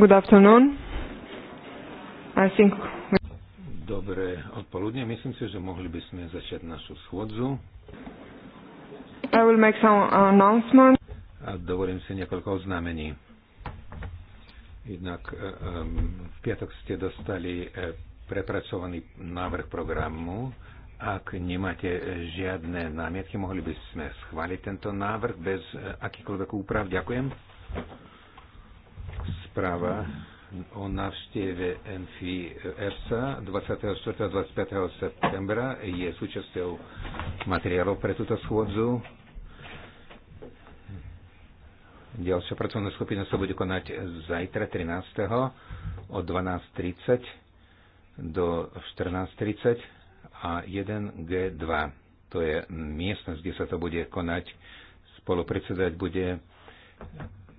Good afternoon. I think... Dobre odpoludne. Myslím si, že mohli by sme začať našu schôdzu. I will make some announcement. A dovolím si niekoľko oznámení. Jednak um, v piatok ste dostali e, prepracovaný návrh programu. Ak nemáte žiadne námietky, mohli by sme schváliť tento návrh bez akýkoľvek úprav. Ďakujem. Správa o návšteve ENFI ERSA 24. a 25. septembra je súčasťou materiálov pre túto schôdzu. Ďalšia pracovná skupina sa bude konať zajtra 13. od 12.30 do 14.30 a 1G2. To je miestnosť, kde sa to bude konať. Spolupredsedať bude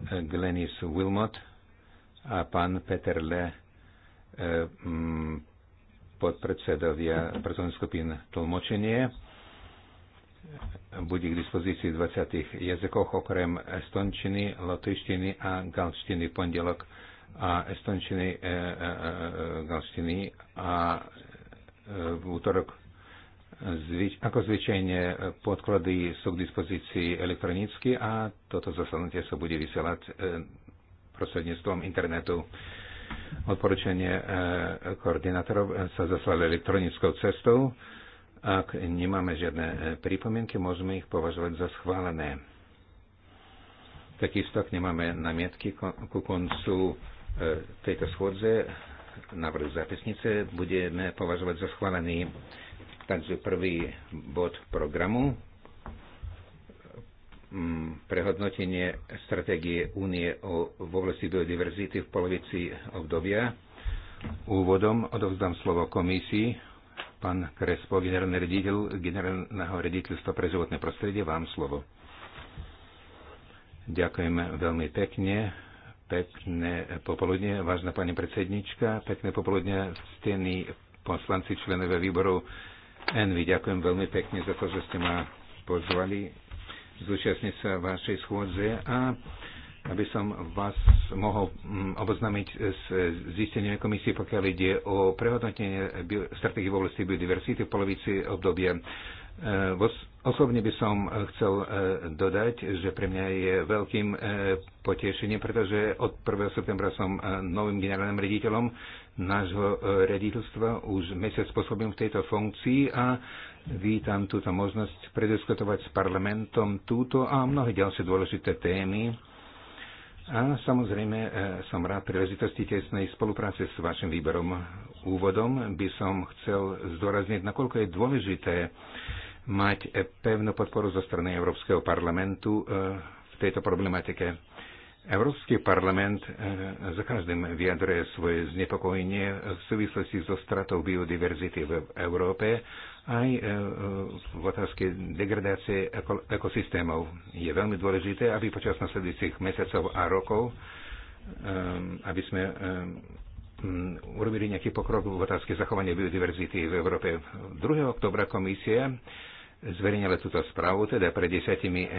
Glenis Wilmot a pán Peter Le, eh, mm, podpredsedovia pracovných skupín tlmočenie. Bude k dispozícii v 20 jazykoch okrem estončiny, lotyštiny a galštiny v pondelok a estončiny, e, e, e, galštiny a eh, v útorok Zvyč, ako zvyčajne e, podklady sú k dispozícii elektronicky a toto zasadnutie sa bude vysielať e, prostredníctvom internetu. Odporúčanie e, koordinátorov sa zaslali elektronickou cestou. Ak nemáme žiadne pripomienky, môžeme ich považovať za schválené. Takisto, ak nemáme namietky ku koncu tejto schôdze, návrh zápisnice budeme považovať za schválený. Takže prvý bod programu mm, prehodnotenie stratégie únie v oblasti biodiverzity v polovici obdobia. Úvodom odovzdám slovo komisii. Pán Krespo, generálny rediteľ generálneho rediteľstva pre životné prostredie, vám slovo. Ďakujem veľmi pekne. Pekné popoludne, vážna pani predsednička, pekné popoludne, stení poslanci, členové výboru Envy, ďakujem veľmi pekne za to, že ste ma pozvali zúčastniť sa vašej schôdze a aby som vás mohol mm, oboznámiť s zisteniami komisie, pokiaľ ide o prehodnotenie stratégie v oblasti biodiverzity v polovici obdobia. E, osobne by som chcel e, dodať, že pre mňa je veľkým e, potešením, pretože od 1. septembra som novým generálnym riaditeľom nášho e, rediteľstva. Už mesiac pôsobím v tejto funkcii a vítam túto možnosť prediskutovať s parlamentom túto a mnohé ďalšie dôležité témy. A samozrejme e, som rád príležitosti tesnej spolupráce s vašim výberom. Úvodom by som chcel zdôrazniť, nakoľko je dôležité mať pevnú podporu zo strany Európskeho parlamentu e, v tejto problematike. Európsky parlament e, za každým vyjadruje svoje znepokojenie v súvislosti so stratou biodiverzity v Európe aj e, v otázke degradácie ekosystémov. Je veľmi dôležité, aby počas nasledujúcich mesiacov a rokov, e, aby sme urobili nejaký pokrok v otázke zachovania biodiverzity v Európe. 2. oktobra komisia zverejnila túto správu, teda pred desiatimi eh,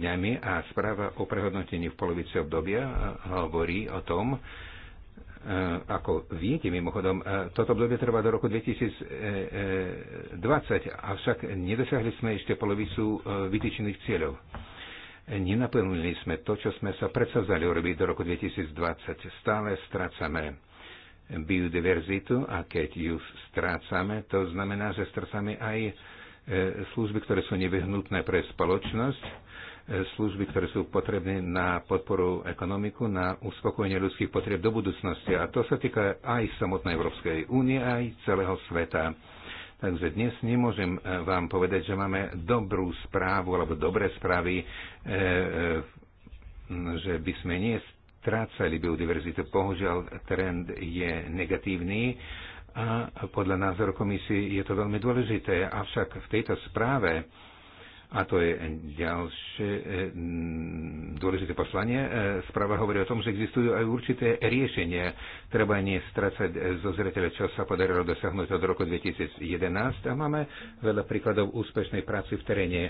dňami a správa o prehodnotení v polovici obdobia eh, hovorí o tom, eh, ako viete mimochodom, toto obdobie trvá do roku 2020, avšak nedosiahli sme ešte polovicu vytýčených cieľov. Nenaplnili sme to, čo sme sa predsavzali urobiť do roku 2020. Stále strácame biodiverzitu a keď ju strácame, to znamená, že strácame aj E, služby, ktoré sú nevyhnutné pre spoločnosť, e, služby, ktoré sú potrebné na podporu ekonomiku, na uspokojenie ľudských potrieb do budúcnosti. A to sa týka aj samotnej Európskej únie, aj celého sveta. Takže dnes nemôžem e, vám povedať, že máme dobrú správu alebo dobré správy, že by sme nie strácali biodiverzitu. Bohužiaľ, trend je negatívny a podľa názoru komisie je to veľmi dôležité. Avšak v tejto správe a to je ďalšie e, dôležité poslanie. E, správa hovorí o tom, že existujú aj určité riešenia. Treba nie stracať e, zo zreteľa, čo sa podarilo dosiahnuť od roku 2011 a máme veľa príkladov úspešnej práci v teréne.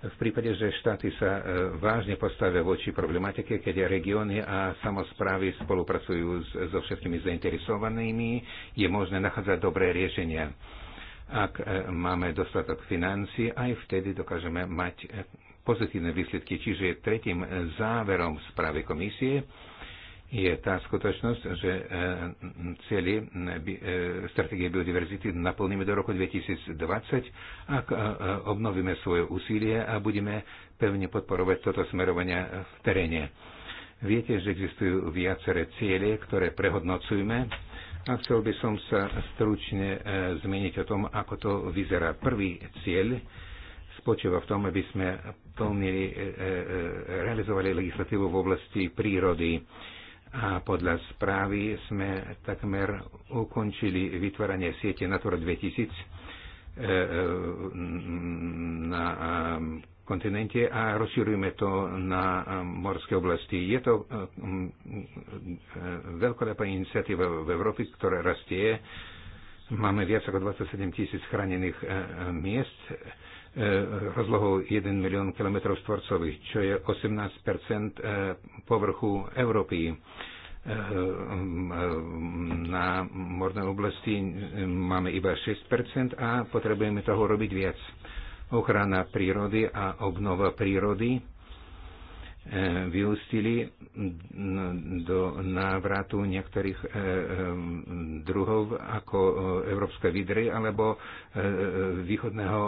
V prípade, že štáty sa vážne postavia voči problematike, keď regióny a samozprávy spolupracujú so všetkými zainteresovanými, je možné nachádzať dobré riešenia ak e, máme dostatok financí, aj vtedy dokážeme mať e, pozitívne výsledky. Čiže tretím e, záverom správy komisie je tá skutočnosť, že celý stratégie biodiverzity naplníme do roku 2020, ak obnovíme svoje úsilie a budeme pevne podporovať toto smerovanie v teréne. Viete, že existujú viaceré ciele, ktoré prehodnocujeme a chcel by som sa stručne e, zmeniť o tom, ako to vyzerá. Prvý cieľ spočíva v tom, aby sme plnili, e, e, e, realizovali legislatívu v oblasti prírody. A podľa správy sme takmer ukončili vytváranie siete Natura 2000 e, e, na kontinente a rozširujeme to na eh, morské oblasti. Je to eh, eh, veľkolepá iniciatíva v Európe, ktorá rastie. Máme viac ako 27 tisíc chránených miest rozlohou 1 milión kilometrov štvorcových, čo je 18 povrchu Európy na mornej oblasti máme iba 6% a potrebujeme toho robiť viac ochrana prírody a obnova prírody e, vyústili do návratu niektorých e, e, druhov ako európske vidry alebo východného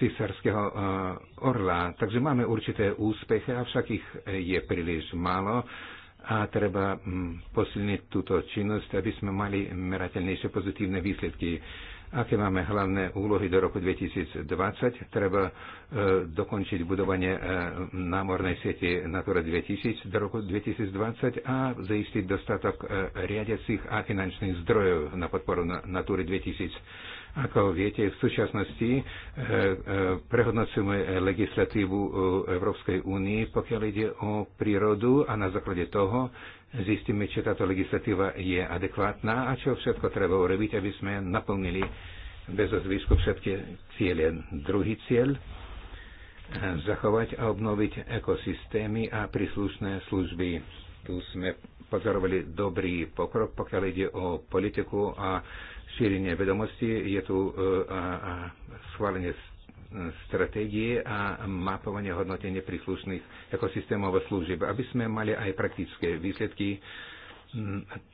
císarského orla. Takže máme určité úspechy, avšak ich je príliš málo a treba posilniť túto činnosť, aby sme mali merateľnejšie pozitívne výsledky aké máme hlavné úlohy do roku 2020. Treba e, dokončiť budovanie e, námornej siete Natura 2000 do roku 2020 a zaistiť dostatok e, riadiacich a finančných zdrojov na podporu na, Natúry 2000. Ako viete, v súčasnosti e, e, prehodnocujeme legislatívu e, Európskej únii, pokiaľ ide o prírodu a na základe toho zistíme, či táto legislatíva je adekvátna a čo všetko treba urobiť, aby sme naplnili bez zvyšku všetky cieľe. Druhý cieľ zachovať a obnoviť ekosystémy a príslušné služby. Tu sme pozorovali dobrý pokrok, pokiaľ ide o politiku a šírenie vedomostí. Je tu e, a, a schválenie stratégie a mapovanie hodnotenie príslušných ekosystémov a služieb. Aby sme mali aj praktické výsledky,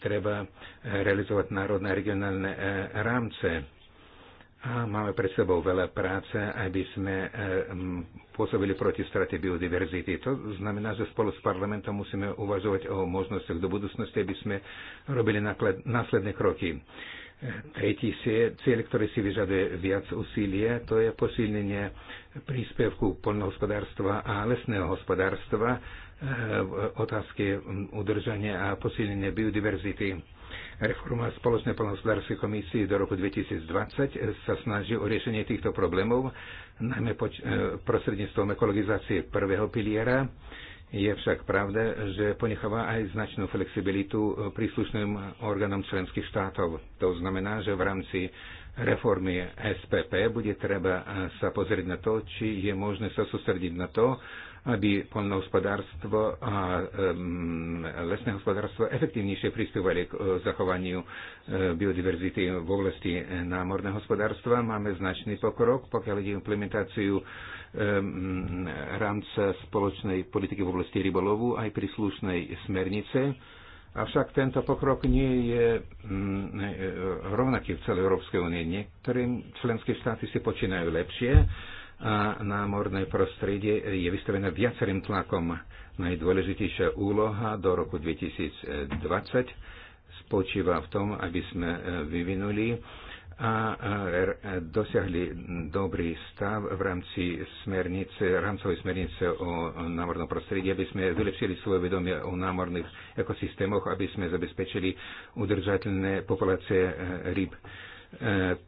treba realizovať národné a regionálne e, rámce. A máme pred sebou veľa práce, aby sme e, pôsobili proti strate biodiverzity. To znamená, že spolu s parlamentom musíme uvažovať o možnostiach do budúcnosti, aby sme robili následné kroky. Tretí cieľ, ktorý si vyžaduje viac úsilia, to je posilnenie príspevku poľnohospodárstva a lesného hospodárstva eh, v otázke udržania a posilnenia biodiverzity. Reforma spoločnej poľnohospodárskej komisie do roku 2020 sa snaží o riešenie týchto problémov, najmä eh, prostredníctvom ekologizácie prvého piliera je však pravda, že ponecháva aj značnú flexibilitu eh, príslušným orgánom členských štátov. To znamená, že v rámci reformy SPP bude treba eh, sa pozrieť na to, či je možné sa sústrediť na to, aby polnohospodárstvo a lesné hospodárstvo efektívnejšie pristúvali k eh, zachovaniu biodiverzity v oblasti námorného hospodárstva. Máme značný pokrok, pokiaľ ide implementáciu rámca spoločnej politiky v oblasti rybolovu aj príslušnej smernice. Avšak tento pokrok nie je mm, e, e, rovnaký v celej Európskej únie. Niektoré členské štáty si počínajú lepšie a na námorné prostredie je vystavené viacerým tlakom. Najdôležitejšia úloha do roku 2020 spočíva v tom, aby sme e, vyvinuli a er, e, dosiahli dobrý stav v rámci smernice, rámcovej smernice o námornom prostredí, aby sme vylepšili svoje vedomie o námorných ekosystémoch, aby sme zabezpečili udržateľné populácie e, ryb. E,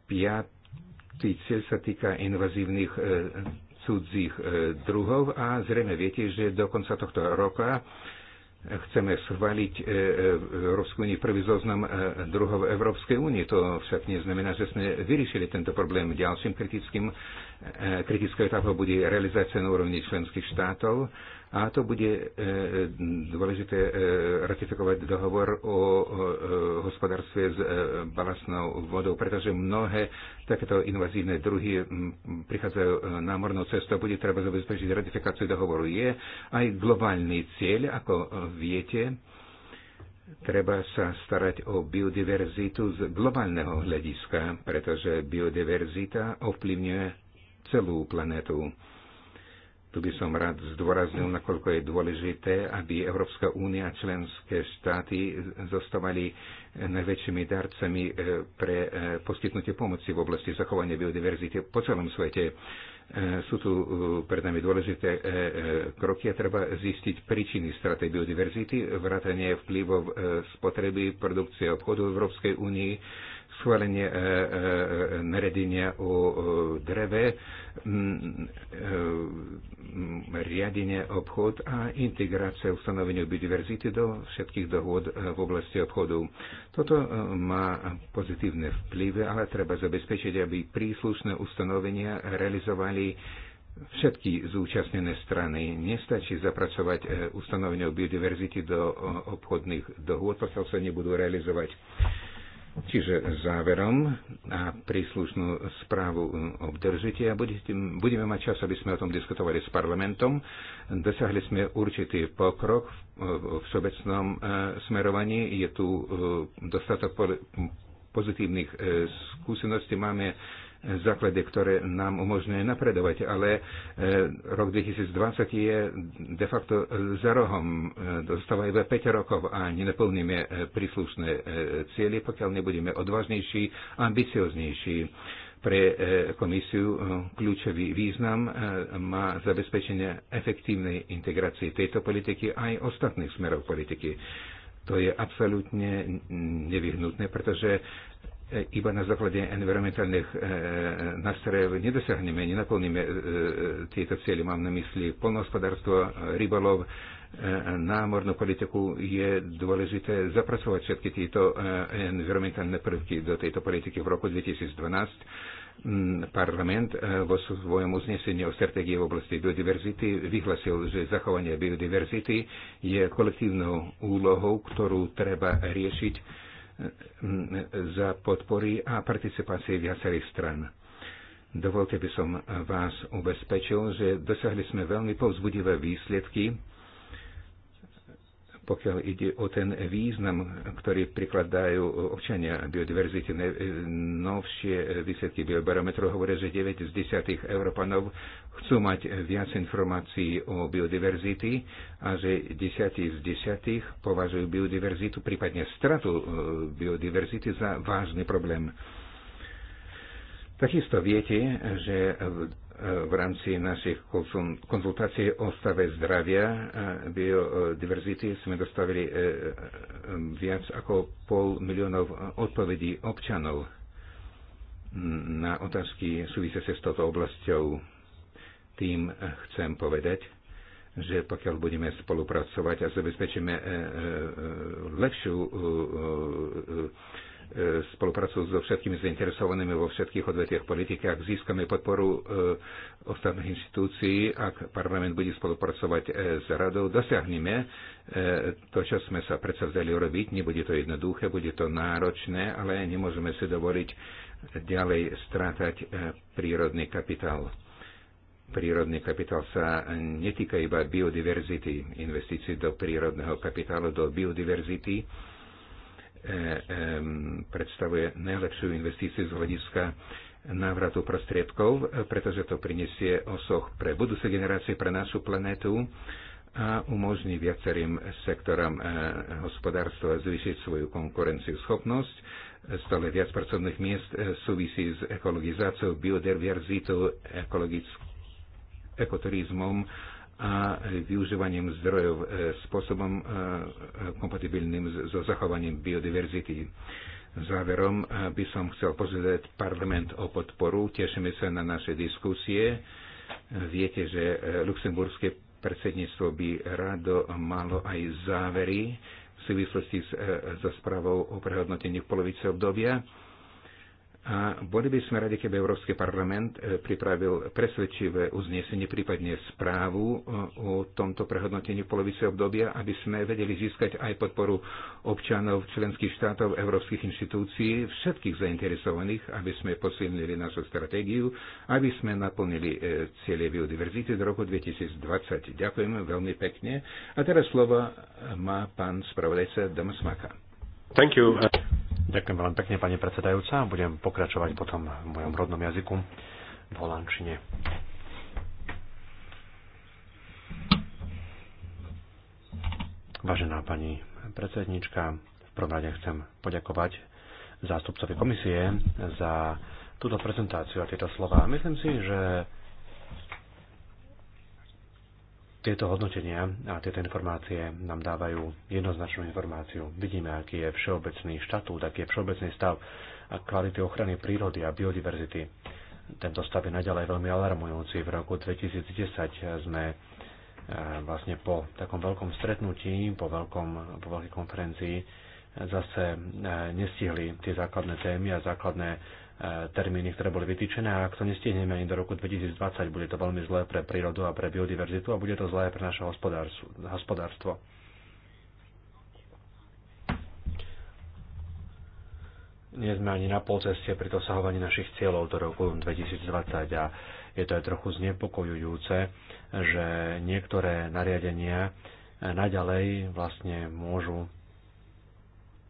piatý cieľ sa týka invazívnych cudzích druhov a zrejme viete, že do konca tohto roka chceme schváliť v e, e, úniu prvý zoznam e, druhov Európskej únie. To však neznamená, že sme vyriešili tento problém. Ďalším kritickým, kritickou etapou bude realizácia na úrovni členských štátov a to bude e, dôležité e, ratifikovať dohovor o e, hospodárstve s e, balastnou vodou, pretože mnohé takéto invazívne druhy m, prichádzajú e, na mornú cestu a Bude treba zabezpečiť ratifikáciu dohovoru. Je aj globálny cieľ, ako e, viete, treba sa starať o biodiverzitu z globálneho hľadiska, pretože biodiverzita ovplyvňuje celú planetu. Tu by som rád zdôraznil, nakoľko je dôležité, aby Európska únia a členské štáty zostávali najväčšími darcami eh, pre eh, poskytnutie pomoci v oblasti zachovania biodiverzity po celom svete. Eh, sú tu pred nami dôležité kroky a treba zistiť príčiny straty biodiverzity, vrátanie vplyvov spotreby, produkcie obchodu v Európskej únii, schválenie e, e, e, naredenia o dreve, riadenie obchod a integrácia ustanovenia biodiverzity do všetkých dohôd v oblasti obchodu. Toto má pozitívne vplyvy, ale treba zabezpečiť, aby príslušné ustanovenia realizovali všetky zúčastnené strany. Nestačí zapracovať ustanovenia o biodiverzity do obchodných dohôd, pokiaľ sa nebudú realizovať. Čiže záverom a príslušnú správu obdržíte a budeme mať čas, aby sme o tom diskutovali s parlamentom. Dosiahli sme určitý pokrok v sobecnom e, smerovaní. Je tu e, dostatok pozitívnych e, skúseností. Máme základe, ktoré nám umožňuje napredovať, ale e, rok 2020 je de facto za rohom. E, dostáva iba 5 rokov a nenaplníme e, príslušné cieľe, pokiaľ nebudeme odvážnejší, ambicioznejší. Pre komisiu kľúčový význam má zabezpečenie efektívnej integrácie tejto politiky aj ostatných smerov politiky. To je absolútne nevyhnutné, pretože iba na základe environmentálnych e, e, nastrojov nedosiahneme, nenaplníme e, tieto cieľe. Mám na mysli polnohospodárstvo, rybolov, námornú politiku. Je dôležité zapracovať všetky tieto environmentálne prvky do tejto politiky v roku 2012. Parlament vo svojom uznesení o stratégii v oblasti biodiverzity vyhlasil, že zachovanie biodiverzity je kolektívnou úlohou, ktorú treba riešiť za podpory a participácie viacerých stran. Dovolte by som vás ubezpečil, že dosiahli sme veľmi povzbudivé výsledky pokiaľ ide o ten význam, ktorý prikladajú občania biodiverzity, Novšie výsledky biobarometru hovoria, že 9 z 10 Európanov chcú mať viac informácií o biodiverzity a že 10 z 10 považujú biodiverzitu, prípadne stratu eh, biodiverzity za vážny problém. Takisto viete, že v, v rámci našich konzultácií o stave zdravia a biodiverzity sme dostavili e, e, viac ako pol miliónov odpovedí občanov na otázky súvisiace s touto oblasťou. Tým chcem povedať, že pokiaľ budeme spolupracovať a zabezpečíme e, lepšiu E, spoluprácu so všetkými zainteresovanými vo všetkých odvetiach politiky, ak získame podporu e, ostatných inštitúcií, ak parlament bude spolupracovať e, s radou, dosiahneme to, čo sme sa predsa vzali urobiť. Nebude to jednoduché, bude to náročné, ale nemôžeme si dovoliť ďalej strátať prírodný kapitál prírodný kapitál sa netýka iba biodiverzity, investícií do prírodného kapitálu, do biodiverzity E, predstavuje najlepšiu investíciu z hľadiska návratu prostriedkov, e, pretože to prinesie osoch pre budúce generácie, pre našu planetu a umožní viacerým sektorom e, hospodárstva zvýšiť svoju konkurenciu schopnosť. Stále viac pracovných miest súvisí s ekologizáciou, biodiverzitou, ekologickým ekoturizmom a využívaním zdrojov e, spôsobom e, kompatibilným so zachovaním biodiverzity. Záverom e, by som chcel pozvedať parlament o podporu. Tešíme sa na naše diskusie. Viete, že luxemburské predsedníctvo by rado malo aj závery v súvislosti so správou o prehodnotení v polovici obdobia a boli by sme radi, keby Európsky parlament e, pripravil presvedčivé uznesenie, prípadne správu e, o tomto prehodnotení polovice obdobia, aby sme vedeli získať aj podporu občanov členských štátov, európskych inštitúcií, všetkých zainteresovaných, aby sme posilnili našu stratégiu, aby sme naplnili e, cieľe biodiverzity do roku 2020. Ďakujem veľmi pekne. A teraz slovo má pán spravodajca Maka. Thank you. Ďakujem veľmi pekne, pani predsedajúca. Budem pokračovať potom v mojom rodnom jazyku v holandčine. Vážená pani predsednička, v prvom rade chcem poďakovať zástupcovi komisie za túto prezentáciu a tieto slova. Myslím si, že Tieto hodnotenia a tieto informácie nám dávajú jednoznačnú informáciu. Vidíme, aký je všeobecný štatút, aký je všeobecný stav a kvality ochrany prírody a biodiverzity. Tento stav je naďalej veľmi alarmujúci. V roku 2010 sme e, vlastne po takom veľkom stretnutí, po, veľkom, po veľkej konferencii zase e, nestihli tie základné témy a základné E, termíny, ktoré boli vytýčené a ak to nestihneme ani do roku 2020, bude to veľmi zlé pre prírodu a pre biodiverzitu a bude to zlé pre naše hospodárstvo. Nie sme ani na polceste pri dosahovaní našich cieľov do roku 2020 a je to aj trochu znepokojujúce, že niektoré nariadenia e, naďalej vlastne môžu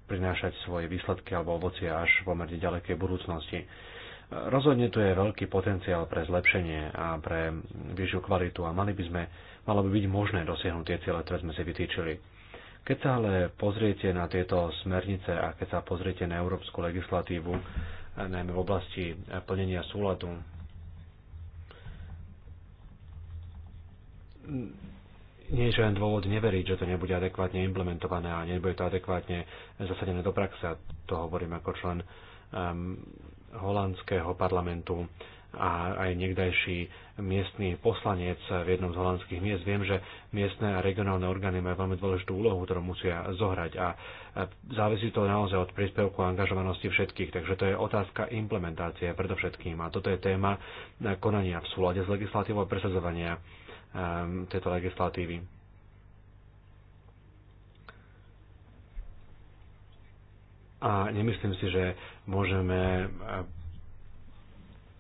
prinášať svoje výsledky alebo ovocie až v pomerne ďalekej budúcnosti. Rozhodne tu je veľký potenciál pre zlepšenie a pre vyššiu kvalitu a mali by sme, malo by byť možné dosiahnuť tie ciele, ktoré sme si vytýčili. Keď sa ale pozriete na tieto smernice a keď sa pozriete na európsku legislatívu, najmä v oblasti plnenia súladu, nie je žiaden dôvod neveriť, že to nebude adekvátne implementované a nebude to adekvátne zasadené do praxe. A to hovorím ako člen um, holandského parlamentu a aj niekdajší miestny poslanec v jednom z holandských miest. Viem, že miestne a regionálne orgány majú veľmi dôležitú úlohu, ktorú musia zohrať a závisí to naozaj od príspevku a angažovanosti všetkých. Takže to je otázka implementácie predovšetkým a toto je téma konania v súlade s legislatívou a presadzovania Um, tejto legislatívy. A nemyslím si, že môžeme uh,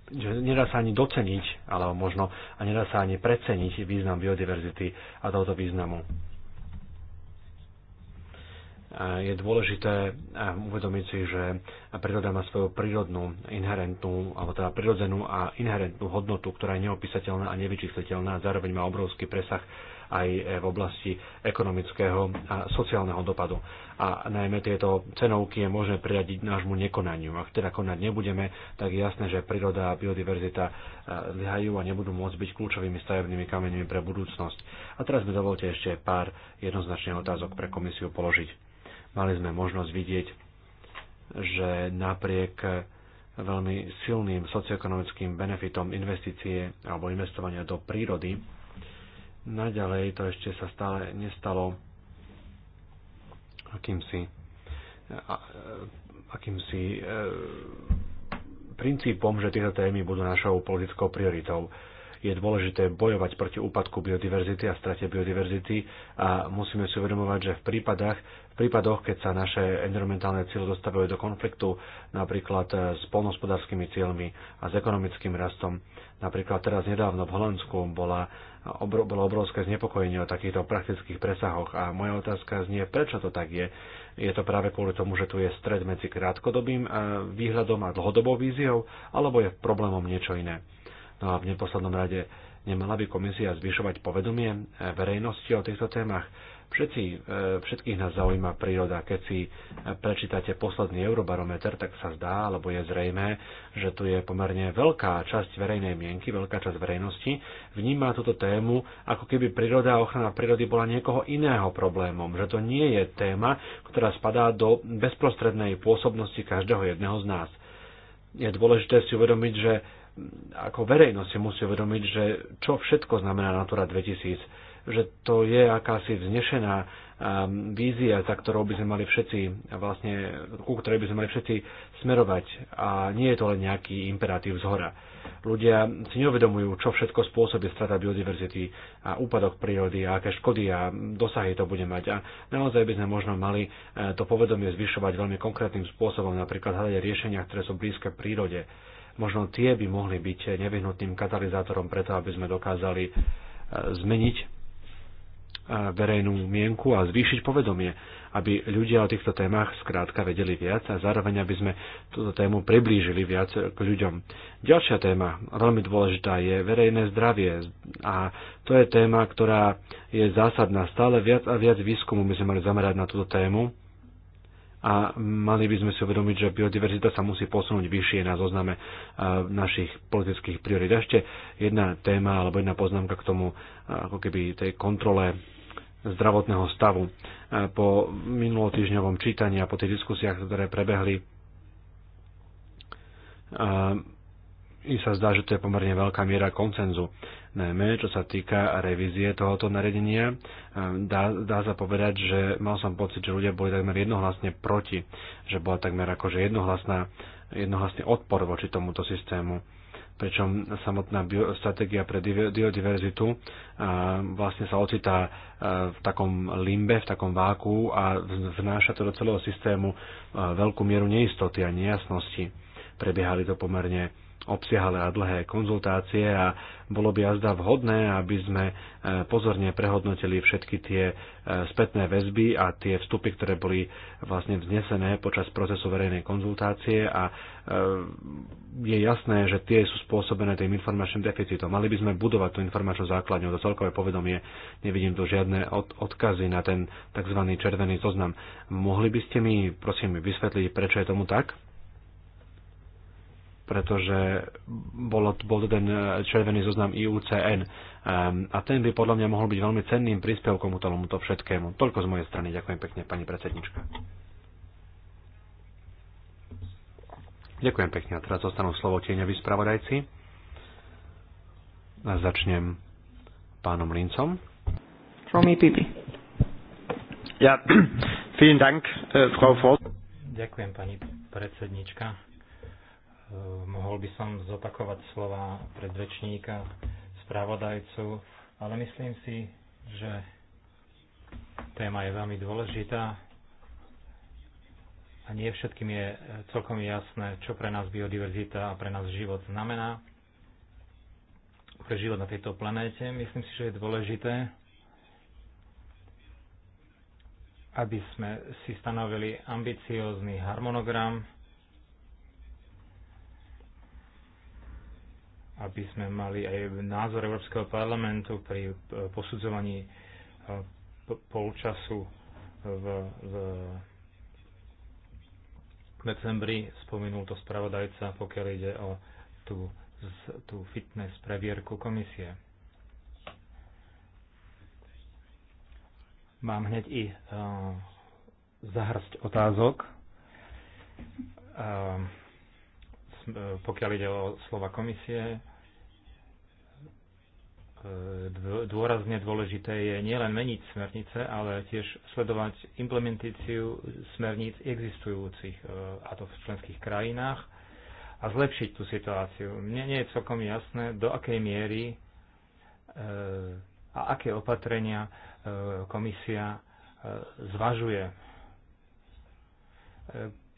že nedá sa ani doceniť, alebo možno a nedá sa ani preceniť význam biodiverzity a tohoto významu je dôležité uvedomiť si, že príroda má svoju prírodnú, inherentnú, alebo teda prirodzenú a inherentnú hodnotu, ktorá je neopísateľná a nevyčísliteľná a zároveň má obrovský presah aj v oblasti ekonomického a sociálneho dopadu. A najmä tieto cenovky je možné priradiť nášmu nekonaniu. Ak teda konať nebudeme, tak je jasné, že príroda a biodiverzita zlyhajú a nebudú môcť byť kľúčovými stavebnými kameňmi pre budúcnosť. A teraz mi dovolte ešte pár jednoznačných otázok pre komisiu položiť Mali sme možnosť vidieť, že napriek veľmi silným socioekonomickým benefitom investície alebo investovania do prírody, naďalej to ešte sa stále nestalo akýmsi, akýmsi e, princípom, že tieto témy budú našou politickou prioritou. Je dôležité bojovať proti úpadku biodiverzity a strate biodiverzity a musíme si uvedomovať, že v prípadách, prípadoch, keď sa naše environmentálne cieľe dostávajú do konfliktu napríklad s polnospodárskymi cieľmi a s ekonomickým rastom. Napríklad teraz nedávno v Holandsku bola, obro, bolo obrovské znepokojenie o takýchto praktických presahoch a moja otázka znie, prečo to tak je. Je to práve kvôli tomu, že tu je stred medzi krátkodobým eh, výhľadom a dlhodobou víziou, alebo je problémom niečo iné. No a v neposlednom rade, nemala by komisia zvyšovať povedomie eh, verejnosti o týchto témach, Všetci, e, všetkých nás zaujíma príroda. Keď si e, prečítate posledný eurobarometer, tak sa zdá, alebo je zrejme, že tu je pomerne veľká časť verejnej mienky, veľká časť verejnosti, vníma túto tému, ako keby príroda a ochrana prírody bola niekoho iného problémom, že to nie je téma, ktorá spadá do bezprostrednej pôsobnosti každého jedného z nás. Je dôležité si uvedomiť, že ako verejnosť si musí uvedomiť, že čo všetko znamená Natura 2000 že to je akási vznešená um, vízia, za ktorou by sme mali všetci, vlastne, ku ktorej by sme mali všetci smerovať. A nie je to len nejaký imperatív z hora. Ľudia si neuvedomujú, čo všetko spôsobí strata biodiverzity a úpadok prírody a aké škody a dosahy to bude mať. A naozaj by sme možno mali e, to povedomie zvyšovať veľmi konkrétnym spôsobom, napríklad hľadať riešenia, ktoré sú blízke prírode. Možno tie by mohli byť nevyhnutným katalizátorom preto, aby sme dokázali e, zmeniť verejnú mienku a zvýšiť povedomie, aby ľudia o týchto témach skrátka vedeli viac a zároveň, aby sme túto tému priblížili viac k ľuďom. Ďalšia téma, veľmi dôležitá, je verejné zdravie a to je téma, ktorá je zásadná. Stále viac a viac výskumu by sme mali zamerať na túto tému a mali by sme si uvedomiť, že biodiverzita sa musí posunúť vyššie na zozname našich politických priorít. Ešte jedna téma alebo jedna poznámka k tomu, ako keby tej kontrole zdravotného stavu. E, po minulotýžňovom čítaní a po tých diskusiách, ktoré prebehli, e, i sa zdá, že to je pomerne veľká miera koncenzu. Najmä čo sa týka revízie tohoto nariadenia, e, dá, dá sa povedať, že mal som pocit, že ľudia boli takmer jednohlasne proti, že bola takmer akože jednohlasná, jednohlasný odpor voči tomuto systému pričom samotná bio, stratégia pre biodiverzitu vlastne sa ocitá v takom limbe, v takom váku a vnáša to do celého systému veľkú mieru neistoty a nejasnosti. Prebiehali to pomerne obsiahle a dlhé konzultácie a bolo by azda vhodné, aby sme e, pozorne prehodnotili všetky tie e, spätné väzby a tie vstupy, ktoré boli vlastne vznesené počas procesu verejnej konzultácie a e, je jasné, že tie sú spôsobené tým informačným deficitom. Mali by sme budovať tú informačnú základňu, to celkové povedomie, nevidím tu žiadne odkazy na ten tzv. červený zoznam. Mohli by ste mi, prosím, vysvetliť, prečo je tomu tak? pretože bol, bol ten e, červený zoznam IUCN ehm, a ten by podľa mňa mohol byť veľmi cenným príspevkom k tomuto všetkému. Toľko z mojej strany. Ďakujem pekne, pani predsednička. Ďakujem pekne. A teraz zostanú slovo tieňoví spravodajci. A začnem pánom Lincom. From EPP. Ja, vielen Dank, äh, Frau Ďakujem, pani predsednička. Eh, mohol by som zopakovať slova predvečníka, správodajcu, ale myslím si, že téma je veľmi dôležitá a nie všetkým je eh, celkom jasné, čo pre nás biodiverzita a pre nás život znamená, pre život na tejto planéte. Myslím si, že je dôležité, aby sme si stanovili ambiciózny harmonogram, aby sme mali aj názor Európskeho parlamentu pri e, posudzovaní e, polčasu v, v decembri. Spomenul to spravodajca, pokiaľ ide o tú, tú fitness previerku komisie. Mám hneď i uh, e, zahrsť otázok. Uh, pokiaľ ide o slova komisie, dôrazne dôležité je nielen meniť smernice, ale tiež sledovať implementáciu smerníc existujúcich, e, a to v členských krajinách, a zlepšiť tú situáciu. Mne nie je celkom jasné, do akej miery e, a aké opatrenia e, komisia zvažuje.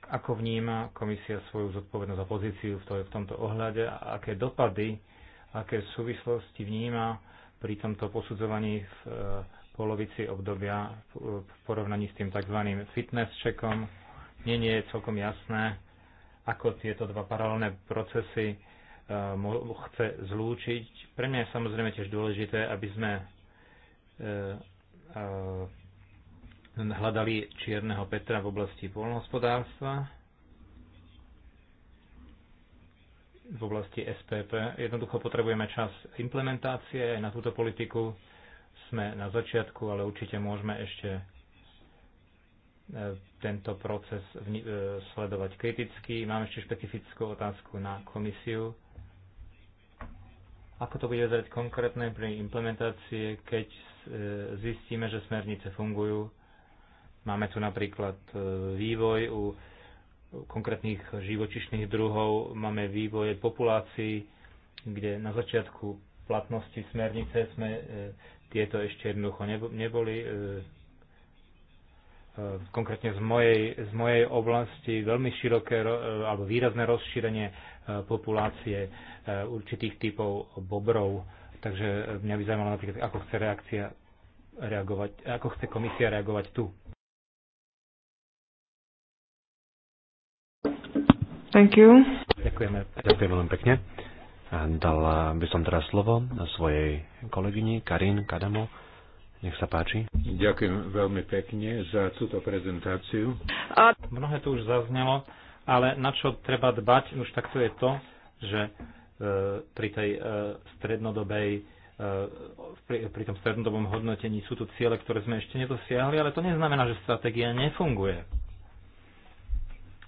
Ako vníma komisia svoju zodpovednosť a pozíciu v tomto ohľade a aké dopady aké súvislosti vníma pri tomto posudzovaní v e, polovici obdobia v porovnaní s tým tzv. fitness checkom. Nie, nie je celkom jasné, ako tieto dva paralelné procesy e, chce zlúčiť. Pre mňa je samozrejme tiež dôležité, aby sme e, hľadali čierneho Petra v oblasti polnohospodárstva v oblasti SPP. Jednoducho potrebujeme čas implementácie aj na túto politiku. Sme na začiatku, ale určite môžeme ešte e, tento proces e, sledovať kriticky. Mám ešte špecifickú otázku na komisiu. Ako to bude vyzerať konkrétne pri implementácie, keď e, zistíme, že smernice fungujú? Máme tu napríklad vývoj u konkrétnych živočišných druhov, máme vývoje populácií, kde na začiatku platnosti smernice sme e, tieto ešte jednoducho neboli. E, e, konkrétne z mojej, z mojej oblasti veľmi široké alebo výrazné rozšírenie populácie určitých typov bobrov. Takže mňa by zaujímalo napríklad, ako chce reakcia reagovať, ako chce komisia reagovať tu. Thank you. Ďakujeme, ďakujem veľmi pekne. Dala by som teraz slovo svojej kolegyni Karin Kadamo. Nech sa páči. Ďakujem veľmi pekne za túto prezentáciu. A... Mnohé tu už zaznelo, ale na čo treba dbať, už takto je to, že e, pri tej e, strednodobej e, pri, pri tom strednodobom hodnotení sú tu ciele, ktoré sme ešte nedosiahli, ale to neznamená, že stratégia nefunguje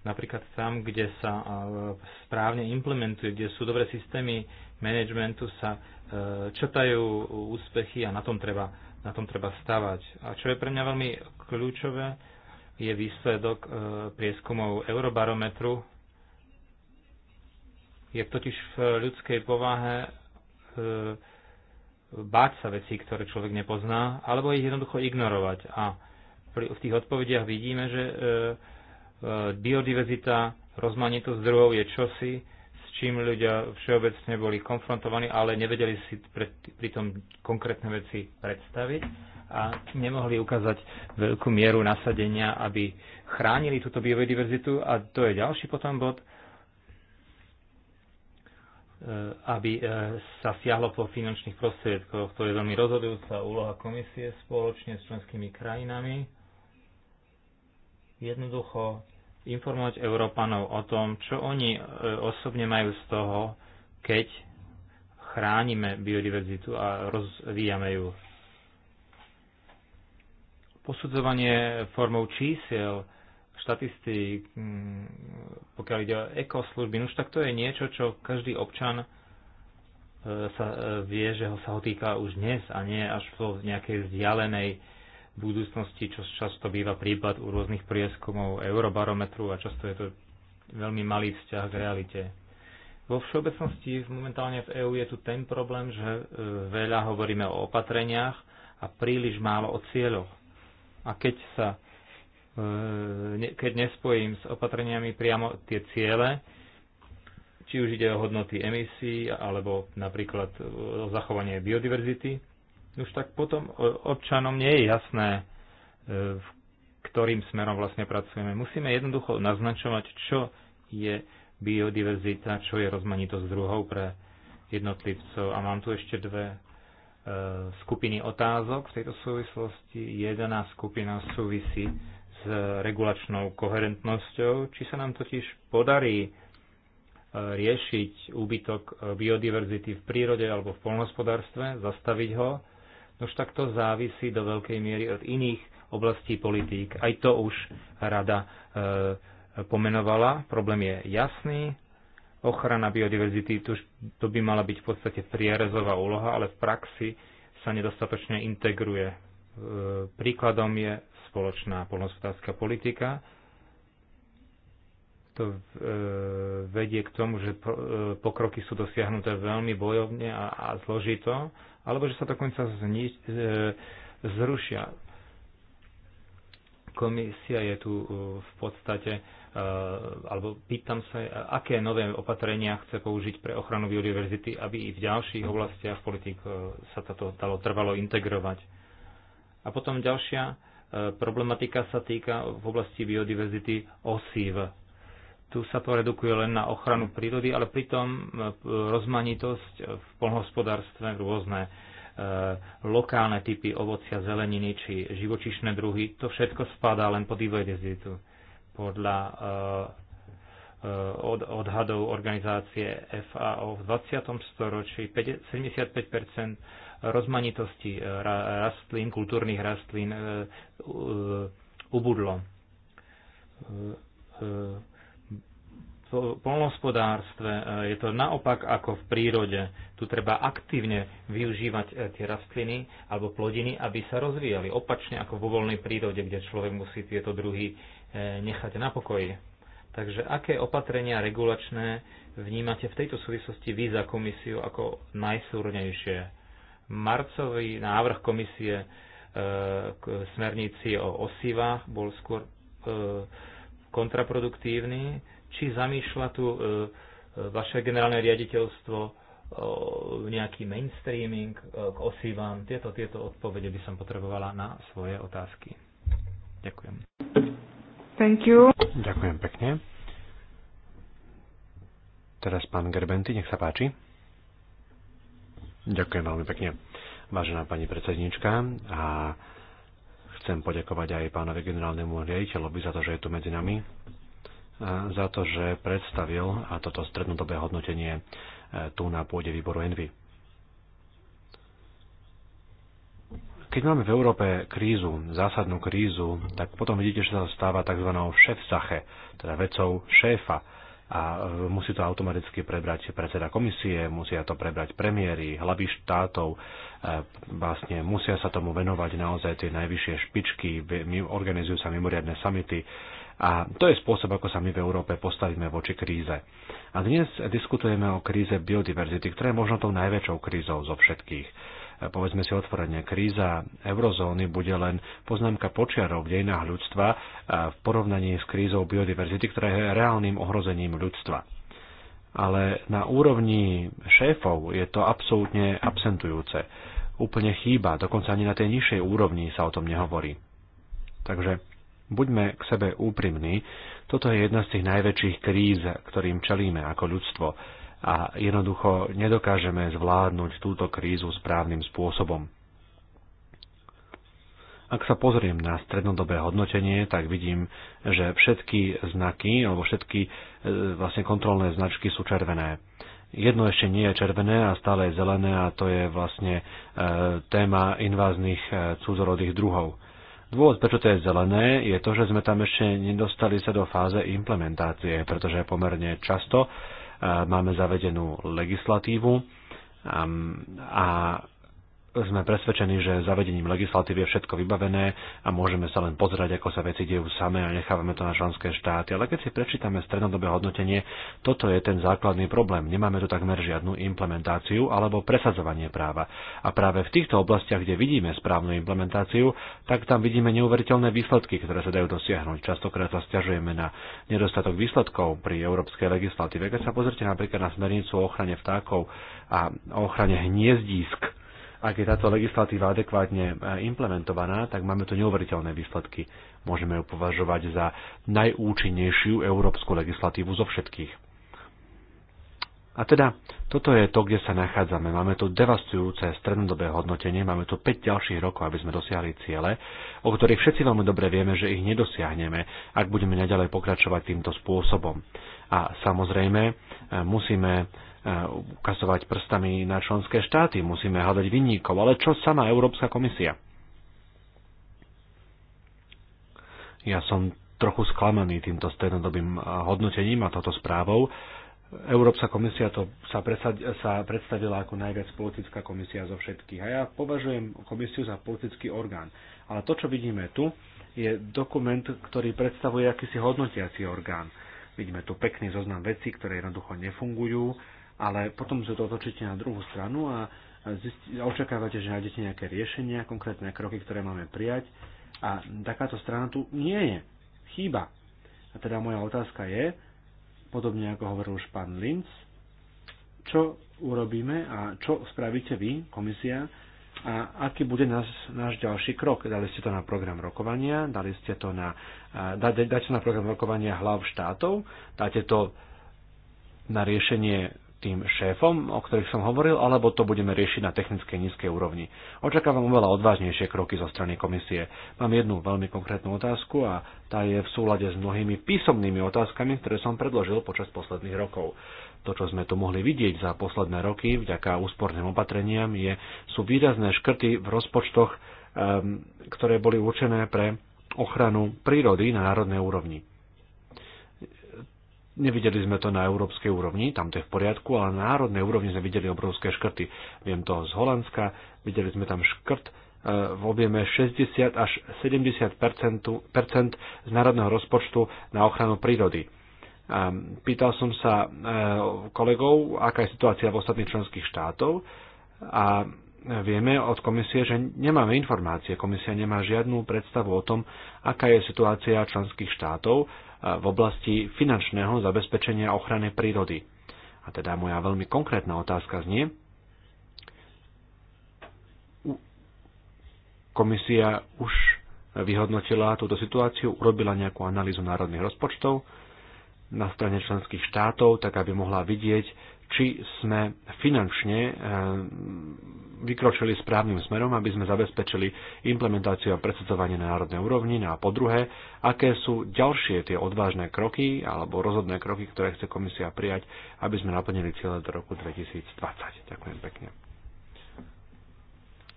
Napríklad tam, kde sa správne implementuje, kde sú dobré systémy managementu, sa e, črtajú úspechy a na tom treba, na tom treba stavať. A čo je pre mňa veľmi kľúčové, je výsledok e, prieskumov Eurobarometru. Je totiž v ľudskej povahe e, báť sa vecí, ktoré človek nepozná, alebo ich jednoducho ignorovať. A v tých odpovediach vidíme, že e, biodiverzita, rozmanitosť druhov je čosi, s čím ľudia všeobecne boli konfrontovaní, ale nevedeli si pri pritom konkrétne veci predstaviť a nemohli ukázať veľkú mieru nasadenia, aby chránili túto biodiverzitu a to je ďalší potom bod, eh, aby eh, sa siahlo po finančných prostriedkoch. To je veľmi rozhodujúca úloha komisie spoločne s členskými krajinami. Jednoducho informovať Európanov o tom, čo oni e, osobne majú z toho, keď chránime biodiverzitu a rozvíjame ju. Posudzovanie formou čísel, štatistík, mm, pokiaľ ide o ekoslužby, no už tak to je niečo, čo každý občan e, sa e, vie, že ho sa ho týka už dnes a nie až po nejakej vzdialenej v budúcnosti, čo často býva prípad u rôznych prieskumov eurobarometru a často je to veľmi malý vzťah k realite. Vo všeobecnosti momentálne v EÚ je tu ten problém, že e, veľa hovoríme o opatreniach a príliš málo o cieľoch. A keď sa e, keď nespojím s opatreniami priamo tie ciele, či už ide o hodnoty emisí alebo napríklad o zachovanie biodiverzity, už tak potom občanom nie je jasné, e, v ktorým smerom vlastne pracujeme. Musíme jednoducho naznačovať, čo je biodiverzita, čo je rozmanitosť druhov pre jednotlivcov. A mám tu ešte dve e, skupiny otázok v tejto súvislosti. Jedna skupina súvisí s regulačnou koherentnosťou, či sa nám totiž podarí e, riešiť úbytok biodiverzity v prírode alebo v polnospodárstve, zastaviť ho Nož tak to závisí do veľkej miery od iných oblastí politík. Aj to už rada e, pomenovala. Problém je jasný. Ochrana biodiverzity, to by mala byť v podstate prierezová úloha, ale v praxi sa nedostatočne integruje. E, príkladom je spoločná polnospodárska politika, to e, vedie k tomu, že e, pokroky sú dosiahnuté veľmi bojovne a, zložito, alebo že sa dokonca zni- e, zrušia. Komisia je tu v podstate, alebo pýtam sa, aké nové opatrenia chce použiť pre ochranu biodiverzity, aby i v ďalších oblastiach politik sa toto dalo trvalo integrovať. A potom ďalšia problematika sa týka v oblasti biodiverzity osív tu sa to redukuje len na ochranu prírody, ale pritom e, rozmanitosť v polnohospodárstve rôzne e, lokálne typy ovocia, zeleniny či živočišné druhy, to všetko spadá len pod diverzitu. Podľa e, od, odhadov organizácie FAO v 20. storočí 75 rozmanitosti rastlín, kultúrnych rastlín ubudlo polnospodárstve. E, je to naopak ako v prírode. Tu treba aktívne využívať e, tie rastliny alebo plodiny, aby sa rozvíjali. Opačne ako vo voľnej prírode, kde človek musí tieto druhy e, nechať na pokoji. Takže aké opatrenia regulačné vnímate v tejto súvislosti vy za komisiu ako najsúrnejšie? Marcový návrh komisie k smernici o osivách bol skôr kontraproduktívny či zamýšľa tu e, e, vaše generálne riaditeľstvo e, nejaký mainstreaming k osývam. Tieto, tieto odpovede by som potrebovala na svoje otázky. Ďakujem. Thank you. Ďakujem pekne. Teraz pán Gerbenty, nech sa páči. Ďakujem veľmi pekne. Vážená pani predsednička a chcem poďakovať aj pánovi generálnemu riaditeľovi za to, že je tu medzi nami za to, že predstavil a toto strednodobé hodnotenie e, tu na pôde výboru Envy. Keď máme v Európe krízu, zásadnú krízu, tak potom vidíte, že sa stáva tzv. šéfsache, teda vecou šéfa. A e, musí to automaticky prebrať predseda komisie, musia to prebrať premiéry, hlavy štátov, e, vlastne musia sa tomu venovať naozaj tie najvyššie špičky, organizujú sa mimoriadne samity, a to je spôsob, ako sa my v Európe postavíme voči kríze. A dnes diskutujeme o kríze biodiverzity, ktorá je možno tou najväčšou krízou zo všetkých. Povedzme si otvorene, kríza eurozóny bude len poznámka počiarov v dejinách ľudstva v porovnaní s krízou biodiverzity, ktorá je reálnym ohrozením ľudstva. Ale na úrovni šéfov je to absolútne absentujúce. Úplne chýba, dokonca ani na tej nižšej úrovni sa o tom nehovorí. Takže Buďme k sebe úprimní, toto je jedna z tých najväčších kríz, ktorým čelíme ako ľudstvo a jednoducho nedokážeme zvládnuť túto krízu správnym spôsobom. Ak sa pozriem na strednodobé hodnotenie, tak vidím, že všetky znaky alebo všetky e, vlastne kontrolné značky sú červené. Jedno ešte nie je červené a stále je zelené a to je vlastne e, téma inváznych e, cudzorodých druhov. Dôvod, prečo to je zelené, je to, že sme tam ešte nedostali sa do fáze implementácie, pretože pomerne často eh, máme zavedenú legislatívu ehm, a sme presvedčení, že zavedením legislatívy je všetko vybavené a môžeme sa len pozerať, ako sa veci dejú samé a nechávame to na členské štáty. Ale keď si prečítame strednodobé hodnotenie, toto je ten základný problém. Nemáme tu takmer žiadnu implementáciu alebo presadzovanie práva. A práve v týchto oblastiach, kde vidíme správnu implementáciu, tak tam vidíme neuveriteľné výsledky, ktoré sa dajú dosiahnuť. Častokrát sa stiažujeme na nedostatok výsledkov pri európskej legislatíve. Keď sa pozrite napríklad na smernicu o ochrane vtákov a o ochrane hniezdisk, ak je táto legislatíva adekvátne e, implementovaná, tak máme tu neuveriteľné výsledky. Môžeme ju považovať za najúčinnejšiu európsku legislatívu zo všetkých. A teda, toto je to, kde sa nachádzame. Máme tu devastujúce strednodobé hodnotenie, máme tu 5 ďalších rokov, aby sme dosiahli ciele, o ktorých všetci veľmi dobre vieme, že ich nedosiahneme, ak budeme naďalej pokračovať týmto spôsobom. A samozrejme, e, musíme E, ukazovať prstami na členské štáty, musíme hľadať vinníkov. Ale čo sama Európska komisia? Ja som trochu sklamaný týmto strednodobým e, hodnotením a toto správou. Európska komisia to sa, presad, sa predstavila ako najviac politická komisia zo všetkých. A ja považujem komisiu za politický orgán. Ale to, čo vidíme tu, je dokument, ktorý predstavuje akýsi hodnotiaci orgán. Vidíme tu pekný zoznam vecí, ktoré jednoducho nefungujú, ale potom sa to otočíte na druhú stranu a očakávate, že nájdete nejaké riešenia, konkrétne kroky, ktoré máme prijať a takáto strana tu nie je. Chýba. A teda moja otázka je, podobne ako hovoril už pán Linz, čo urobíme a čo spravíte vy, komisia, a aký bude nás, náš ďalší krok. Dali ste to na program rokovania, dali ste to na, da, dáte na program rokovania hlav štátov, dáte to na riešenie tým šéfom, o ktorých som hovoril, alebo to budeme riešiť na technickej nízkej úrovni. Očakávam oveľa odvážnejšie kroky zo strany komisie. Mám jednu veľmi konkrétnu otázku a tá je v súlade s mnohými písomnými otázkami, ktoré som predložil počas posledných rokov. To, čo sme tu mohli vidieť za posledné roky vďaka úsporným opatreniam, je, sú výrazné škrty v rozpočtoch, um, ktoré boli určené pre ochranu prírody na národnej úrovni. Nevideli sme to na európskej úrovni, tam to je v poriadku, ale na národnej úrovni sme videli obrovské škrty. Viem to z Holandska, videli sme tam škrt e, v objeme 60 až 70 percent z národného rozpočtu na ochranu prírody. E, pýtal som sa e, kolegov, aká je situácia v ostatných členských štátov a vieme od komisie, že nemáme informácie. Komisia nemá žiadnu predstavu o tom, aká je situácia členských štátov v oblasti finančného zabezpečenia ochrany prírody. A teda moja veľmi konkrétna otázka znie, komisia už vyhodnotila túto situáciu, urobila nejakú analýzu národných rozpočtov na strane členských štátov, tak aby mohla vidieť, či sme finančne vykročili správnym smerom, aby sme zabezpečili implementáciu a presadzovanie na národnej úrovni. No a po druhé, aké sú ďalšie tie odvážne kroky alebo rozhodné kroky, ktoré chce komisia prijať, aby sme naplnili cieľe do roku 2020. Ďakujem pekne.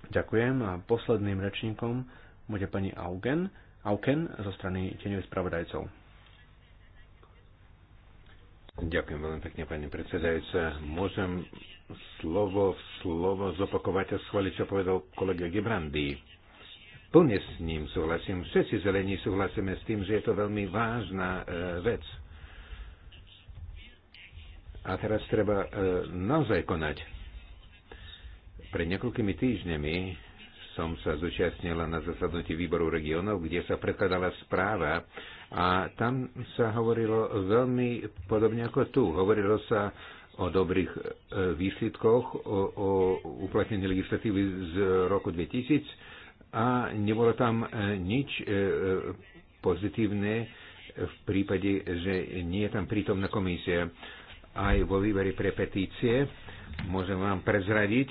Ďakujem a posledným rečníkom bude pani Augen, Auken zo strany tieňových spravodajcov. Ďakujem veľmi pekne, pani predsedajúca. Môžem slovo v slovo zopakovať a schváliť, čo povedal kolega Gebrandy. Plne s ním súhlasím. Všetci zelení súhlasíme s tým, že je to veľmi vážna e, vec. A teraz treba e, naozaj konať. Pred niekoľkými týždňami som sa zúčastnila na zasadnutí výboru regionov, kde sa prekladala správa a tam sa hovorilo veľmi podobne ako tu. Hovorilo sa o dobrých e, výsledkoch, o, o uplatnení legislatívy z roku 2000 a nebolo tam e, nič e, pozitívne v prípade, že nie je tam prítomná komisia. Aj vo výbere pre petície môžem vám prezradiť,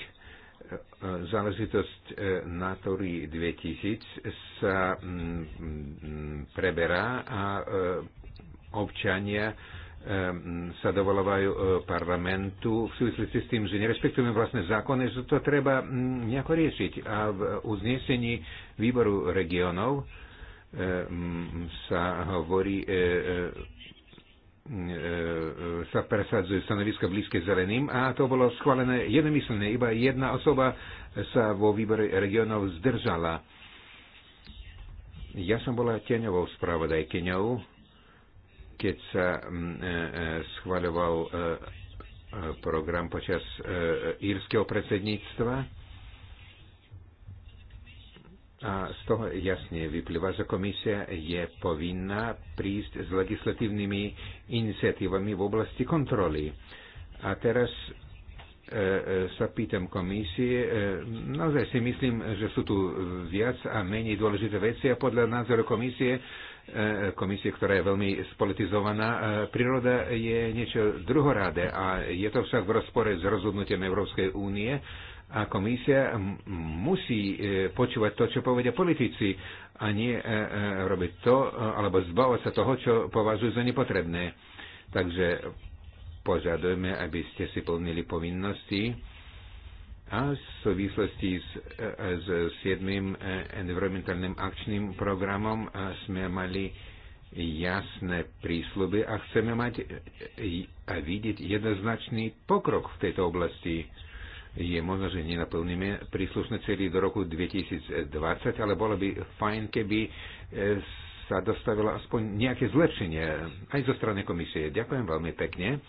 záležitosť e, Natori 2000 sa mm, mm, preberá a e, občania e, mm, sa dovolovajú parlamentu v súvislosti s tým, že nerespektujeme vlastné zákony, že to treba nejako riešiť. A v uznesení výboru regionov sa hovorí E, e, sa presadzuje stanovisko blízke zeleným a to bolo schválené jednomyslené. Iba jedna osoba sa vo výbore regionov zdržala. Ja som bola tieňovou spravodajkyňou, keď sa e, schváľoval program počas írskeho predsedníctva a z toho jasne vyplýva, že komisia je povinná prísť s legislatívnymi iniciatívami v oblasti kontroly. A teraz e, e, sa pýtam komisie, e, naozaj si myslím, že sú tu viac a menej dôležité veci a podľa názoru komisie, komisie, ktorá je veľmi spolitizovaná, príroda je niečo druhoráde a je to však v rozpore s rozhodnutím Európskej únie, a komisia musí e, počúvať to, čo povedia politici a nie e, e, robiť to, alebo zbavať sa toho, čo považujú za nepotrebné. Takže požadujeme, aby ste si plnili povinnosti a v súvislosti s, s 7. environmentálnym akčným programom sme mali jasné prísľuby a chceme mať a vidieť jednoznačný pokrok v tejto oblasti. Je možno, že nenaplníme príslušné cely do roku 2020, ale bolo by fajn, keby e, sa dostavilo aspoň nejaké zlepšenie aj zo strany komisie. Ďakujem veľmi pekne.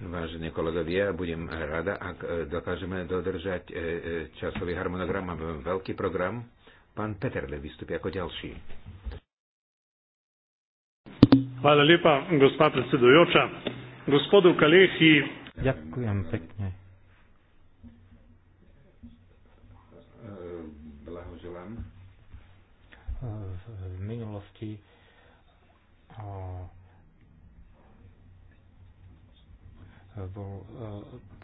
Vážení kolegovia, budem rada, ak e, dokážeme dodržať e, časový harmonogram. Máme veľký program. Pán Peterle vystúpi ako ďalší. Hvala lepa, gospa predsedujoča. Gospodu Kalehi. Ďakujem pekne, v minulosti bol e,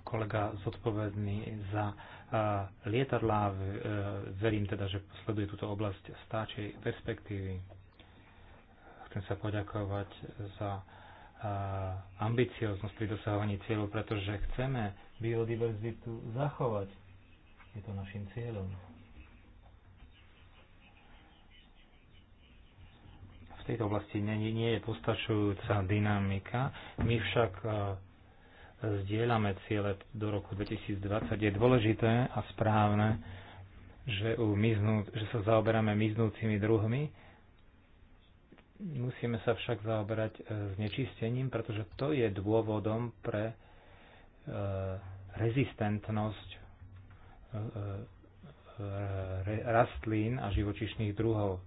kolega zodpovedný za e, lietadlá. E, verím teda, že sleduje túto oblasť z táčej perspektívy. Chcem sa poďakovať za ambicioznosť pri dosahovaní cieľov, pretože chceme biodiverzitu zachovať. Je to našim cieľom. tejto oblasti nie, nie je postačujúca dynamika. My však e, zdieľame ciele do roku 2020. Je dôležité a správne, že, u miznú, že sa zaoberáme miznúcimi druhmi. Musíme sa však zaoberať e, znečistením, pretože to je dôvodom pre uh, rezistentnosť uh, e, rastlín a živočišných druhov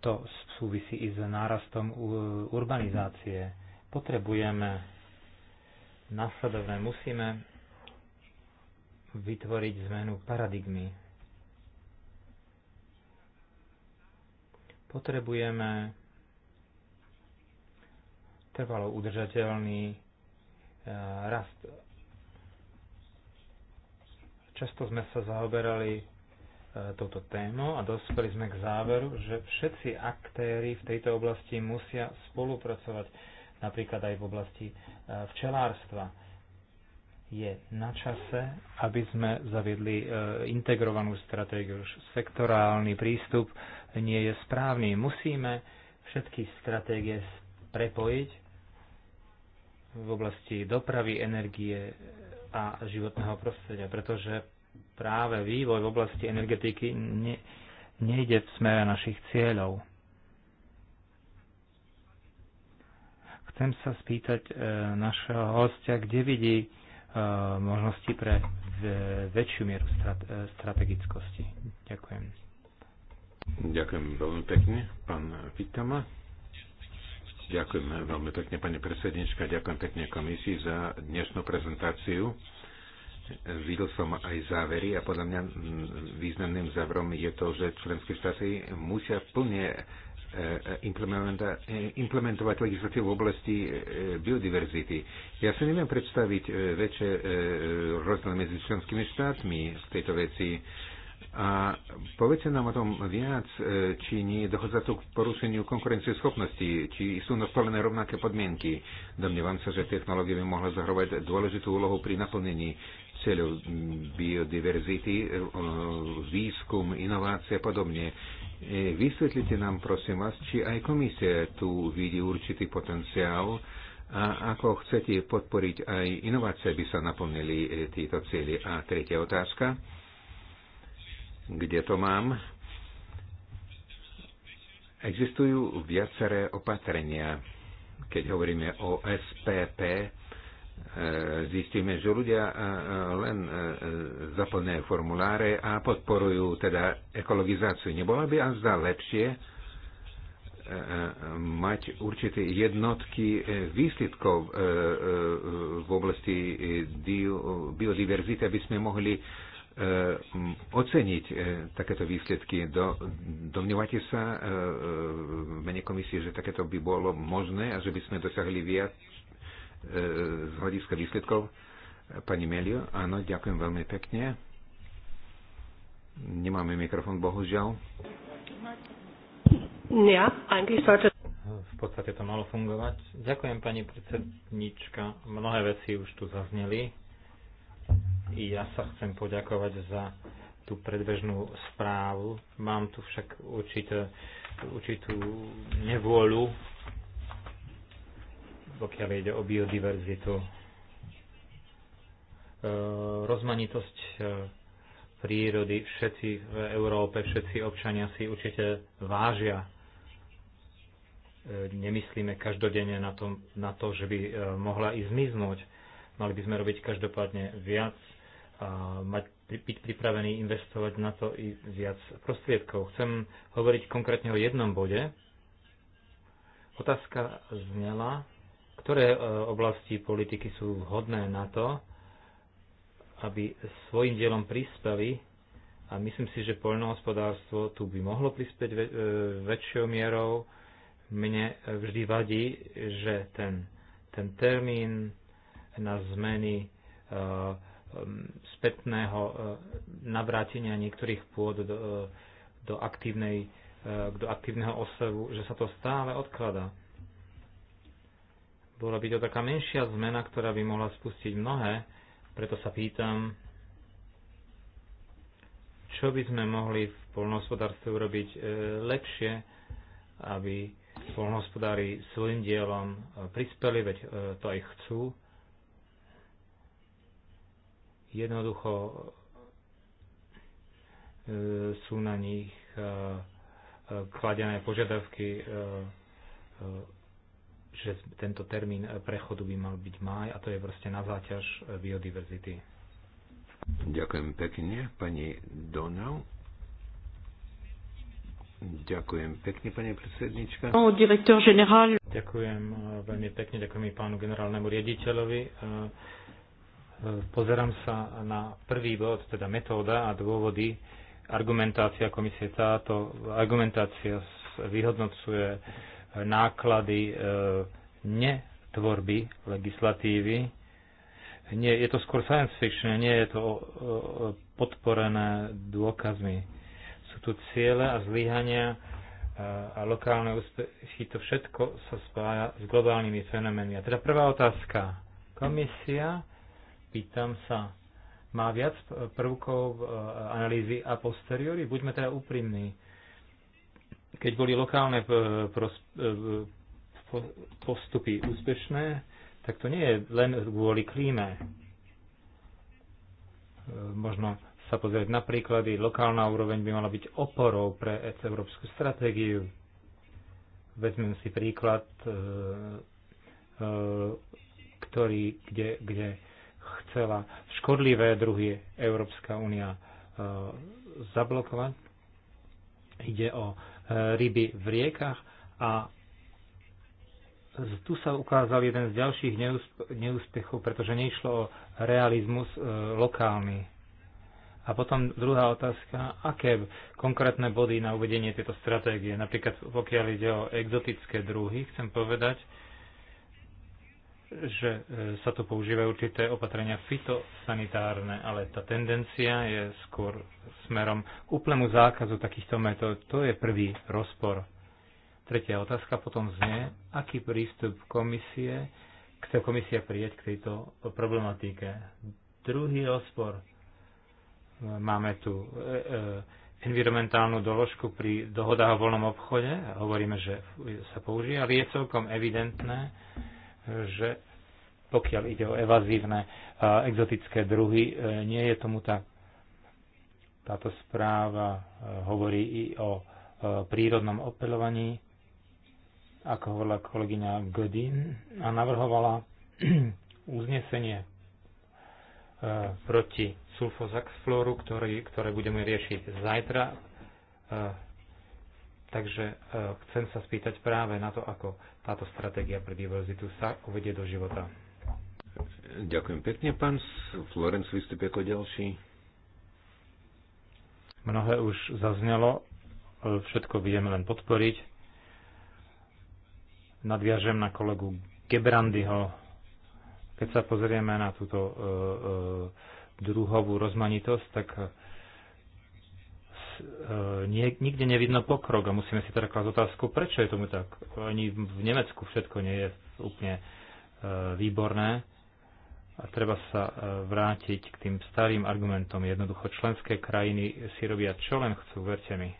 to súvisí i s nárastom urbanizácie. Potrebujeme následovné, musíme vytvoriť zmenu paradigmy. Potrebujeme trvalo udržateľný e, rast. Často sme sa zaoberali E, touto témou a dospeli sme k záveru, že všetci aktéry v tejto oblasti musia spolupracovať, napríklad aj v oblasti e, včelárstva. Je na čase, aby sme zaviedli e, integrovanú stratégiu. už Sektorálny prístup nie je správny. Musíme všetky stratégie prepojiť v oblasti dopravy, energie a životného prostredia, pretože práve vývoj v oblasti energetiky ne, nejde v smere našich cieľov. Chcem sa spýtať e, našeho hostia, kde vidí e, možnosti pre väčšiu mieru strat, e, strategickosti. Ďakujem. Ďakujem veľmi pekne, pán Vitama. Ďakujem veľmi pekne, pani predsednička, ďakujem pekne komisii za dnešnú prezentáciu. Videl som aj závery a podľa mňa významným záverom je to, že členské štáty musia plne e, e, e, implementovať legislatívu v oblasti biodiverzity. Ja si neviem predstaviť väčšie rozdiel medzi členskými štátmi v tejto veci. A povedzte nám o tom viac, či nie dochádza to k porušeniu konkurencieschopnosti, či sú nastavené rovnaké podmienky. Domnievam sa, že technológie by mohla zahrovať dôležitú úlohu pri naplnení cieľov mm, biodiverzity, e, výskum, inovácie a podobne. E, vysvetlite nám, prosím vás, či aj komisia tu vidí určitý potenciál a ako chcete podporiť aj inovácie, aby sa naplnili e, tieto cieľe. A tretia otázka. Kde to mám? Existujú viaceré opatrenia, keď hovoríme o SPP, zistíme, že ľudia e, e, len e, zaplňajú formuláre a podporujú teda ekologizáciu. Nebolo by až za lepšie mať určité jednotky výsledkov v oblasti biodiverzity, aby sme mohli oceniť takéto výsledky. Do, domnievate sa v mene komisie, že takéto by bolo možné a že by sme dosiahli viac z hľadiska výsledkov. Pani Melio, áno, ďakujem veľmi pekne. Nemáme mikrofón, bohužiaľ. V podstate to malo fungovať. Ďakujem, pani predsednička. Mnohé veci už tu zazneli. I ja sa chcem poďakovať za tú predbežnú správu. Mám tu však určité, určitú nevôľu pokiaľ ide o biodiverzitu. E, rozmanitosť e, prírody všetci v Európe, všetci občania si určite vážia. E, nemyslíme každodenne na to, na to že by mohla i zmiznúť. Mali by sme robiť každopádne viac a mať, byť pripravený investovať na to i viac prostriedkov. Chcem hovoriť konkrétne o jednom bode. Otázka znela, ktoré e, oblasti politiky sú vhodné na to, aby svojim dielom prispeli a myslím si, že poľnohospodárstvo tu by mohlo prispieť e, väčšou mierou. Mne vždy vadí, že ten, ten termín na zmeny e, spätného navrátenia niektorých pôd do, do, aktívnej, do aktívneho osevu, že sa to stále odkladá. Bola by to taká menšia zmena, ktorá by mohla spustiť mnohé, preto sa pýtam, čo by sme mohli v polnohospodárstve urobiť e, lepšie, aby polnohospodári svojim dielom e, prispeli, veď e, to aj chcú. Jednoducho sú na nich kladené požiadavky že tento termín prechodu by mal byť máj a to je proste na záťaž biodiverzity. Ďakujem pekne, pani Donau. Ďakujem pekne, pani predsednička. No, direktor generál. Ďakujem eh, veľmi pekne, ďakujem i pánu generálnemu riaditeľovi. Eh, pozerám sa na prvý bod, teda metóda a dôvody. Argumentácia komisie táto, argumentácia vyhodnocuje náklady e, netvorby legislatívy. Nie, je to skôr science fiction, nie je to podporené dôkazmi. Sú tu ciele a zlyhania e, a lokálne úspechy, to všetko sa spája s globálnymi fenoménmi. A teda prvá otázka. Komisia, pýtam sa, má viac prvkov e, analýzy a posteriori? Buďme teda úprimní keď boli lokálne e, e, postupy úspešné, tak to nie je len kvôli klíme. E, možno sa pozrieť na príklady. Lokálna úroveň by mala byť oporou pre európsku stratégiu. Vezmem si príklad, ktorý, kde, kde chcela škodlivé druhy Európska únia zablokovať. Ide o ryby v riekach a tu sa ukázal jeden z ďalších neúspechov, pretože nešlo o realizmus e, lokálny. A potom druhá otázka, aké konkrétne body na uvedenie tejto stratégie, napríklad pokiaľ ide o exotické druhy, chcem povedať, že e, sa tu používajú určité opatrenia fitosanitárne, ale tá tendencia je skôr smerom k úplnému zákazu takýchto metód. To je prvý rozpor. Tretia otázka potom znie, aký prístup komisie chce komisia prijať k tejto problematike. Druhý rozpor. Máme tu e, e, environmentálnu doložku pri dohodách o voľnom obchode. Hovoríme, že sa použije, ale je celkom evidentné, že pokiaľ ide o evazívne a exotické druhy, e, nie je tomu tak. Táto správa e, hovorí i o e, prírodnom opelovaní, ako hovorila kolegyňa Godin a navrhovala uznesenie proti sulfozaxflóru, ktoré budeme riešiť zajtra Takže e, chcem sa spýtať práve na to, ako táto stratégia pre diverzitu sa uvedie do života. Ďakujem pekne, pán Florenc, vystupí ako ďalší. Mnohé už zaznelo, e, všetko vieme len podporiť. Nadviažem na kolegu Gebrandyho. Keď sa pozrieme na túto e, druhovú rozmanitosť, tak E, nie, nikde nevidno pokrok a musíme si teda klásť otázku, prečo je tomu tak. Ani v Nemecku všetko nie je úplne e, výborné a treba sa e, vrátiť k tým starým argumentom. Jednoducho členské krajiny si robia čo len chcú, verte mi.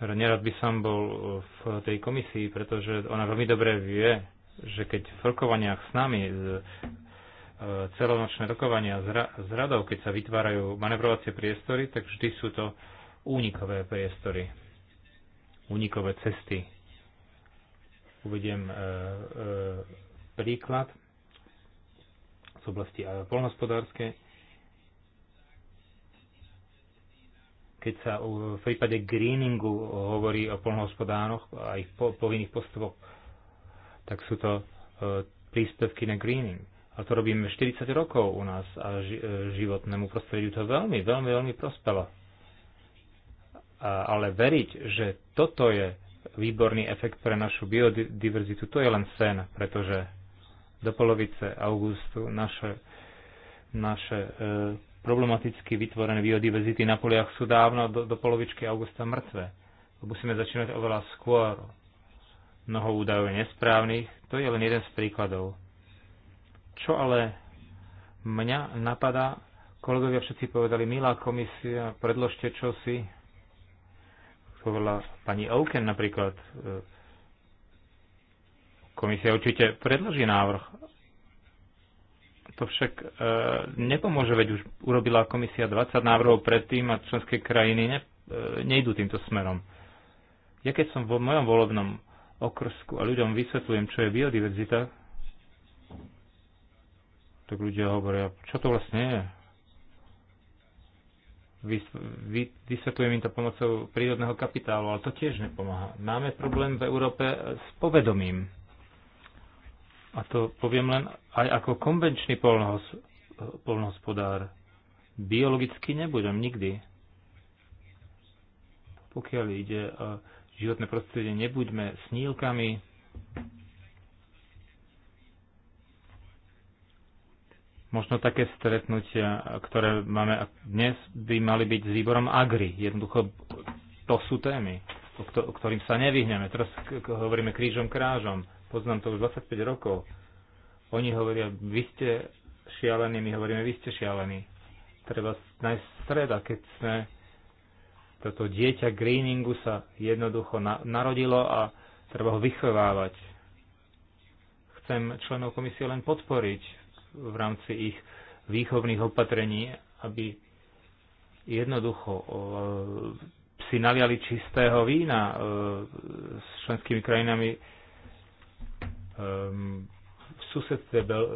Nerad by som bol v tej komisii, pretože ona veľmi dobre vie, že keď v rokovaniach s nami E, celonočné rokovania s radou, keď sa vytvárajú manevrovacie priestory, tak vždy sú to únikové priestory, únikové cesty. Uvediem e, e, príklad z oblasti polnospodárskej. Keď sa v prípade greeningu hovorí o polnohospodároch a ich povinných postupoch, tak sú to príspevky na greening a to robíme 40 rokov u nás a e, životnému prostrediu to veľmi, veľmi, veľmi prospelo. A, ale veriť, že toto je výborný efekt pre našu biodiverzitu, to je len sen, pretože do polovice augustu naše, naše e, problematicky vytvorené biodiverzity na poliach sú dávno do, do polovičky augusta mŕtve. Musíme začínať oveľa skôr. Mnoho údajov je nesprávnych, to je len jeden z príkladov čo ale mňa napadá, kolegovia všetci povedali, milá komisia, predložte čo si, Povedala pani Oken napríklad. Komisia určite predloží návrh. To však e, nepomôže, veď už urobila komisia 20 návrhov predtým a členské krajiny ne, e, nejdú týmto smerom. Ja keď som vo mojom volebnom okrsku a ľuďom vysvetľujem, čo je biodiverzita, tak ľudia hovoria, čo to vlastne je? Vysvetľujem im to pomocou prírodného kapitálu, ale to tiež nepomáha. Máme problém v Európe s povedomím. A to poviem len aj ako konvenčný polnohos, polnohospodár. Biologicky nebudem nikdy. Pokiaľ ide o životné prostredie, nebuďme snílkami, Možno také stretnutia, ktoré máme dnes, by mali byť s výborom Agri. Jednoducho to sú témy, o ktorým sa nevyhneme. Teraz hovoríme krížom krážom. Poznám to už 25 rokov. Oni hovoria, vy ste šialení, my hovoríme, vy ste šialení. Treba nájsť streda, keď sme toto dieťa greeningu sa jednoducho na, narodilo a treba ho vychovávať. Chcem členov komisie len podporiť v rámci ich výchovných opatrení, aby jednoducho e, si naliali čistého vína e, s členskými krajinami e, v susedstve Bel-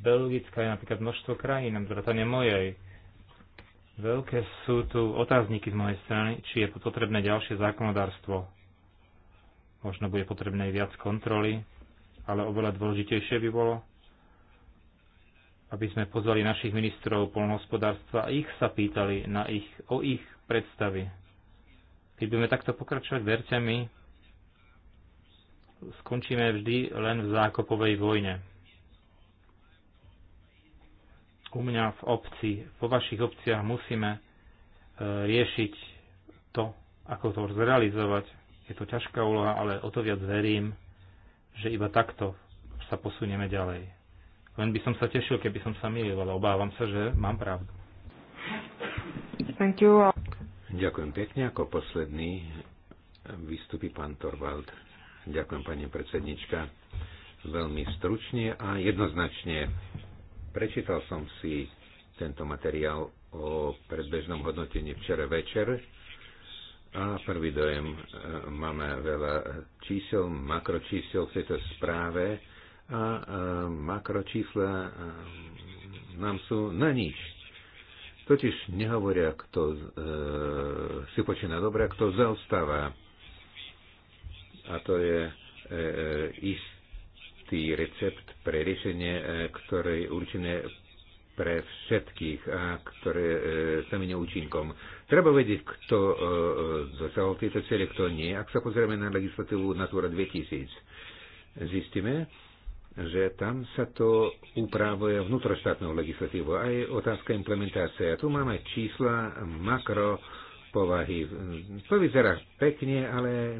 Belgická je napríklad množstvo krajín, vrátane mojej. Veľké sú tu otázniky z mojej strany, či je potrebné ďalšie zákonodárstvo. Možno bude potrebné viac kontroly, ale oveľa dôležitejšie by bolo, aby sme pozvali našich ministrov polnohospodárstva a ich sa pýtali na ich, o ich predstavy. Keď budeme takto pokračovať, verte mi, skončíme vždy len v zákopovej vojne. U mňa v obci, po vašich obciach musíme e, riešiť to, ako to zrealizovať. Je to ťažká úloha, ale o to viac verím, že iba takto sa posunieme ďalej. Len by som sa tešil, keby som sa mýlil, ale obávam sa, že mám pravdu. Thank you. Ďakujem pekne. Ako posledný vystupí pán Torvald. Ďakujem, pani predsednička. Veľmi stručne a jednoznačne. Prečítal som si tento materiál o predbežnom hodnotení včera večer a prvý dojem, e, máme veľa čísel, makročísel v tejto správe a makročísla nám sú na nič. Totiž nehovoria, kto e, si počína dobre, kto zaostáva. A to je e, e, istý recept pre riešenie, e, ktoré je určené pre všetkých a ktoré e, sa minie účinkom. Treba vedieť, kto e, dosahol tieto cieľe, kto nie. Ak sa pozrieme na legislatívu Natura 2000, zistíme, že tam sa to upravuje vnútroštátnou legislatívou. Aj otázka implementácie. A tu máme čísla makro povahy. To vyzerá pekne, ale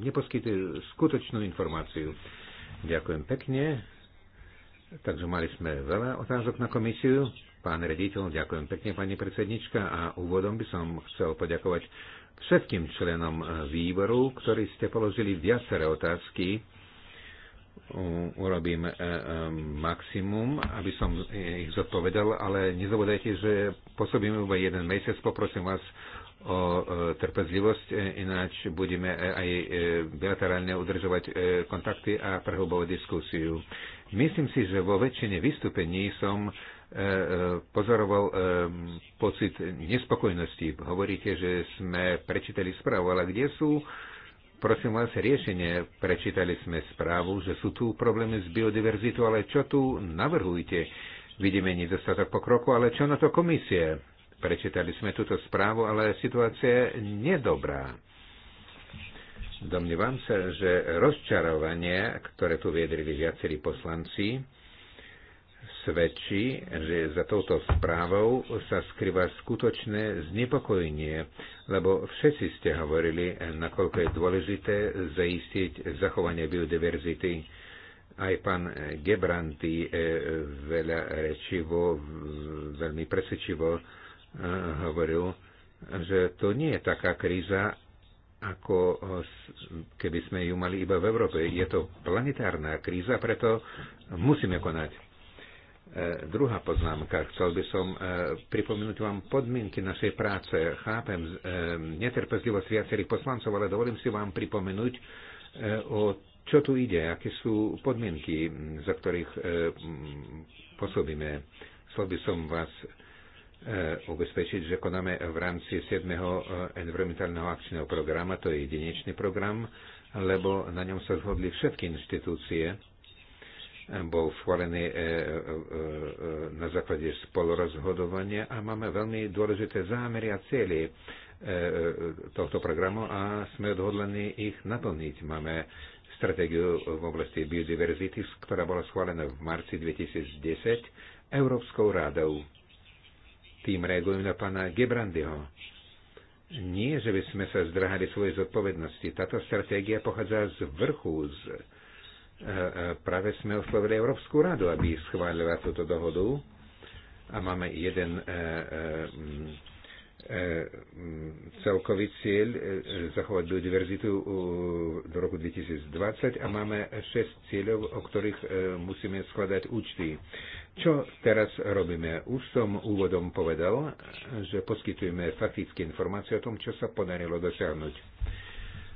neposkytuje skutočnú informáciu. Ďakujem pekne. Takže mali sme veľa otázok na komisiu. Pán rediteľ, ďakujem pekne, pani predsednička. A úvodom by som chcel poďakovať všetkým členom výboru, ktorí ste položili viaceré otázky urobím e, e, maximum, aby som e, ich zodpovedal, ale nezabudajte, že pôsobím iba jeden mesiac, poprosím vás o trpezlivosť, ináč budeme aj bilaterálne udržovať kontakty a prehlbovať diskusiu. Myslím si, že vo väčšine vystúpení som pozoroval pocit nespokojnosti. Hovoríte, že sme prečítali správu, ale kde sú Prosím vás, riešenie. Prečítali sme správu, že sú tu problémy s biodiverzitou, ale čo tu navrhujete? Vidíme nedostatok pokroku, ale čo na to komisie? Prečítali sme túto správu, ale situácia je nedobrá. Domnievam sa, že rozčarovanie, ktoré tu viedrili viacerí poslanci, svedčí, že za touto správou sa skrýva skutočné znepokojenie, lebo všetci ste hovorili, nakoľko je dôležité zaistiť zachovanie biodiverzity. Aj pán Gebranty eh, veľa rečivo, veľmi presvedčivo eh, hovoril, že to nie je taká kríza, ako eh, keby sme ju mali iba v Európe. Je to planetárna kríza, preto musíme konať. E, druhá poznámka. Chcel by som e, pripomenúť vám podmienky našej práce. Chápem e, netrpezlivosť viacerých poslancov, ale dovolím si vám pripomenúť, o čo tu ide, aké sú podmienky, za ktorých pôsobíme. Chcel by som vás ubezpečiť, že konáme v rámci 7. environmentálneho akčného programa, to je jedinečný program, lebo na ňom sa zhodli všetky inštitúcie bol schválený e, e, e, na základe spolurozhodovania a máme veľmi dôležité zámery a cieľy tohto programu a sme odhodlení ich naplniť. Máme stratégiu v oblasti biodiverzity, ktorá bola schválená v marci 2010 Európskou rádou. Tým reagujem na pána Gebrandyho. Nie, že by sme sa zdrahali svojej zodpovednosti. Táto stratégia pochádza z vrchu, z E, e, práve sme oslovili Európsku radu, aby schválila túto dohodu a máme jeden e, mm, mm, celkový cieľ zachovať biodiverzitu do roku 2020 a máme šest cieľov, o ktorých musíme skladať účty. Čo teraz robíme? Už som úvodom povedal, že poskytujeme faktické informácie o tom, čo sa podarilo dosiahnuť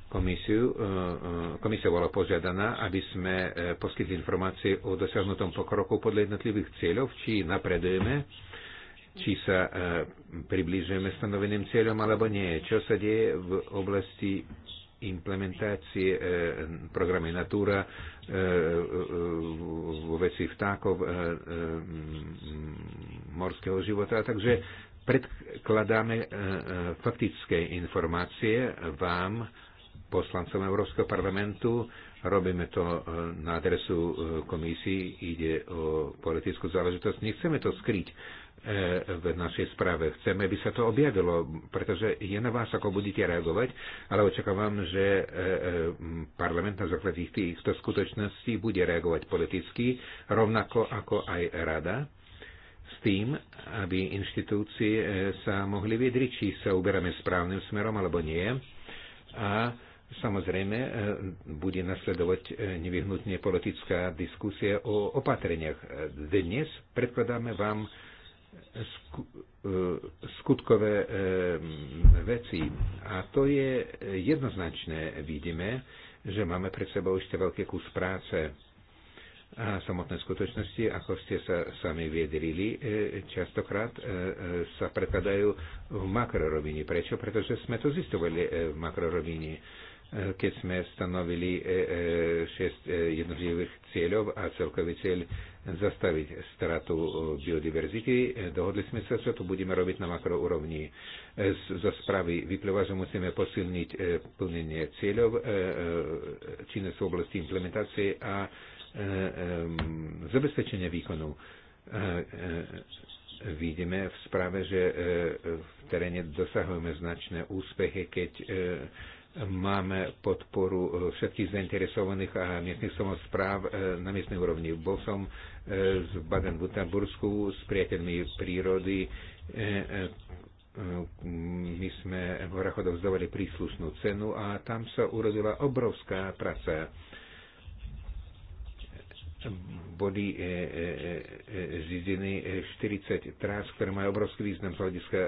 komisiu. E, e, komisia bola požiadaná, aby sme e, poskytli informácie o dosiahnutom pokroku podľa jednotlivých cieľov, či napredujeme, či sa približujeme stanoveným cieľom alebo nie. Čo sa deje v oblasti implementácie programy Natura vo veci vtákov, morského života. Takže predkladáme faktické informácie vám, poslancom Európskeho parlamentu. Robíme to e, na adresu e, komisii, ide o politickú záležitosť. Nechceme to skryť e, v našej správe. Chceme, aby sa to objavilo, pretože je na vás, ako budete reagovať, ale očakávam, že parlament na základe týchto skutočností bude reagovať politicky, rovnako ako aj rada s tým, aby inštitúcie sa mohli vydriť, či sa uberáme správnym smerom alebo nie. A Samozrejme, e, bude nasledovať e, nevyhnutne politická diskusia o opatreniach. E, dnes predkladáme vám skutkové veci. A to je jednoznačné. Vidíme, že máme pred sebou ešte veľký kus práce. A samotné skutočnosti, ako ste sa sami viedrili, častokrát sa prekladajú v makrorovini. Prečo? Pretože sme to zistovali v makrorovini keď sme stanovili e, e, šest e, jednotlivých cieľov a celkový cieľ zastaviť stratu biodiverzity. Dohodli sme sa, že to budeme robiť na makroúrovni. Zo správy vyplýva, že musíme posilniť plnenie cieľov, činnosť v oblasti implementácie a zabezpečenie výkonu. Vidíme v správe, že v teréne dosahujeme značné úspechy, keď máme podporu e, všetkých zainteresovaných a miestnych samozpráv e, na miestnej úrovni. Bol som v e, baden württembursku s priateľmi prírody. My sme v Horachodov zdovali príslušnú cenu a tam sa urodila obrovská práca. Boli zidené 40 trás, ktoré majú obrovský význam z hľadiska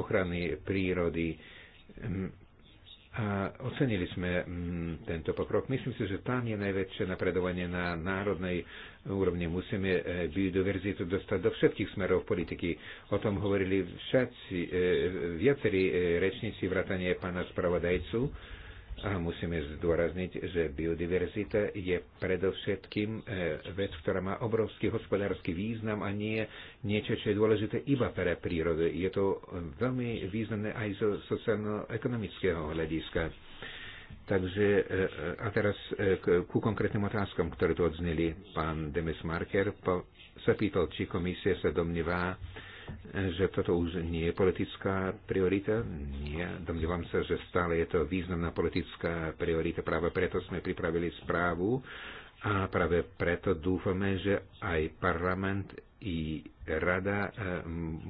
ochrany prírody a ocenili sme mm, tento pokrok. Myslím si, že tam je najväčšie napredovanie na národnej úrovni. Musíme e, biodiverzitu dostať do všetkých smerov politiky. O tom hovorili všetci, e, viacerí e, rečníci vrátanie pána spravodajcu a musíme zdôrazniť, že biodiverzita je predovšetkým e, vec, ktorá má obrovský hospodársky význam a nie niečo, čo je dôležité iba pre prírodu. Je to veľmi významné aj zo sociálno-ekonomického hľadiska. Takže e, e, a teraz ku konkrétnym otázkom, ktoré tu odzneli. Pán Demes Marker sa pýtal, či komisia sa domnívá, že toto už nie je politická priorita. Nie, domnievam sa, že stále je to významná politická priorita. Práve preto sme pripravili správu a práve preto dúfame, že aj parlament i rada e,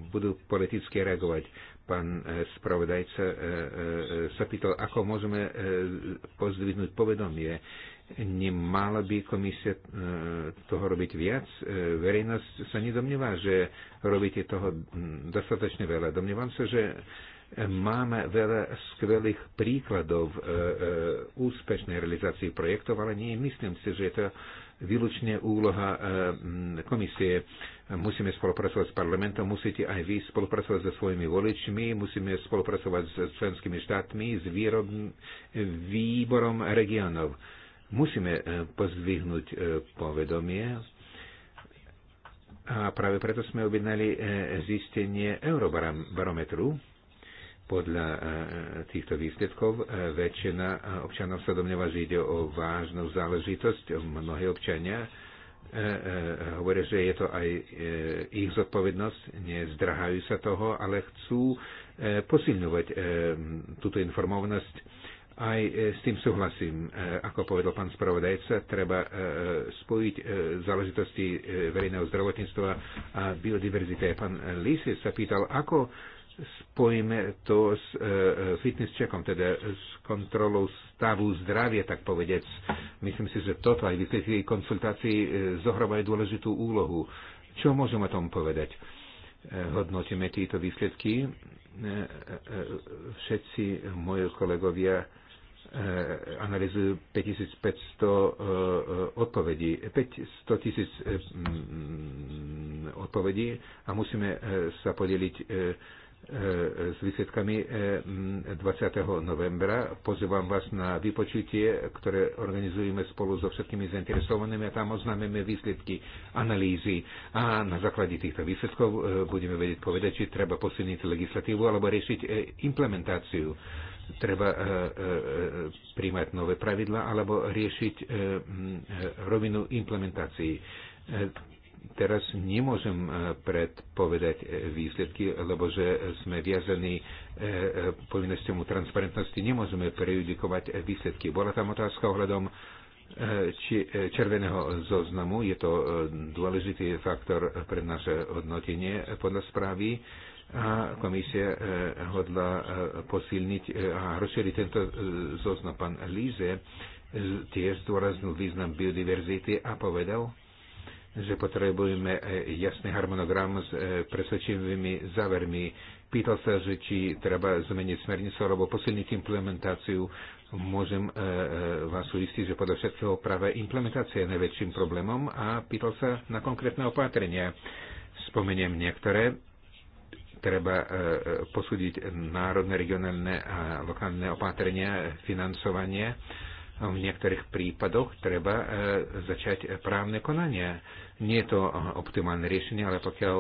budú politicky reagovať. Pán e, spravodajca e, sa pýtal, ako môžeme pozdvihnúť povedomie. Nemala by komisia e, toho robiť viac? E, verejnosť sa nedomnieva, že robíte toho dostatočne veľa. Domnievam sa, že máme veľa skvelých príkladov e, úspešnej realizácie projektov, ale nie myslím si, že je to výlučne úloha komisie. Musíme spolupracovať s parlamentom, musíte aj vy spolupracovať so svojimi voličmi, musíme spolupracovať s členskými štátmi, s výrob, výborom regionov. Musíme e, pozdvihnúť e, povedomie a práve preto sme objednali e, zistenie Eurobarometru. Podľa týchto výsledkov väčšina občanov sa domnieva, že ide o vážnu záležitosť. Mnohí občania hovoria, že je to aj ich zodpovednosť, nezdrahajú sa toho, ale chcú posilňovať túto informovanosť aj e, s tým súhlasím, e, ako povedal pán spravodajca, treba e, spojiť záležitosti verejného zdravotníctva a biodiverzity. Pán Lisi sa pýtal, ako spojíme to s fitness checkom, teda s kontrolou stavu zdravia, tak povedec. Myslím si, že toto aj tej konsultácii zohrávajú dôležitú úlohu. Čo môžem o tom povedať? Hodnotíme tieto výsledky. Všetci moji kolegovia Eh, analizujú 5500 eh, odpovedí. 500 tisíc eh, mm, odpovedí a musíme sa podeliť s výsledkami 20. Mm, novembra. Pozývam vás na vypočutie, ktoré organizujeme spolu so všetkými zainteresovanými a tam oznámeme výsledky analýzy. A na základe týchto výsledkov budeme vedieť povedať, či treba posilniť legislatívu alebo riešiť implementáciu treba e, e, e, príjmať nové pravidla alebo riešiť rovinu implementácií. Teraz nemôžem predpovedať výsledky, lebo že sme viazaní povinnosťou transparentnosti, nemôžeme prejudikovať výsledky. Bola tam otázka ohľadom či, červeného zoznamu, je to dôležitý faktor pre naše hodnotenie podľa správy a komisia e, hodla e, posilniť e, a rozšíriť tento zoznam. Pán Líze tiež zdôraznil význam biodiverzity a povedal, že potrebujeme jasný harmonogram s presvedčivými závermi. Pýtal sa, že či treba zmeniť smernicu alebo posilniť implementáciu. Môžem vás uistiť, že podľa všetkého práve implementácia je najväčším problémom a pýtal sa na konkrétne opatrenia. Spomeniem niektoré treba e, e, posúdiť národné, regionálne a lokálne opatrenia, financovanie. V niektorých prípadoch treba e, začať právne konania. Nie je to optimálne riešenie, ale pokiaľ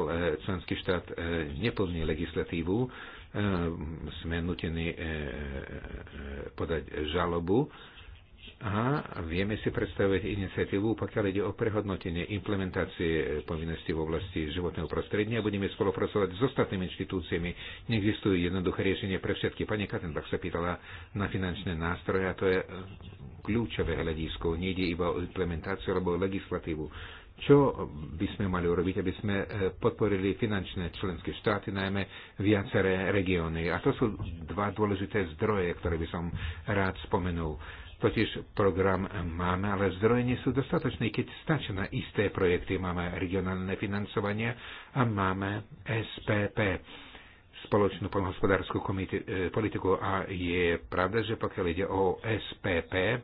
členský štát neplní legislatívu, sme nutení podať žalobu a vieme si predstaviť iniciatívu, pokiaľ ide o prehodnotenie implementácie povinností v oblasti životného prostredia. Budeme spolupracovať s ostatnými inštitúciami. Neexistuje jednoduché riešenie pre všetky. Pani Katenbach sa pýtala na finančné nástroje a to je kľúčové hľadisko. Nejde iba o implementáciu alebo o legislatívu. Čo by sme mali urobiť, aby sme e, podporili finančné členské štáty, najmä viaceré regióny? A to sú dva dôležité zdroje, ktoré by som rád spomenul Totiž program máme, ale zdroje nie sú dostatočné, keď stačí na isté projekty. Máme regionálne financovanie a máme SPP, spoločnú polnohospodárskú e, politiku. A je pravda, že pokiaľ ide o SPP, e, e,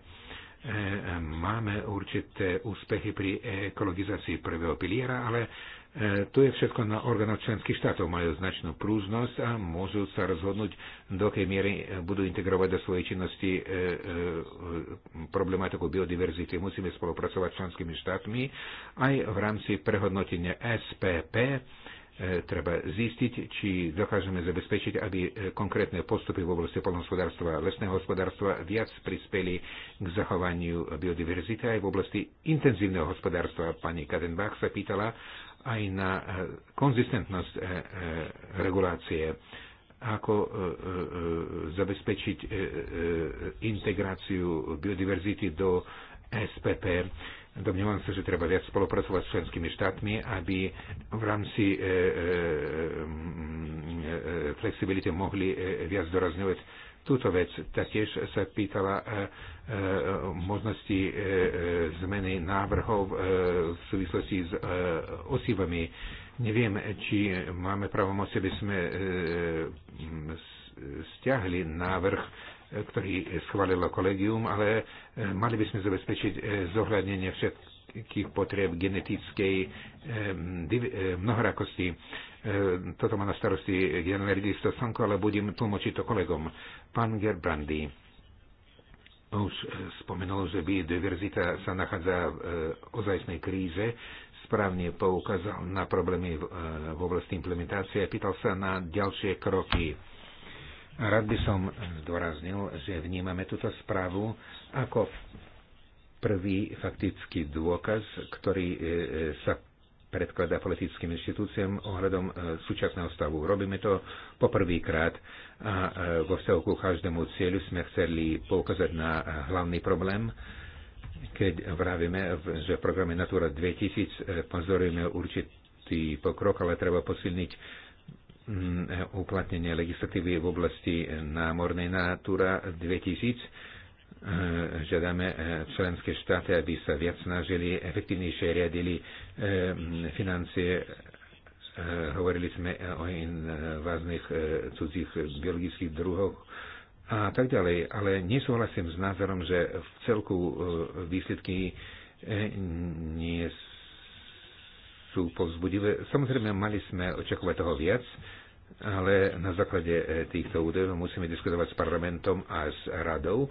máme určité úspechy pri ekologizácii prvého piliera, ale E, tu je všetko na orgánoch členských štátov, majú značnú prúžnosť a môžu sa rozhodnúť, do akej miery e, budú integrovať do svojej činnosti e, problematiku biodiverzity. Musíme spolupracovať s členskými štátmi aj v rámci prehodnotenia SPP, treba zistiť, či dokážeme zabezpečiť, aby konkrétne postupy v oblasti polnohospodárstva a lesného hospodárstva viac prispeli k zachovaniu biodiverzity aj v oblasti intenzívneho hospodárstva. Pani Kadenbach sa pýtala, aj na e, konzistentnosť e, e, regulácie, ako zabezpečiť integráciu biodiverzity do SPP. Domnievam sa, že treba viac spolupracovať s členskými štátmi, aby v rámci flexibility mohli viac dorazňovať túto vec. Taktiež sa pýtala E, možnosti e, e, zmeny návrhov v súvislosti s osivami. Neviem, či máme pravomoc, aby sme stiahli návrh, ktorý schválilo kolegium, ale mali by sme zabezpečiť zohľadnenie všetkých potrieb genetickej mnohorakosti toto má na starosti generálny Sanko, ale budem tlmočiť to kolegom. Pán Gerbrandy už e, spomenulo, že biodiverzita sa nachádza v e, ozajstnej kríze, správne poukázal na problémy e, v oblasti implementácie a pýtal sa na ďalšie kroky. Rád by som zdôraznil, že vnímame túto správu ako prvý faktický dôkaz, ktorý sa predkladá politickým inštitúciám ohľadom e, súčasného stavu. Robíme to poprvýkrát a e, vo vzťahu ku každému cieľu sme chceli poukázať na e, hlavný problém, keď vravíme, že v programe Natura 2000 pozorujeme určitý pokrok, ale treba posilniť uplatnenie legislatívy v oblasti námornej Natura 2000 Eh, žiadame eh, členské štáty, aby sa viac snažili, efektívnejšie riadili eh, financie. Hovorili sme o inváznych cudzích biologických druhoch a tak ďalej. Ale nesúhlasím s názorom, že v celku výsledky nie sú povzbudivé. Samozrejme, mali sme očakovať toho viac, ale na základe týchto údajov musíme diskutovať s parlamentom a s radou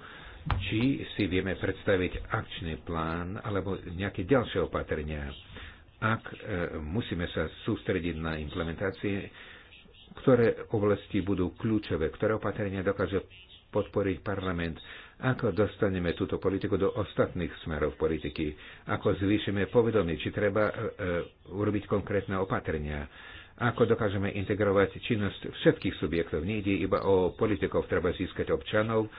či si vieme predstaviť akčný plán alebo nejaké ďalšie opatrenia, ak e, musíme sa sústrediť na implementácie, ktoré oblasti budú kľúčové, ktoré opatrenia dokáže podporiť parlament, ako dostaneme túto politiku do ostatných smerov politiky, ako zvýšime povedomie, či treba e, e urobiť konkrétne opatrenia, ako dokážeme integrovať činnosť všetkých subjektov. Nejde iba o politikov, treba získať občanov,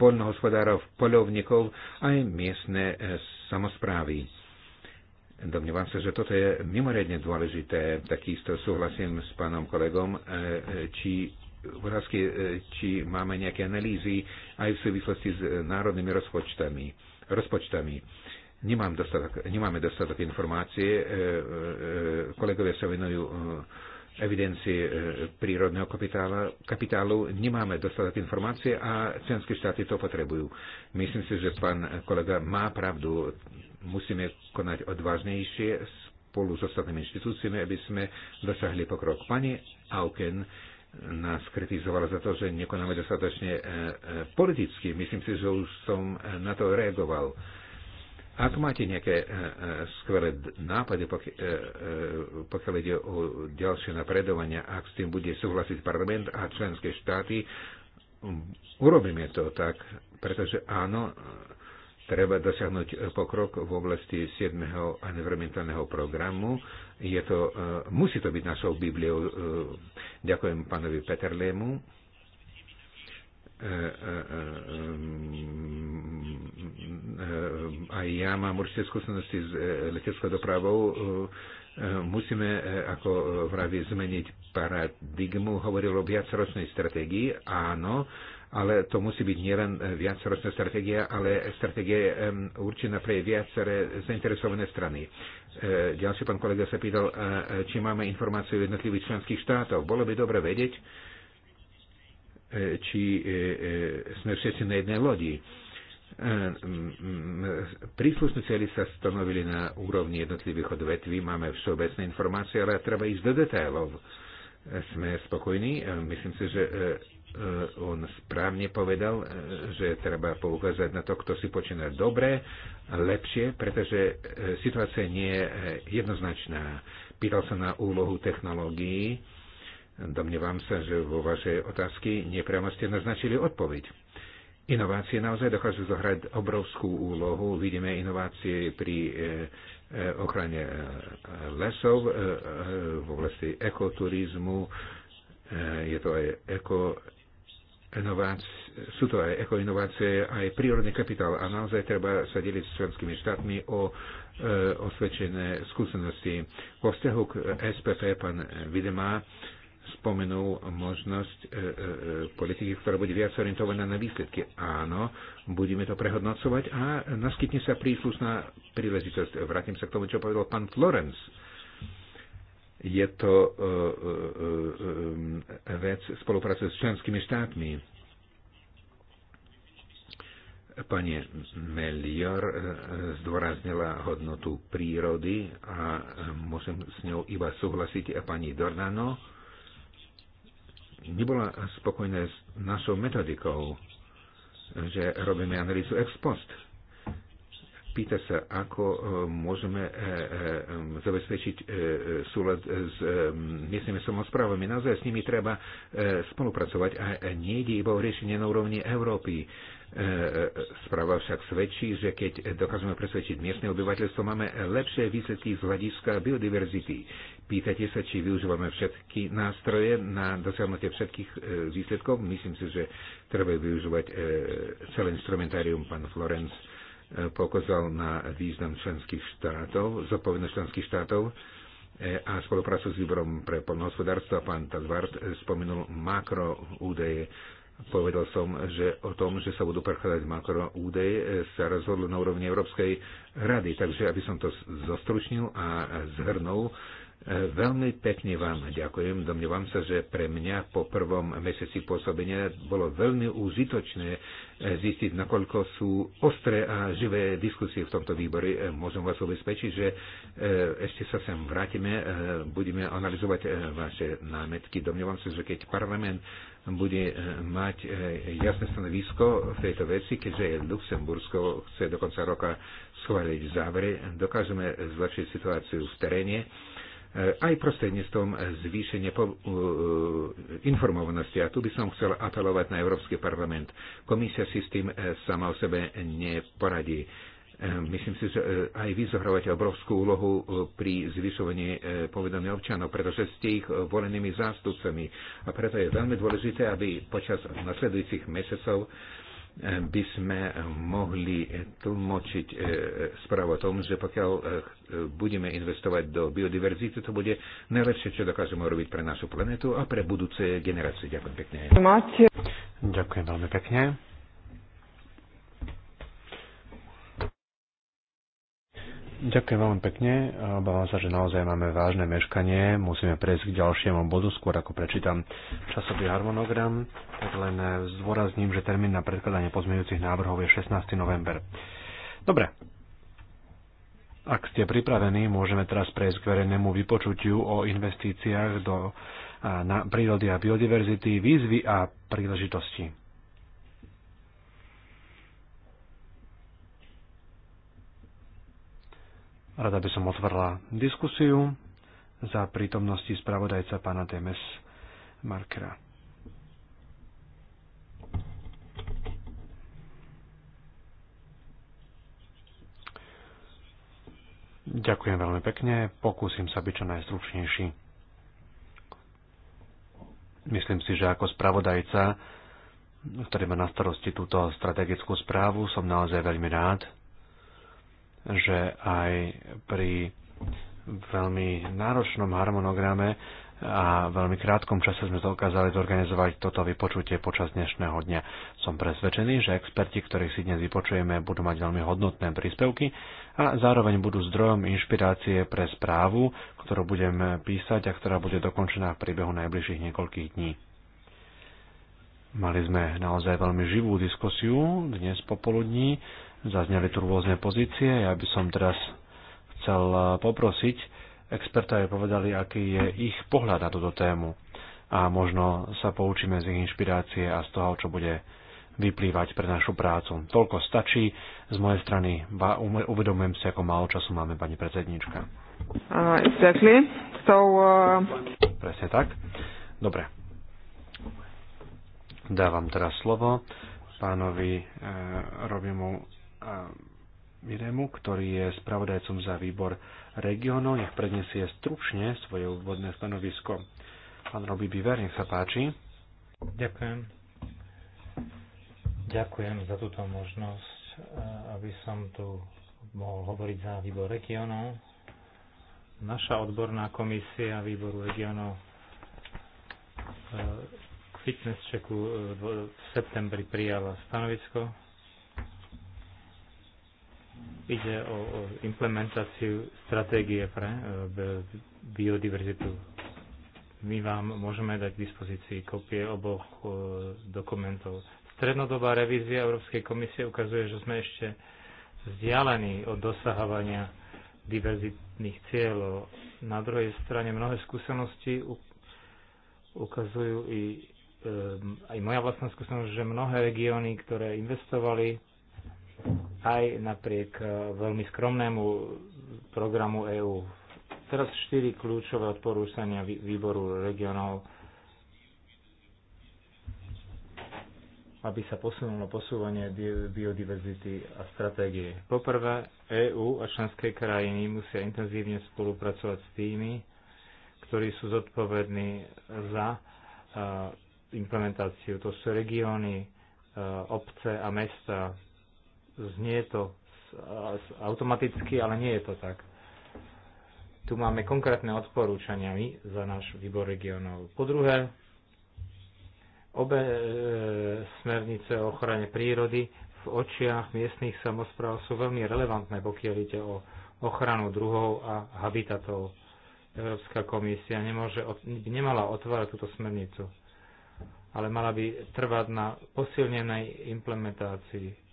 poľnohospodárov, polovníkov aj miestne e, samozprávy. Domnievam sa, že toto je mimoriadne dôležité. Takisto súhlasím s pánom kolegom, e, e, či otázky, či máme nejaké analýzy aj v súvislosti s národnými rozpočtami. rozpočtami. Nemám dostatok, nemáme dostatok informácie, kolegovia sa venujú evidencie prírodného kapitála, kapitálu. Nemáme dostatok informácie a členské štáty to potrebujú. Myslím si, že pán kolega má pravdu. Musíme konať odvážnejšie spolu s ostatnými inštitúciami, aby sme dosahli pokrok. Pani Auken nás kritizovala za to, že nekonáme dostatočne e, e, politicky. Myslím si, že už som na to reagoval. Ak máte nejaké e, e, skvelé nápady, e, pokiaľ ide o ďalšie napredovania, ak s tým bude súhlasiť parlament a členské štáty, urobíme to tak, pretože áno, treba dosiahnuť pokrok v oblasti 7. environmentálneho programu. Je to, musí to byť našou Bibliou. Ďakujem pánovi Peterlému Eh, eh, eh, aj ja mám určité skúsenosti s leteckou dopravou. Musíme, ako vraví, zmeniť paradigmu. Hovoril o viacročnej stratégii, áno, ale to musí byť nielen viacročná stratégia, ale stratégia určená pre viaceré zainteresované strany. Ďalší pán kolega sa pýtal, či máme informáciu jednotlivých členských štátov. Bolo by dobre vedieť, či e, e, sme všetci na jednej lodi. E, Príslušné cely sa stanovili na úrovni jednotlivých odvetví, máme všeobecné informácie, ale treba ísť do detailov. Sme spokojní, myslím si, že on správne povedal, že treba poukázať na to, kto si počína dobre, lepšie, pretože situácia nie je jednoznačná. Pýtal sa na úlohu technológií, Domnievam sa, že vo vašej otázky nepriamo ste naznačili odpoveď. Inovácie naozaj dokážu zohrať obrovskú úlohu. Vidíme inovácie pri e, e, ochrane e, lesov, v oblasti ekoturizmu, je to aj eko sú to aj ekoinovácie, aj prírodný kapitál. A naozaj treba sa deliť s členskými štátmi o e, osvedčené skúsenosti. Vo vzťahu k SPP pán Videma spomenul možnosť e, e, e, politiky, ktorá bude viac orientovaná na výsledky. Áno, budeme to prehodnocovať a naskytne sa príslušná príležitosť. Vrátim sa k tomu, čo povedal pán Florence. Je to e, e, e, e vec spolupráce s členskými štátmi. Pani Melior e, zdôraznila hodnotu prírody a musím s ňou iba súhlasiť a pani Dornano nebola spokojná s našou metodikou, že robíme analýzu ex post. Pýta sa, ako e, môžeme e, e, zabezpečiť súlad s miestnymi samozprávami. Naozaj s nimi treba spolupracovať a nie nejde iba o riešenie na úrovni Európy. E, správa však svedčí, že keď dokážeme presvedčiť miestne obyvateľstvo, máme lepšie výsledky z hľadiska biodiverzity. Pýtate sa, či využívame všetky nástroje na dosiahnutie všetkých e, výsledkov. Myslím si, že treba využívať e, celé instrumentárium. Pán Florence pokazal na význam členských štátov, zodpovednosť členských štátov a spoluprácu s výborom pre polnohospodárstvo. Pán Talvart spomenul makro údaje Povedal som, že o tom, že sa budú prechádzať makroúdaje, e, sa rozhodlo na úrovni Európskej rady. Takže aby som to zostručnil a zhrnul, e, veľmi pekne vám ďakujem. Domnievam sa, že pre mňa po prvom mesiaci pôsobenia bolo veľmi užitočné e, zistiť, nakoľko sú ostré a živé diskusie v tomto výbore. Môžem vás ubezpečiť, že ešte sa sem vrátime, budeme analyzovať vaše námetky. Domnievam sa, že keď parlament bude eh, mať eh, jasné stanovisko v tejto veci, keďže Luxembursko chce do konca roka schváliť závery. Dokážeme zlepšiť situáciu v teréne eh, aj prostredníctvom zvýšenia informovanosti. A tu by som chcel apelovať na Európsky parlament. Komisia si s tým sama o sebe neporadí Ehm, myslím si, že eh, aj vy zohrávate obrovskú úlohu eh, pri zvyšovaní eh, povedomia občanov, pretože ste ich volenými zástupcami. A preto je veľmi dôležité, aby počas nasledujúcich mesiacov by sme mohli tlmočiť správu o tom, že pokiaľ budeme investovať do biodiverzity, to bude najlepšie, čo dokážeme robiť pre našu planetu a pre budúce generácie. Ďakujem pekne. Ďakujem veľmi pekne. Ďakujem veľmi pekne. Obávam sa, že naozaj máme vážne meškanie. Musíme prejsť k ďalšiemu bodu, skôr ako prečítam časový harmonogram. Tak len eh, zdôrazním, že termín na predkladanie pozmeňujúcich návrhov je 16. november. Dobre. Ak ste pripravení, môžeme teraz prejsť k verejnému vypočutiu o investíciách do eh, na prírody a biodiverzity, výzvy a príležitosti. Rada by som otvorila diskusiu za prítomnosti spravodajca pána DMS Markera. Ďakujem veľmi pekne, pokúsim sa byť čo najstručnejší. Myslím si, že ako spravodajca, ktorý má na starosti túto strategickú správu, som naozaj veľmi rád, že aj pri veľmi náročnom harmonograme a veľmi krátkom čase sme dokázali zorganizovať toto vypočutie počas dnešného dňa. Som presvedčený, že experti, ktorých si dnes vypočujeme, budú mať veľmi hodnotné príspevky a zároveň budú zdrojom inšpirácie pre správu, ktorú budem písať a ktorá bude dokončená v priebehu najbližších niekoľkých dní. Mali sme naozaj veľmi živú diskusiu dnes popoludní Zazneli tu rôzne pozície. Ja by som teraz chcel eh, poprosiť experta, aby povedali, aký je ich pohľad na túto tému. A možno sa poučíme z ich inšpirácie a z toho, čo bude vyplývať pre našu prácu. Toľko stačí. Z mojej strany uvedomujem si, ako málo času máme, pani predsednička. Uh, exactly. So, uh... Presne tak. Dobre. Dávam teraz slovo pánovi e, Robimu Miremu, ktorý je spravodajcom za výbor regionov. Nech predniesie stručne svoje úvodné stanovisko. Pán Robi Biver, nech sa páči. Ďakujem. Ďakujem za túto možnosť, e, aby som tu mohol hovoriť za výbor regionov. Naša odborná komisia výboru regionov k e, fitness checku e, v septembri prijala stanovisko Ide o, o implementáciu stratégie pre e, biodiverzitu. My vám môžeme dať k dispozícii kopie oboch e, dokumentov. Strednodobá revízia Európskej komisie ukazuje, že sme ešte vzdialení od dosahovania diverzitných cieľov. Na druhej strane mnohé skúsenosti ukazujú i e, aj moja vlastná skúsenosť, že mnohé regióny, ktoré investovali aj napriek e, veľmi skromnému programu EÚ. Teraz štyri kľúčové odporúčania výboru regionov, aby sa posunulo posúvanie biodiverzity a stratégie. Poprvé, EÚ a členské krajiny musia intenzívne spolupracovať s tými, ktorí sú zodpovední za e, implementáciu. To sú regióny, e, obce a mesta, znie to automaticky, ale nie je to tak. Tu máme konkrétne odporúčania my za náš výbor regionov. Po druhé, obe e, smernice o ochrane prírody v očiach miestnych samozpráv sú veľmi relevantné, pokiaľ ide o ochranu druhov a habitatov. Európska komisia nemôže, nemala otvárať túto smernicu, ale mala by trvať na posilnenej implementácii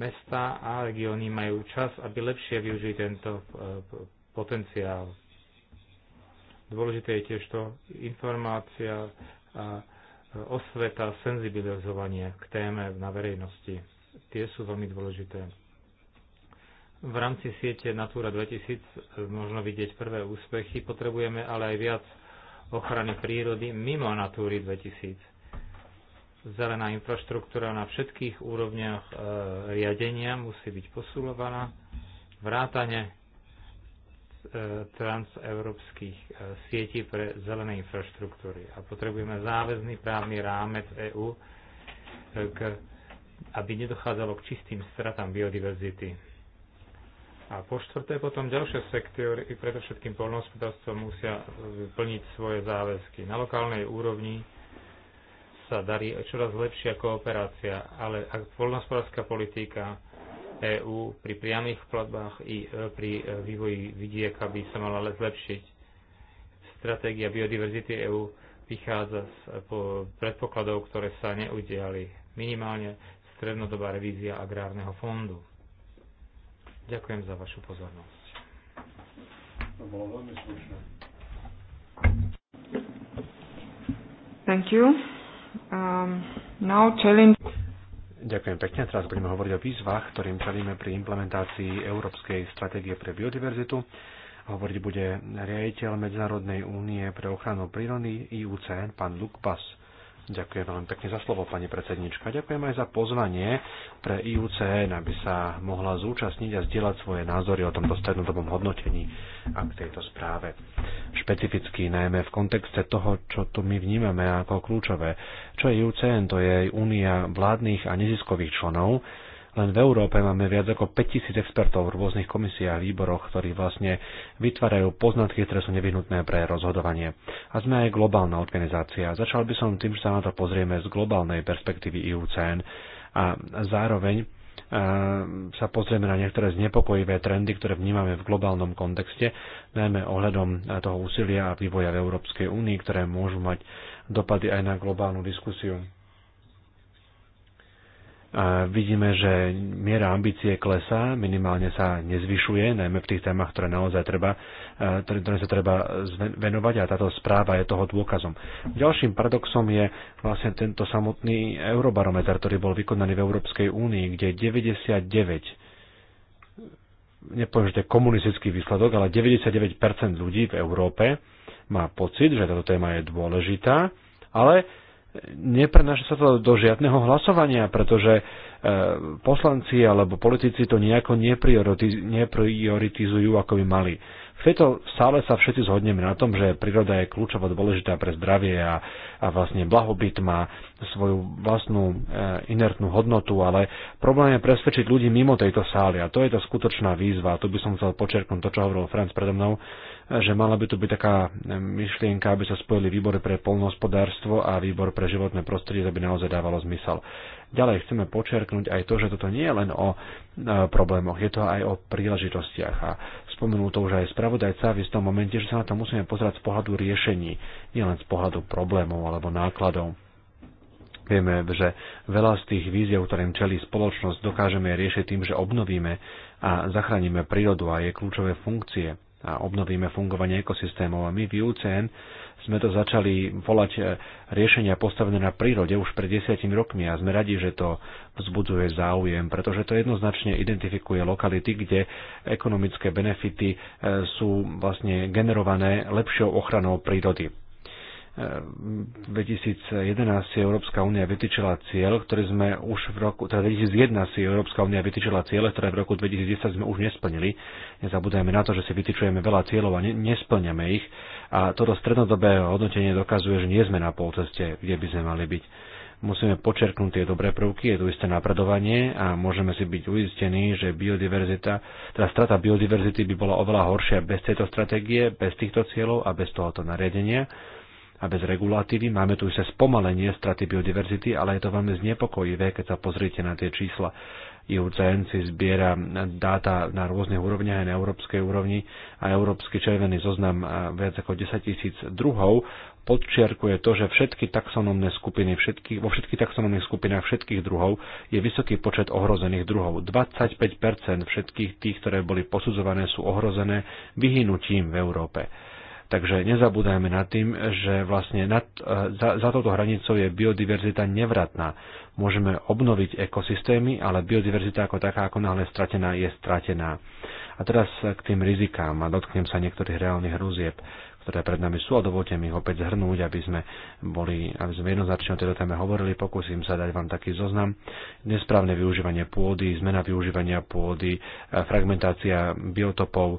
Mestá a regióny majú čas, aby lepšie využili tento eh, potenciál. Dôležité je tiež to informácia a eh, osveta, senzibilizovanie k téme na verejnosti. Tie sú veľmi dôležité. V rámci siete Natura 2000 eh, možno vidieť prvé úspechy, potrebujeme ale aj viac ochrany prírody mimo Natúry 2000 Zelená infraštruktúra na všetkých úrovniach e, riadenia musí byť posúľovaná. Vrátane e, transeurópskych e, sietí pre zelené infraštruktúry. A potrebujeme záväzný právny rámec EÚ, e, aby nedochádzalo k čistým stratám biodiverzity. A po štvrté potom ďalšie sektory, predovšetkým poľnohospodárstvo, musia plniť svoje záväzky. Na lokálnej úrovni sa darí čoraz lepšia kooperácia, ale ak voľnohospodárska politika EÚ pri priamých platbách i e, pri e, vývoji vidieka by sa mala zlepšiť. Stratégia biodiverzity EÚ vychádza z e, predpokladov, ktoré sa neudiali. Minimálne strednodobá revízia agrárneho fondu. Ďakujem za vašu pozornosť. To bolo veľmi slušné. Thank you. Um, now challenge... Ďakujem pekne. Teraz budeme hovoriť o výzvach, ktorým čelíme pri implementácii Európskej stratégie pre biodiverzitu. Hovoriť bude riaditeľ Medzinárodnej únie pre ochranu prírody IUCN, pán Luk Bass. Ďakujem veľmi pekne za slovo, pani predsednička. Ďakujem aj za pozvanie pre IUCN, aby sa mohla zúčastniť a zdieľať svoje názory o tomto strednodobom hodnotení a k tejto správe. Špecificky najmä v kontexte toho, čo tu my vnímame ako kľúčové. Čo je IUCN? To je Únia vládnych a neziskových členov, len v Európe máme viac ako 5000 expertov v rôznych komisiách, a výboroch, ktorí vlastne vytvárajú poznatky, ktoré sú nevyhnutné pre rozhodovanie. A sme aj globálna organizácia. Začal by som tým, že sa na to pozrieme z globálnej perspektívy IUCN a zároveň e, sa pozrieme na niektoré znepokojivé trendy, ktoré vnímame v globálnom kontexte, najmä ohľadom toho úsilia a vývoja v Európskej únii, ktoré môžu mať dopady aj na globálnu diskusiu. Vidíme, že miera ambície klesá, minimálne sa nezvyšuje, najmä v tých témach, ktoré naozaj treba, ktoré sa treba venovať a táto správa je toho dôkazom. Ďalším paradoxom je vlastne tento samotný eurobarometer, ktorý bol vykonaný v Európskej únii, kde 99 nepoviem, že to je komunistický výsledok, ale 99% ľudí v Európe má pocit, že táto téma je dôležitá, ale neprenáša sa to do žiadneho hlasovania, pretože e, poslanci alebo politici to nejako neprioritizujú, ako by mali. V tejto sále sa všetci zhodneme na tom, že príroda je kľúčovo dôležitá pre zdravie a, a vlastne blahobyt má svoju vlastnú e, inertnú hodnotu, ale problém je presvedčiť ľudí mimo tejto sály a to je tá skutočná výzva. Tu by som chcel počerknúť to, čo hovoril Franc predo mnou, že mala by tu byť taká eh, myšlienka, aby sa spojili výbory pre polnohospodárstvo a výbor pre životné prostredie, aby by naozaj dávalo zmysel. Ďalej chceme počerknúť aj to, že toto nie je len o eh, problémoch, je to aj o príležitostiach. A spomenul to už aj spravodajca v istom momente, že sa na to musíme pozerať z pohľadu riešení, nielen z pohľadu problémov alebo nákladov. Vieme, že veľa z tých víziev, ktorým čelí spoločnosť, dokážeme riešiť tým, že obnovíme a zachránime prírodu a jej kľúčové funkcie a obnovíme fungovanie ekosystémov. A my v UCN sme to začali volať e, riešenia postavené na prírode už pred desiatimi rokmi a sme radi, že to vzbudzuje záujem, pretože to jednoznačne identifikuje lokality, kde ekonomické benefity e, sú vlastne generované lepšou ochranou prírody. 2011 si Európska únia vytýčila cieľ, ktorý sme už v roku, teda 2001 si Európska únia vytýčila cieľ, ktoré v roku 2010 sme už nesplnili. Nezabúdajme na to, že si vytýčujeme veľa cieľov a ne, nesplňame ich. A toto strednodobé hodnotenie dokazuje, že nie sme na polceste, kde by sme mali byť. Musíme počerknúť tie dobré prvky, je tu isté napredovanie a môžeme si byť uistení, že biodiverzita, teda strata biodiverzity by bola oveľa horšia bez tejto stratégie, bez týchto cieľov a bez tohoto nariadenia a bez regulatívy. Máme tu ešte spomalenie straty biodiverzity, ale je to veľmi znepokojivé, keď sa pozriete na tie čísla. IUCN si zbiera dáta na rôznych úrovniach aj na európskej úrovni a Európsky červený zoznam viac ako 10 tisíc druhov podčiarkuje to, že všetky taxonomné skupiny, všetky, vo všetkých taxonomných skupinách všetkých druhov je vysoký počet ohrozených druhov. 25% všetkých tých, ktoré boli posudzované, sú ohrozené vyhynutím v Európe. Takže nezabúdajme nad tým, že vlastne nad, e, za, za touto hranicou je biodiverzita nevratná. Môžeme obnoviť ekosystémy, ale biodiverzita ako taká, ako náhle stratená, je stratená. A teraz k tým rizikám a dotknem sa niektorých reálnych hrozieb ktoré pred nami sú a dovolte mi ich opäť zhrnúť, aby sme boli, aby sme jednoznačne o tejto téme hovorili. Pokúsim sa dať vám taký zoznam. Nesprávne využívanie pôdy, zmena využívania pôdy, e, fragmentácia biotopov, e,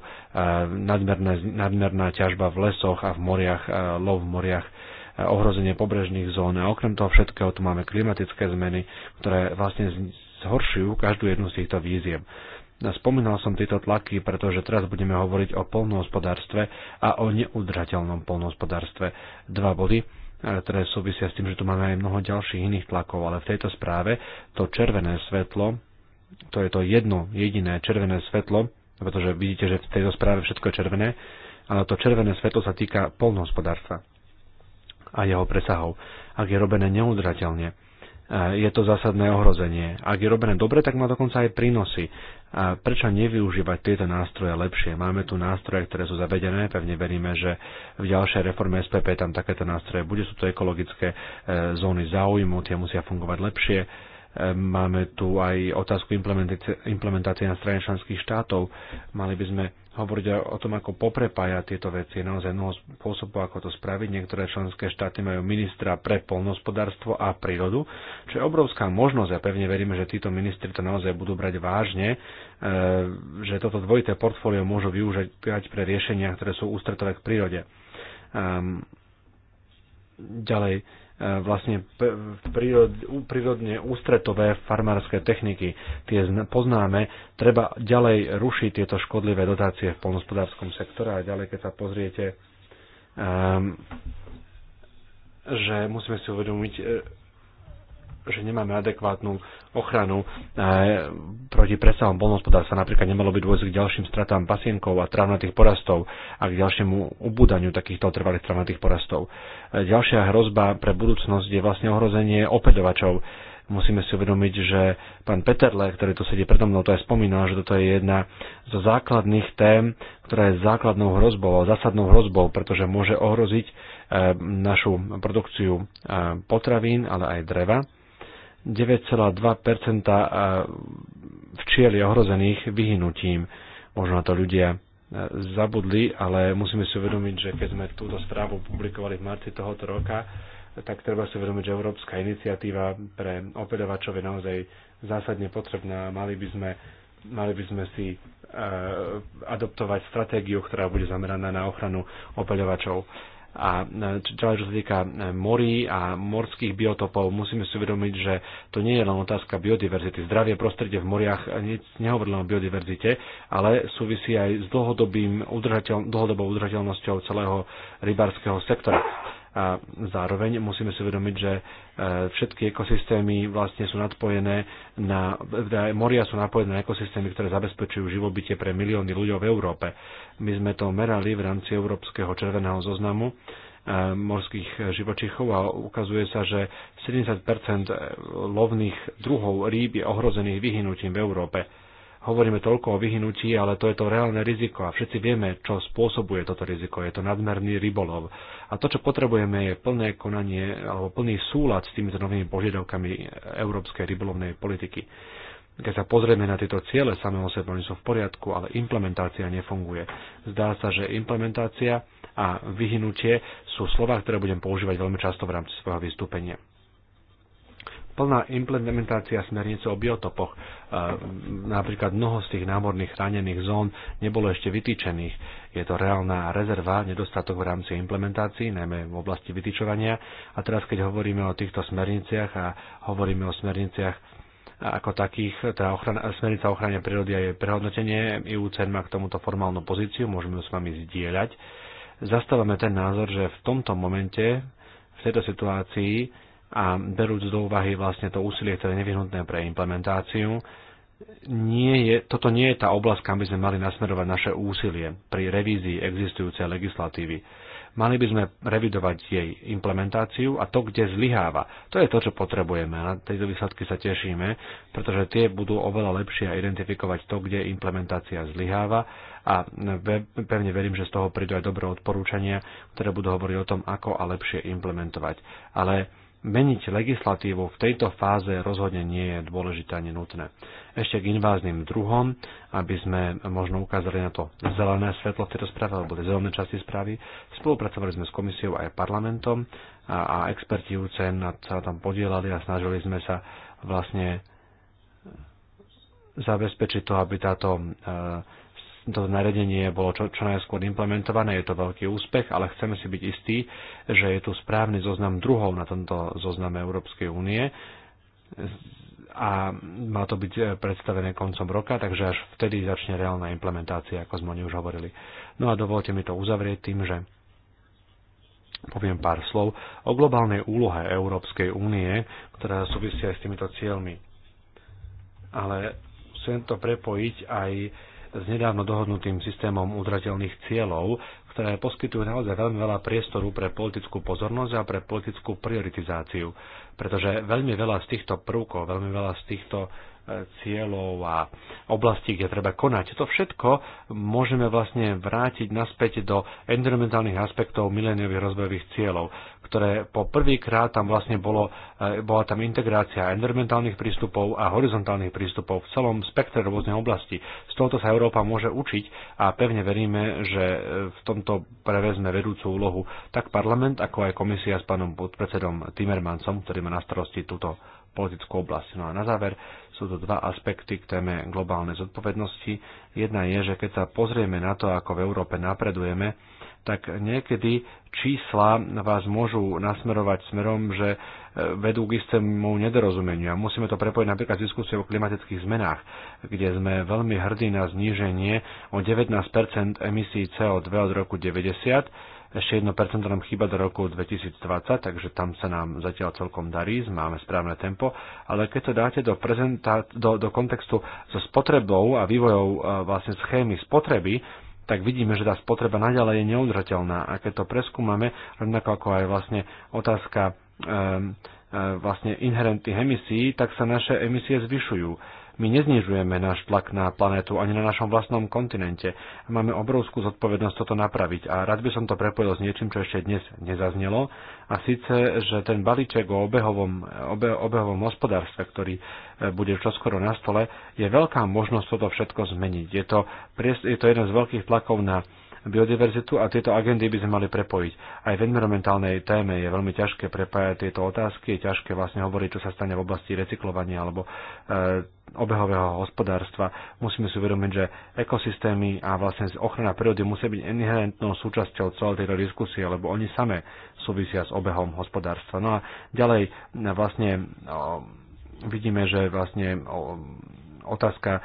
nadmerná, nadmerná ťažba v lesoch a v moriach, e, lov v moriach, ohrozenie pobrežných zón a okrem toho všetkého tu máme klimatické zmeny, ktoré vlastne zhoršujú každú jednu z týchto víziev. Spomínal som tieto tlaky, pretože teraz budeme hovoriť o polnohospodárstve a o neudržateľnom polnohospodárstve. Dva body e, ktoré súvisia s tým, že tu máme aj mnoho ďalších iných tlakov, ale v tejto správe to červené svetlo, to je to jedno jediné červené svetlo, pretože vidíte, že v tejto správe všetko je červené, ale to červené svetlo sa týka polnohospodárstva a jeho presahov, ak je robené neudržateľne e, je to zásadné ohrozenie. Ak je robené dobre, tak má dokonca aj prínosy. A prečo nevyužívať tieto nástroje lepšie? Máme tu nástroje, ktoré sú zavedené, pevne veríme, že v ďalšej reforme SPP tam takéto nástroje bude, sú to ekologické e, zóny záujmu, tie musia fungovať lepšie. E, máme tu aj otázku implementácie na strane členských štátov. Mali by sme hovoriť o tom, ako poprepája tieto veci. Je naozaj mnoho spôsobov, ako to spraviť. Niektoré členské štáty majú ministra pre polnospodárstvo a prírodu, čo je obrovská možnosť a pevne veríme, že títo ministri to naozaj budú brať vážne, e, že toto dvojité portfólio môžu využívať pre riešenia, ktoré sú ústretové k prírode. Ehm, ďalej, vlastne prírodne ústretové farmárske techniky. Tie poznáme, treba ďalej rušiť tieto škodlivé dotácie v polnospodárskom sektore a ďalej, keď sa pozriete, ehm, že musíme si uvedomiť, e, že nemáme adekvátnu ochranu eh, proti presahom polnohospodárstva. Napríklad nemalo by dôjsť k ďalším stratám pasienkov a travnatých porastov a k ďalšiemu ubúdaniu takýchto trvalých travnatých porastov. Eh, ďalšia hrozba pre budúcnosť je vlastne ohrozenie opedovačov musíme si uvedomiť, že pán Peterle, ktorý tu sedí predo mnou, to aj spomínal, že toto je jedna zo základných tém, ktorá je základnou hrozbou, zásadnou hrozbou, pretože môže ohroziť eh, našu produkciu potravín, ale aj dreva. 9,2 e, včiel je ohrozených vyhnutím. Možno to ľudia e, zabudli, ale musíme si uvedomiť, že keď sme túto správu publikovali v marci tohoto roka, tak treba si uvedomiť, že európska iniciatíva pre opeľovačov je naozaj zásadne potrebná. Mali by sme, mali by sme si e, adoptovať stratégiu, ktorá bude zameraná na ochranu opeľovačov a e, ďalej, čo sa týka e, morí a morských biotopov, musíme si uvedomiť, že to nie je len otázka biodiverzity. Zdravie prostredie v moriach e, nehovorí len o biodiverzite, ale súvisí aj s dlhodobým udržateľ, dlhodobou udržateľnosťou celého rybárskeho sektora. A zároveň musíme si uvedomiť, že e, všetky ekosystémy vlastne sú nadpojené na, teda moria sú napojené na ekosystémy, ktoré zabezpečujú živobytie pre milióny ľudí v Európe. My sme to merali v rámci Európskeho červeného zoznamu e, morských živočichov a ukazuje sa, že 70 lovných druhov rýb je ohrozených vyhynutím v Európe hovoríme toľko o vyhnutí, ale to je to reálne riziko a všetci vieme, čo spôsobuje toto riziko. Je to nadmerný rybolov. A to, čo potrebujeme, je plné konanie alebo plný súlad s týmito novými požiadavkami európskej rybolovnej politiky. Keď sa pozrieme na tieto ciele o sebe, oni sú v poriadku, ale implementácia nefunguje. Zdá sa, že implementácia a vyhnutie sú slova, ktoré budem používať veľmi často v rámci svojho vystúpenia plná implementácia smernice o biotopoch. E, napríklad mnoho z tých námorných chránených zón nebolo ešte vytýčených. Je to reálna rezerva, nedostatok v rámci implementácií, najmä v oblasti vytýčovania. A teraz, keď hovoríme o týchto smerniciach a hovoríme o smerniciach ako takých, teda ochrana, smernica ochrane prírody a jej prehodnotenie, IUCN má k tomuto formálnu pozíciu, môžeme ju s vami zdieľať. Zastávame ten názor, že v tomto momente, v tejto situácii, a berúc do úvahy vlastne to úsilie, ktoré je nevyhnutné pre implementáciu, nie je, toto nie je tá oblasť, kam by sme mali nasmerovať naše úsilie pri revízii existujúcej legislatívy. Mali by sme revidovať jej implementáciu a to, kde zlyháva. To je to, čo potrebujeme. Na tejto výsledky sa tešíme, pretože tie budú oveľa lepšie identifikovať to, kde implementácia zlyháva a pevne verím, že z toho prídu aj dobré odporúčania, ktoré budú hovoriť o tom, ako a lepšie implementovať. Ale Meniť legislatívu v tejto fáze rozhodne nie je dôležité ani nutné. Ešte k invázným druhom, aby sme možno ukázali na to zelené svetlo v tejto správe, alebo zelené časti správy, spolupracovali sme s komisiou aj parlamentom a, a experti UCN sa tam podielali a snažili sme sa vlastne zabezpečiť to, aby táto e, to nariadenie bolo čo, čo najskôr implementované, je to veľký úspech, ale chceme si byť istí, že je tu správny zoznam druhov na tomto zozname Európskej únie a má to byť eh, predstavené koncom roka, takže až vtedy začne reálna implementácia, ako sme o už hovorili. No a dovolte mi to uzavrieť tým, že poviem pár slov o globálnej úlohe Európskej únie, ktorá súvisia aj s týmito cieľmi. Ale chcem to prepojiť aj s nedávno dohodnutým systémom udrateľných cieľov, ktoré poskytujú naozaj veľmi veľa priestoru pre politickú pozornosť a pre politickú prioritizáciu, pretože veľmi veľa z týchto prvkov, veľmi veľa z týchto e, cieľov a oblastí, kde treba konať. To všetko môžeme vlastne vrátiť naspäť do environmentálnych aspektov mileniových rozvojových cieľov ktoré po prvýkrát tam vlastne bolo, e, bola tam integrácia environmentálnych prístupov a horizontálnych prístupov v celom spektre rôznych oblastí. Z tohoto sa Európa môže učiť a pevne veríme, že e, v tomto prevezme vedúcu úlohu tak parlament, ako aj komisia s pánom podpredsedom Timmermansom, ktorý má na starosti túto politickú oblasť. No a na záver sú to dva aspekty k téme globálnej zodpovednosti. Jedna je, že keď sa pozrieme na to, ako v Európe napredujeme, tak niekedy čísla vás môžu nasmerovať smerom, že e, vedú k istému nedorozumeniu. A musíme to prepojiť napríklad s diskusiou o klimatických zmenách, kde sme veľmi hrdí na zníženie o 19 emisí CO2 od roku 90 ešte 1% nám chýba do roku 2020, takže tam sa nám zatiaľ celkom darí, máme správne tempo, ale keď to dáte do, do, do kontextu so spotrebou a vývojou e, vlastne schémy spotreby, tak vidíme, že tá spotreba naďalej je neudržateľná. A keď to preskúmame, rovnako ako aj vlastne otázka e, vlastne inherentných emisí, tak sa naše emisie zvyšujú. My neznižujeme náš tlak na planétu ani na našom vlastnom kontinente. Máme obrovskú zodpovednosť toto napraviť a rád by som to prepojil s niečím, čo ešte dnes nezaznelo. A síce, že ten balíček o obehovom, obe, obehovom hospodárstve, ktorý bude čoskoro na stole, je veľká možnosť toto všetko zmeniť. Je to, je to jeden z veľkých tlakov na biodiverzitu a tieto agendy by sme mali prepojiť. Aj v environmentálnej téme je veľmi ťažké prepájať tieto otázky, je ťažké vlastne hovoriť, čo sa stane v oblasti recyklovania alebo e, obehového hospodárstva. Musíme si uvedomiť, že ekosystémy a vlastne ochrana prírody musia byť inherentnou súčasťou celej tejto diskusie, lebo oni same súvisia s obehom hospodárstva. No a ďalej vlastne o, vidíme, že vlastne otázka e,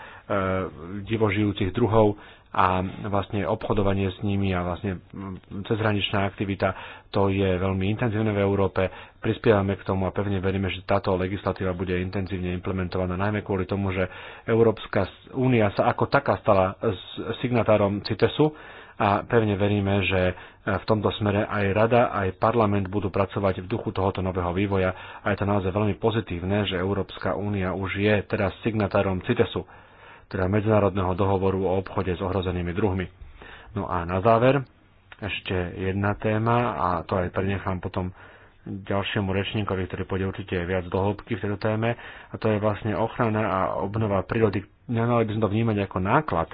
divožijúcich druhov a vlastne obchodovanie s nimi a vlastne cezhraničná aktivita, to je veľmi intenzívne v Európe. Prispievame k tomu a pevne veríme, že táto legislatíva bude intenzívne implementovaná, najmä kvôli tomu, že Európska únia sa ako taká stala signatárom CITESu a pevne veríme, že v tomto smere aj rada, aj parlament budú pracovať v duchu tohoto nového vývoja a je to naozaj veľmi pozitívne, že Európska únia už je teraz signatárom CITESu, teda Medzinárodného dohovoru o obchode s ohrozenými druhmi. No a na záver ešte jedna téma a to aj prenechám potom ďalšiemu rečníkovi, ktorý pôjde určite viac do hĺbky v tejto téme a to je vlastne ochrana a obnova prírody. Nemali by sme to vnímať ako náklad,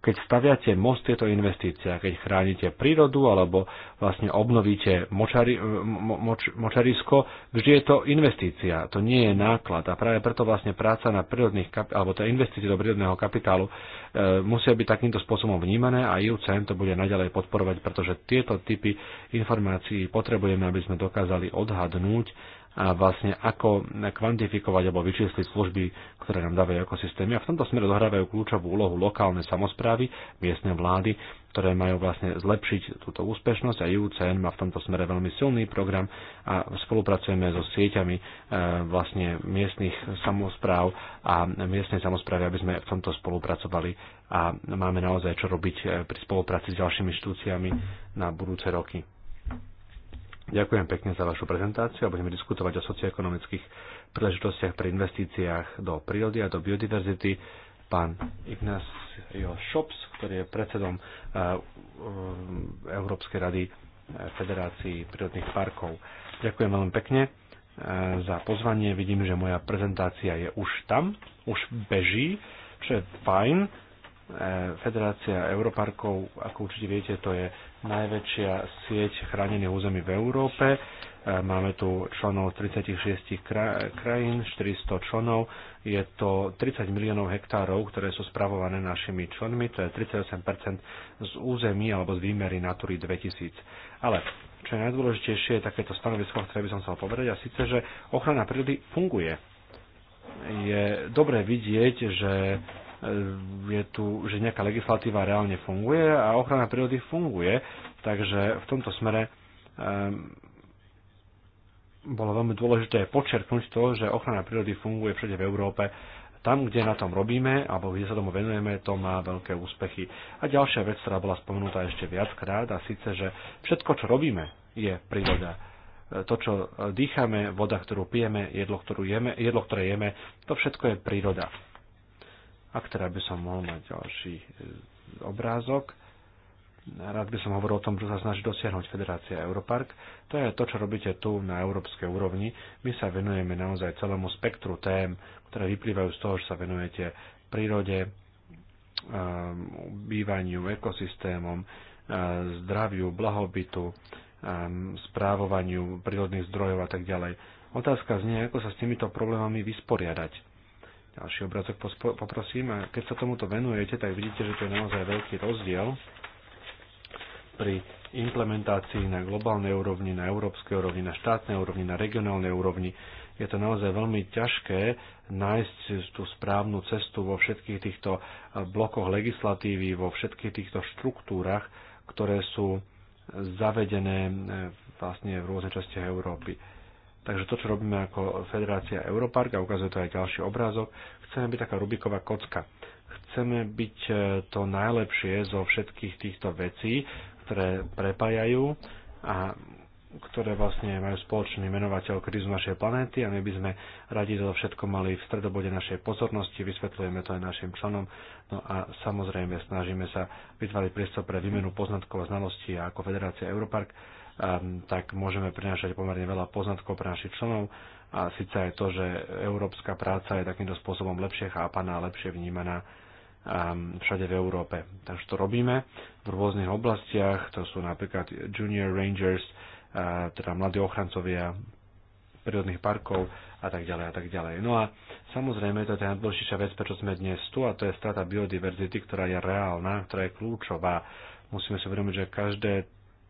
keď staviate most, je to investícia. Keď chránite prírodu alebo vlastne obnovíte močari, moč, močarisko, vždy je to investícia. To nie je náklad. A práve preto vlastne práca na prírodných, alebo tá investície do prírodného kapitálu e, musia byť takýmto spôsobom vnímané a IUCN to bude naďalej podporovať, pretože tieto typy informácií potrebujeme, aby sme dokázali odhadnúť a vlastne ako kvantifikovať alebo vyčísliť služby, ktoré nám dávajú ekosystémy. A v tomto smere dohrávajú kľúčovú úlohu lokálne samozprávy, miestne vlády, ktoré majú vlastne zlepšiť túto úspešnosť a IUCN má v tomto smere veľmi silný program a spolupracujeme so sieťami e, vlastne miestnych samozpráv a miestnej samozprávy, aby sme v tomto spolupracovali a máme naozaj čo robiť e, pri spolupráci s ďalšími štúciami na budúce roky. Ďakujem pekne za vašu prezentáciu a budeme diskutovať o socioekonomických príležitostiach pri investíciách do prírody a do biodiverzity. Pán Ignacio Šops, ktorý je predsedom eh, eh, Európskej rady eh, Federácii prírodných parkov. Ďakujem veľmi pekne za pozvanie. Vidím, že moja prezentácia je už tam, už beží, čo je fajn. Federácia Európarkov, ako určite viete, to je najväčšia sieť chránených území v Európe. E, máme tu členov 36 krajín, 400 členov. Je to 30 miliónov hektárov, ktoré sú spravované našimi členmi. To je 38 z území alebo z výmery Natury 2000. Ale čo je najdôležitejšie, je takéto stanovisko, ktoré by som chcel povedať, a síce, že ochrana prírody funguje. Je dobré vidieť, že je tu, že nejaká legislatíva reálne funguje a ochrana prírody funguje, takže v tomto smere ehm, bolo veľmi dôležité počerknúť to, že ochrana prírody funguje všade v Európe. Tam, kde na tom robíme, alebo kde sa tomu venujeme, to má veľké úspechy. A ďalšia vec, ktorá bola spomenutá ešte viackrát, a síce, že všetko, čo robíme, je príroda e, to, čo dýchame, voda, ktorú pijeme, jedlo, ktorú jeme, jedlo, ktoré jeme, to všetko je príroda a ktorá by som mohol mať ďalší e, obrázok, rád by som hovoril o tom, čo sa snaží dosiahnuť Federácia Europark. To je to, čo robíte tu na európskej úrovni. My sa venujeme naozaj celému spektru tém, ktoré vyplývajú z toho, že sa venujete prírode, e, bývaniu, ekosystémom, e, zdraviu, blahobytu, správovaniu prírodných zdrojov a tak ďalej. Otázka znie, ako sa s týmito problémami vysporiadať ďalší obrazok poprosím. A keď sa tomuto venujete, tak vidíte, že to je naozaj veľký rozdiel pri implementácii na globálnej úrovni, na európskej úrovni, na štátnej úrovni, na regionálnej úrovni. Je to naozaj veľmi ťažké nájsť tú správnu cestu vo všetkých týchto blokoch legislatívy, vo všetkých týchto štruktúrach, ktoré sú zavedené e, vlastne v rôznej časti Európy. Takže to, čo robíme ako Federácia Europark, a ukazuje to aj ďalší obrázok, chceme byť taká Rubiková kocka. Chceme byť e, to najlepšie zo všetkých týchto vecí, ktoré prepájajú a ktoré vlastne majú spoločný menovateľ krízu našej planéty a my by sme radi to všetko mali v stredobode našej pozornosti, vysvetľujeme to aj našim členom, no a samozrejme snažíme sa vytvárať priestor pre výmenu poznatkov a znalostí a ako Federácia Europark Ehm, tak môžeme prinášať pomerne veľa poznatkov pre našich členov a síce aj to, že európska práca je takýmto spôsobom lepšie chápaná, lepšie vnímaná ehm, všade v Európe. Takže to robíme v rôznych oblastiach, to sú napríklad Junior Rangers, ehm, teda mladí ochrancovia prírodných parkov a tak ďalej a tak ďalej. No a samozrejme to je tá najdôležitejšia vec, prečo sme dnes tu a to je strata biodiverzity, ktorá je reálna, ktorá je kľúčová. Musíme si uvedomiť, že každé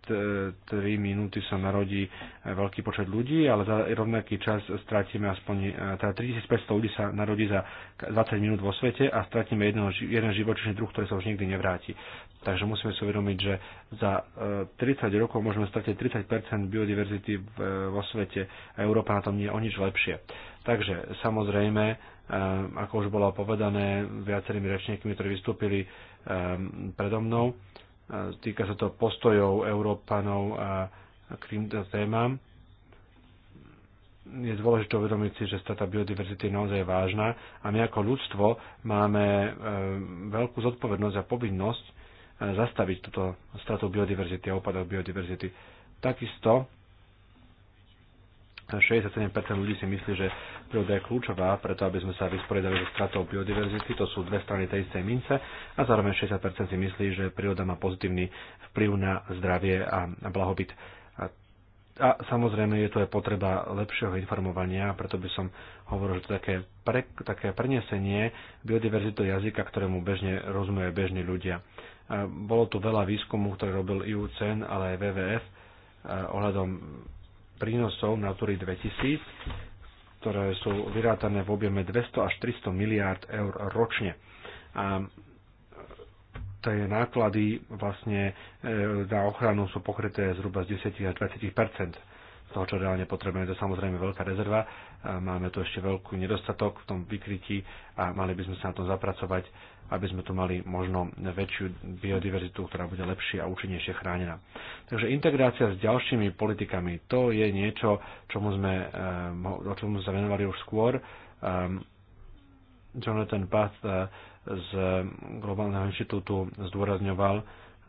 3 minúty sa narodí veľký počet ľudí, ale za rovnaký čas stratíme aspoň, teda 3500 ľudí sa narodí za 20 minút vo svete a stratíme jedno, jeden živočíšny druh, ktorý sa už nikdy nevráti. Takže musíme si uvedomiť, že za 30 e, rokov môžeme stratiť 30 biodiverzity e, vo svete a Európa na tom nie je o nič lepšie. Takže samozrejme, e, ako už bolo povedané viacerými rečníkmi, ktorí vystúpili predo mnou, Týka sa to postojov Európanov k týmto témam. Je dôležité uvedomiť si, že strata biodiverzity je naozaj vážna a my ako ľudstvo máme e, veľkú zodpovednosť a povinnosť e, zastaviť túto stratu biodiverzity a opadok biodiverzity. Takisto 67% ľudí si myslí, že príroda je kľúčová, preto aby sme sa vysporiadali so stratou biodiverzity, to sú dve strany tej istej mince, a zároveň 60% si myslí, že príroda má pozitívny vplyv na zdravie a blahobyt. A, a samozrejme je to aj potreba lepšieho informovania, preto by som hovoril, že to také, pre, také prenesenie biodiverzity do jazyka, ktorému bežne rozumie bežní ľudia. A bolo tu veľa výskumu, ktoré robil IUCN, ale aj WWF ohľadom prínosov Natury 2000, ktoré sú vyrátané v objeme 200 až 300 miliárd eur ročne. A tie náklady vlastne e, na ochranu sú pokryté zhruba z 10 až 20 toho, čo reálne potrebujeme. To je samozrejme veľká rezerva. Máme tu ešte veľký nedostatok v tom vykrytí a mali by sme sa na tom zapracovať, aby sme tu mali možno väčšiu biodiverzitu, ktorá bude lepšie a účinnejšie chránená. Takže integrácia s ďalšími politikami, to je niečo, čomu sme, eh, o čomu sme sa venovali už skôr. Ehm, Jonathan Path eh, z Globálneho inštitútu zdôrazňoval,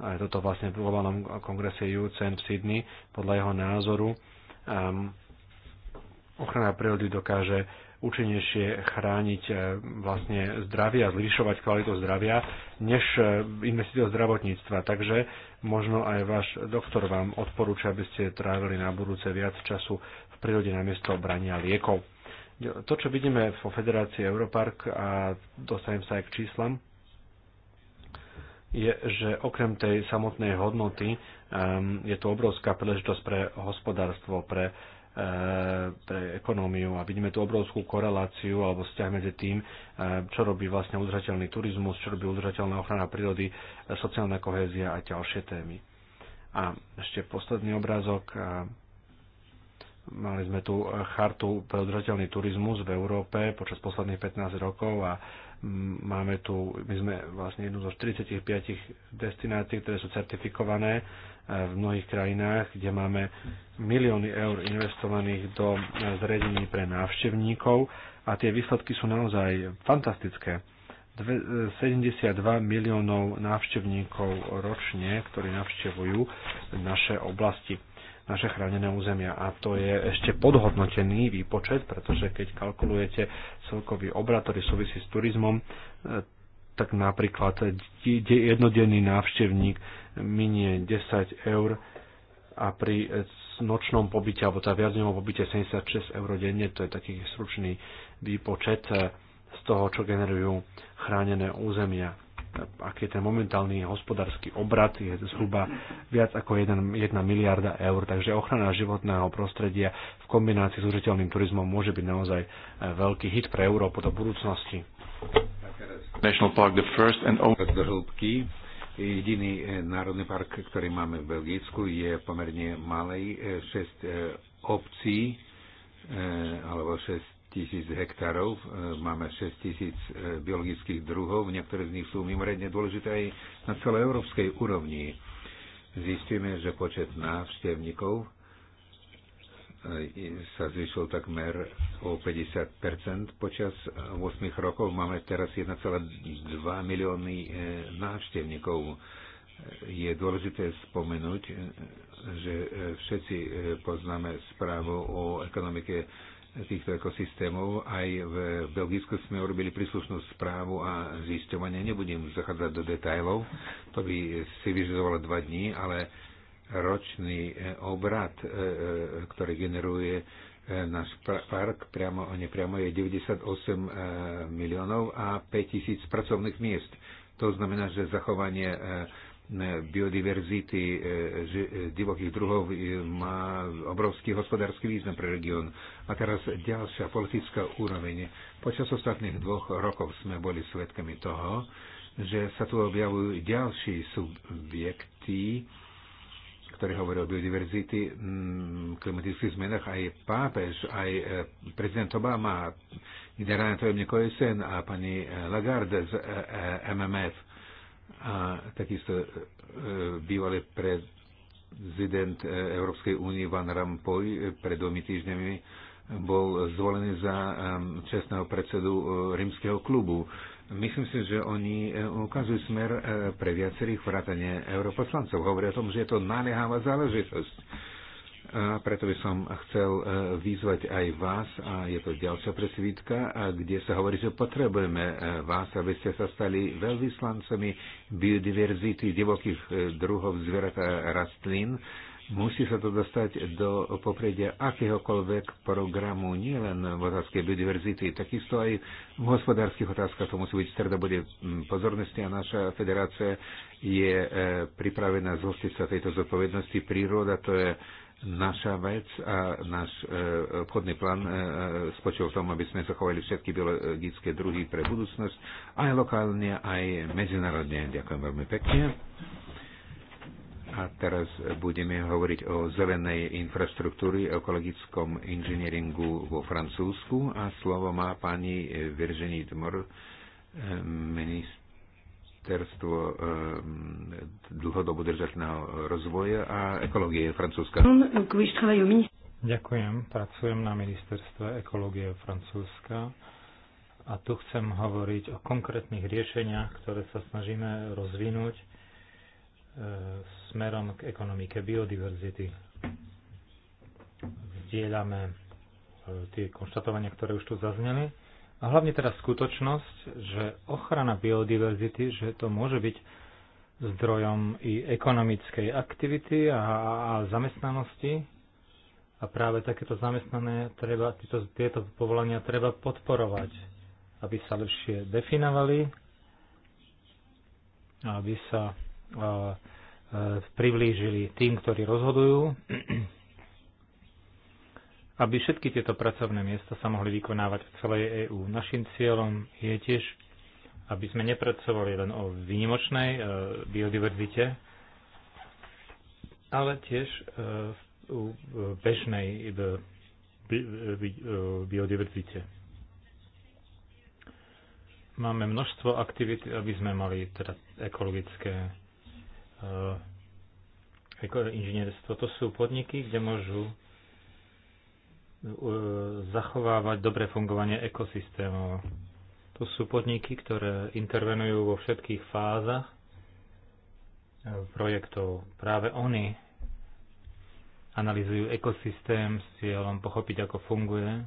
aj toto vlastne v globálnom kongrese UCN v Sydney, podľa jeho názoru, um, ochrana prírody dokáže účinnejšie chrániť eh, vlastne zdravie a zvyšovať kvalitu zdravia, než eh, investície do zdravotníctva. Takže možno aj váš doktor vám odporúča, aby ste trávili na budúce viac času v prírode namiesto brania liekov. To, čo vidíme vo Federácii Europark, a dostanem sa aj k číslam, je, že okrem tej samotnej hodnoty Ehm, je to obrovská príležitosť pre hospodárstvo, pre eh, pre ekonómiu a vidíme tu obrovskú koreláciu alebo vzťah medzi tým, eh, čo robí vlastne udržateľný turizmus, čo robí udržateľná ochrana prírody, eh, sociálna kohézia a ďalšie témy. A ešte posledný obrázok. Mali sme tu chartu pre udržateľný turizmus v Európe počas posledných 15 rokov a mm, máme tu, my sme vlastne jednu zo 45 destinácií, ktoré sú certifikované v mnohých krajinách, kde máme milióny eur investovaných do e, zredení pre návštevníkov a tie výsledky sú naozaj fantastické. 72 e, miliónov návštevníkov ročne, ktorí navštevujú naše oblasti, naše chránené územia. A to je ešte podhodnotený výpočet, pretože keď kalkulujete celkový obrat, ktorý súvisí s turizmom, e, tak napríklad jednodenný návštevník minie 10 eur a pri eh, nočnom pobyte alebo teda viacdňovom pobyte 76 eur denne, to je taký stručný výpočet eh, z toho, čo generujú chránené územia aký je ten momentálny hospodársky obrat, je zhruba viac ako 1, 1 miliarda eur. Takže ochrana životného prostredia v kombinácii s užiteľným turizmom môže byť naozaj eh, veľký hit pre Európu do budúcnosti. National Park, the first and only... Do hĺbky. Jediný e, národný park, ktorý máme v Belgicku, je pomerne malej, 6 e, e, obcí, alebo 6 tisíc hektárov. Máme 6 tisíc biologických druhov, niektoré z nich sú mimoriadne dôležité aj na celoeurópskej úrovni. Zistíme, že počet návštevníkov sa zvyšil takmer o 50 Počas 8 rokov máme teraz 1,2 milióny e, návštevníkov. Je dôležité spomenúť, e, že e, všetci poznáme správu o ekonomike týchto ekosystémov. Aj v Belgicku sme urobili príslušnú správu a zisťovanie. Nebudem zachádzať do detajlov, to by si vyžadovalo dva dní, ale ročný e, obrad, e, e, ktorý generuje náš park priamo a nepriamo je 98 miliónov a 5000 pracovných miest. To znamená, že zachovanie biodiverzity divokých druhov má obrovský hospodársky význam pre región. A teraz ďalšia politická úroveň. Počas ostatných dvoch rokov sme boli svedkami toho, že sa tu objavujú ďalší subjekty, ktorý hovorí o biodiverzity, mm, klimatických zmenách, aj pápež, aj e, prezident Obama, generálny tajomník OSN a pani e, Lagarde z e, MMF a takisto bývalý prezident Európskej únie Van Rampoy pred dvomi týždňami bol zvolený za čestného predsedu rímskeho klubu. Myslím si, že oni e, ukazujú smer e, pre viacerých vrátane europoslancov. Hovoria o tom, že je to naliehavá záležitosť. A preto by som chcel e, vyzvať aj vás, a je to ďalšia presvítka, kde sa hovorí, že potrebujeme vás, aby ste sa stali veľvyslancami biodiverzity divokých druhov zvierat a rastlín, Musí sa to dostať do popredia akéhokoľvek programu, nielen v otázke biodiverzity, takisto aj v hospodárskych otázkach to musí byť v stredobode mm, pozornosti a naša federácia je e, pripravená zhostiť sa tejto zodpovednosti. Príroda to je naša vec a náš e, obchodný plán e, spočil v tom, aby sme zachovali všetky biologické druhy pre budúcnosť, aj lokálne, aj medzinárodne. Ďakujem veľmi pekne. A teraz budeme hovoriť o zelenej infraštruktúry, o ekologickom inžinieringu vo Francúzsku a slovo má pani Virginie Dmor, eh, ministerstvo eh, dlhodobo držateľného rozvoja a ekológie Francúzska. Ďakujem. Pracujem na ministerstve ekológie Francúzska a tu chcem hovoriť o konkrétnych riešeniach, ktoré sa snažíme rozvinúť eh, smerom k ekonomike biodiverzity. Zdieľame e, tie konštatovania, ktoré už tu zazneli. A hlavne teda skutočnosť, že ochrana biodiverzity, že to môže byť zdrojom i ekonomickej aktivity a, a zamestnanosti. A práve takéto zamestnané treba, tieto, tieto povolania treba podporovať, aby sa lepšie definovali, aby sa uh, E, priblížili tým, ktorí rozhodujú, aby všetky tieto pracovné miesta sa mohli vykonávať v celej EÚ. Našim cieľom je tiež, aby sme nepracovali len o výnimočnej e, biodiverzite, ale tiež v e, bežnej biodiverzite máme množstvo aktivít, aby sme mali teda ekologické Eh, inžinierstvo. To sú podniky, kde môžu eh, zachovávať dobre fungovanie ekosystémov. To sú podniky, ktoré intervenujú vo všetkých fázach eh, projektov. Práve oni analizujú ekosystém s cieľom pochopiť, ako funguje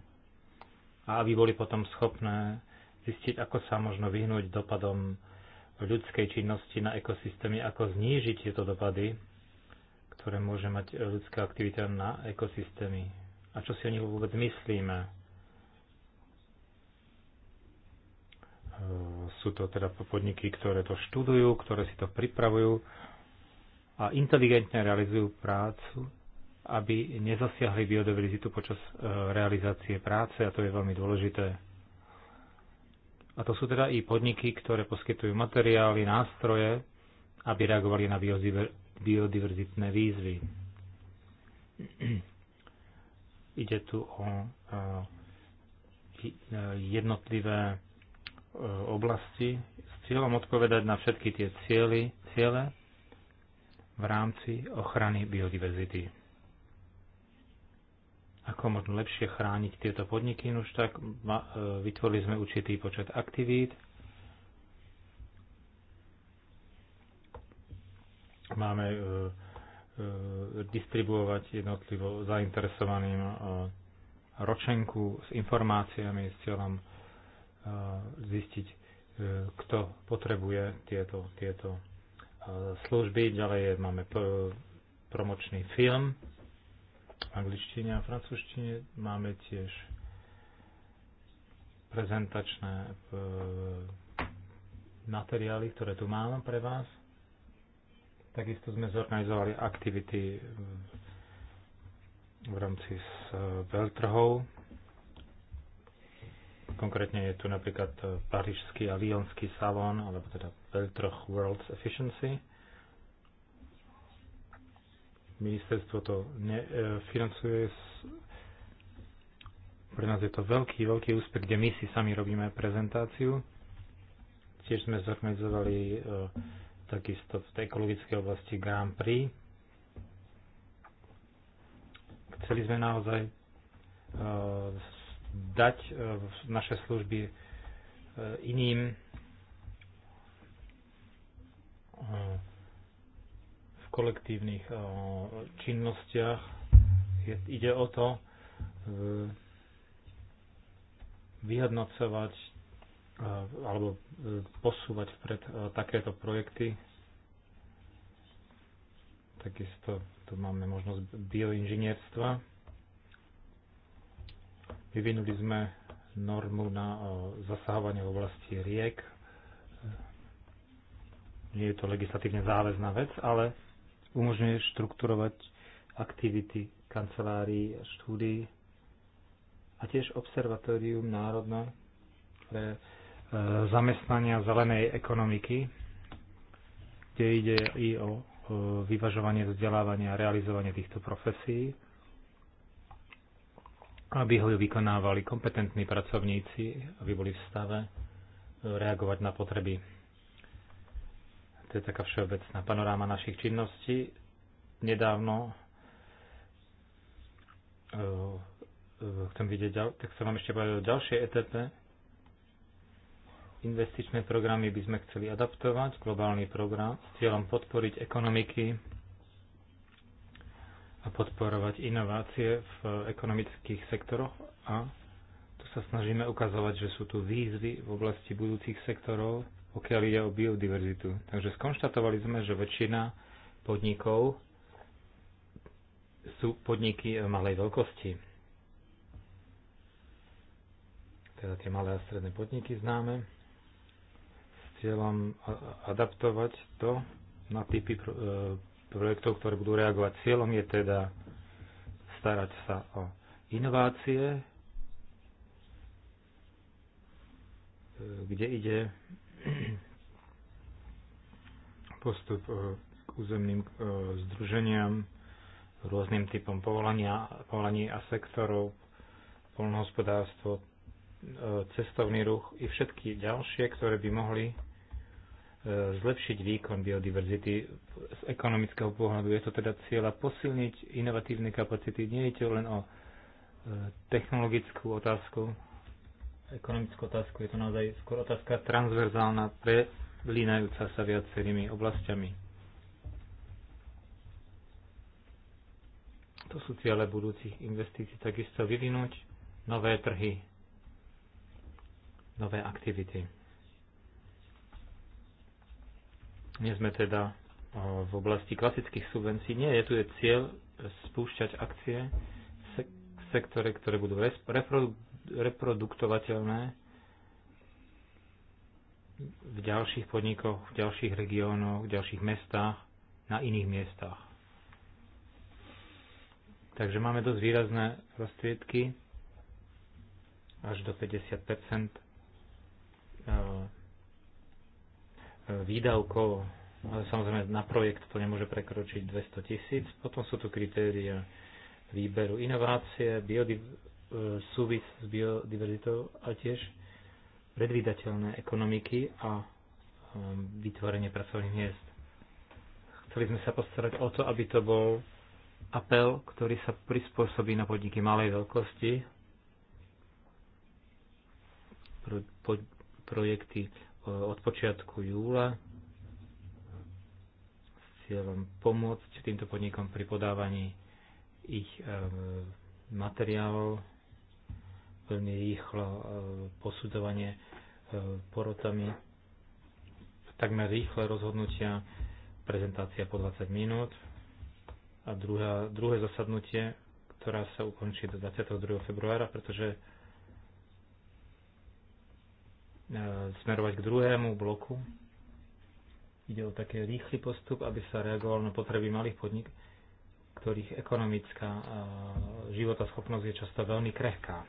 a aby boli potom schopné zistiť, ako sa možno vyhnúť dopadom ľudskej činnosti na ekosystémy, ako znížiť tieto dopady, ktoré môže mať ľudská aktivita na ekosystémy. A čo si o nich vôbec myslíme? Ehm, sú to teda podniky, ktoré to študujú, ktoré si to pripravujú a inteligentne realizujú prácu, aby nezasiahli biodiverzitu počas ehm, realizácie práce a to je veľmi dôležité a to sú teda i podniky, ktoré poskytujú materiály, nástroje, aby reagovali na biodiverzitné výzvy. Ide tu o e, jednotlivé e, oblasti s cieľom odpovedať na všetky tie cieľy, ciele v rámci ochrany biodiverzity ako možno lepšie chrániť tieto podniky, už tak e, vytvorili sme určitý počet aktivít. Máme e, e, distribuovať jednotlivo zainteresovaným ročenku s informáciami s cieľom zistiť, kto potrebuje tieto, tieto služby. Ďalej máme promočný film angličtine a francúzštine. Máme tiež prezentačné e, materiály, ktoré tu mám pre vás. Takisto sme zorganizovali aktivity v rámci s e, veľtrhov. Konkrétne je tu napríklad e, parížský a lyonský salón, alebo teda Veltroch World's Efficiency Ministerstvo to e, financuje. Pre nás je to veľký, veľký úspech, kde my si sami robíme prezentáciu. Tiež sme zorganizovali e, takisto v tej ekologickej oblasti Grand Prix. Chceli sme naozaj e, dať naše služby iným kolektívnych eh, činnostiach. Ide o to eh, vyhodnocovať eh, alebo posúvať pred takéto projekty. Takisto tu máme možnosť bioinžinierstva. Vyvinuli sme normu na zasahovanie v oblasti riek. Nie je to legislatívne záväzná vec, ale umožňuje štrukturovať aktivity kancelárií a štúdií a tiež observatórium národné pre e, zamestnania zelenej ekonomiky, kde ide i o e, vyvažovanie vzdelávania a realizovanie týchto profesí, aby ho vykonávali kompetentní pracovníci, aby boli v stave reagovať na potreby to je taká všeobecná panoráma našich činností. Nedávno eh, chcem vidieť, tak sa vám ešte povedať o ďalšie ETP. Investičné programy by sme chceli adaptovať, globálny program s cieľom podporiť ekonomiky a podporovať inovácie v ekonomických sektoroch a tu sa snažíme ukazovať, že sú tu výzvy v oblasti budúcich sektorov, pokiaľ ide o biodiverzitu. Takže skonštatovali sme, že väčšina podnikov sú podniky malej veľkosti. Teda tie malé a stredné podniky známe s cieľom adaptovať to na typy e, projektov, ktoré budú reagovať. Cieľom je teda starať sa o inovácie, e, kde ide postup eh, k územným eh, združeniam, rôznym typom povolania, povolaní a sektorov, polnohospodárstvo, eh, cestovný ruch i všetky ďalšie, ktoré by mohli zlepšiť výkon biodiverzity z ekonomického pohľadu. Je to teda cieľa posilniť inovatívne kapacity. Nie je to len o technologickú otázku, ekonomickú otázku. Je to naozaj skôr otázka transverzálna, prelínajúca sa viacerými oblastiami. To sú ciele budúcich investícií takisto vyvinúť nové trhy, nové aktivity. Nie sme teda v oblasti klasických subvencií. Nie, je tu je cieľ spúšťať akcie v sektore, ktoré budú repro reproduktovateľné v ďalších podnikoch, v ďalších regiónoch, v ďalších mestách, na iných miestach. Takže máme dosť výrazné prostriedky, až do 50 e, e, výdavkov, ale samozrejme na projekt to nemôže prekročiť 200 tisíc. Potom sú tu kritéria výberu inovácie, biodiverzity, E, súvis s biodiverzitou a tiež predvídateľné ekonomiky a e, vytvorenie pracovných miest. Chceli sme sa postarať o to, aby to bol apel, ktorý sa prispôsobí na podniky malej veľkosti, pro, po, projekty e, od počiatku júla s cieľom pomôcť týmto podnikom pri podávaní ich materiálov veľmi rýchlo e, posudzovanie e, porotami, takmer rýchle rozhodnutia, prezentácia po 20 minút a druhá, druhé zasadnutie, ktorá sa ukončí do 22. februára, pretože e, smerovať k druhému bloku. Ide o taký rýchly postup, aby sa reagoval na potreby malých podnik, ktorých ekonomická životaschopnosť je často veľmi krehká.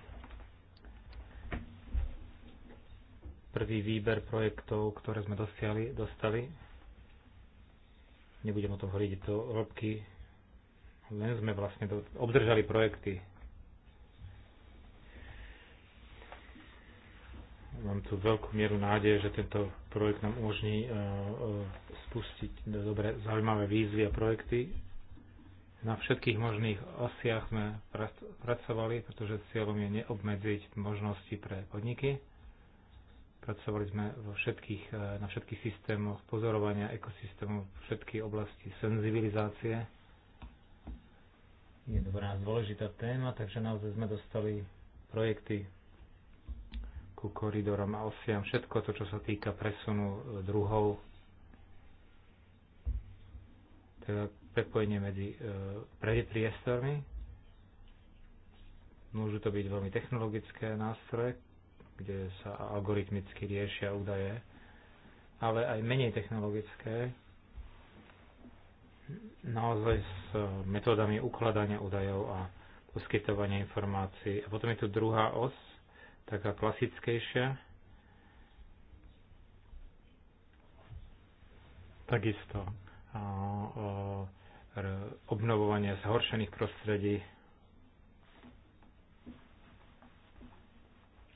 prvý výber projektov, ktoré sme dostali, dostali. Nebudem o tom hovoriť to robky. Len sme vlastne do, obdržali projekty. Mám tu veľkú mieru nádeje, že tento projekt nám umožní uh, uh, spustiť dobre zaujímavé výzvy a projekty. Na všetkých možných osiach sme pracovali, pretože cieľom je neobmedziť možnosti pre podniky Pracovali sme vo všetkých, e, na všetkých systémoch pozorovania ekosystémov, všetky oblasti senzibilizácie. Je to pre nás dôležitá téma, takže naozaj sme dostali projekty ku koridorom a osiam, všetko to, čo sa týka presunu e, druhov, teda prepojenie medzi e, priestormi. Môžu to byť veľmi technologické nástroje, kde sa algoritmicky riešia údaje, ale aj menej technologické, naozaj s e, metódami ukladania údajov a poskytovania informácií. A potom je tu druhá os, taká klasickejšia. Takisto obnovovanie zhoršených prostredí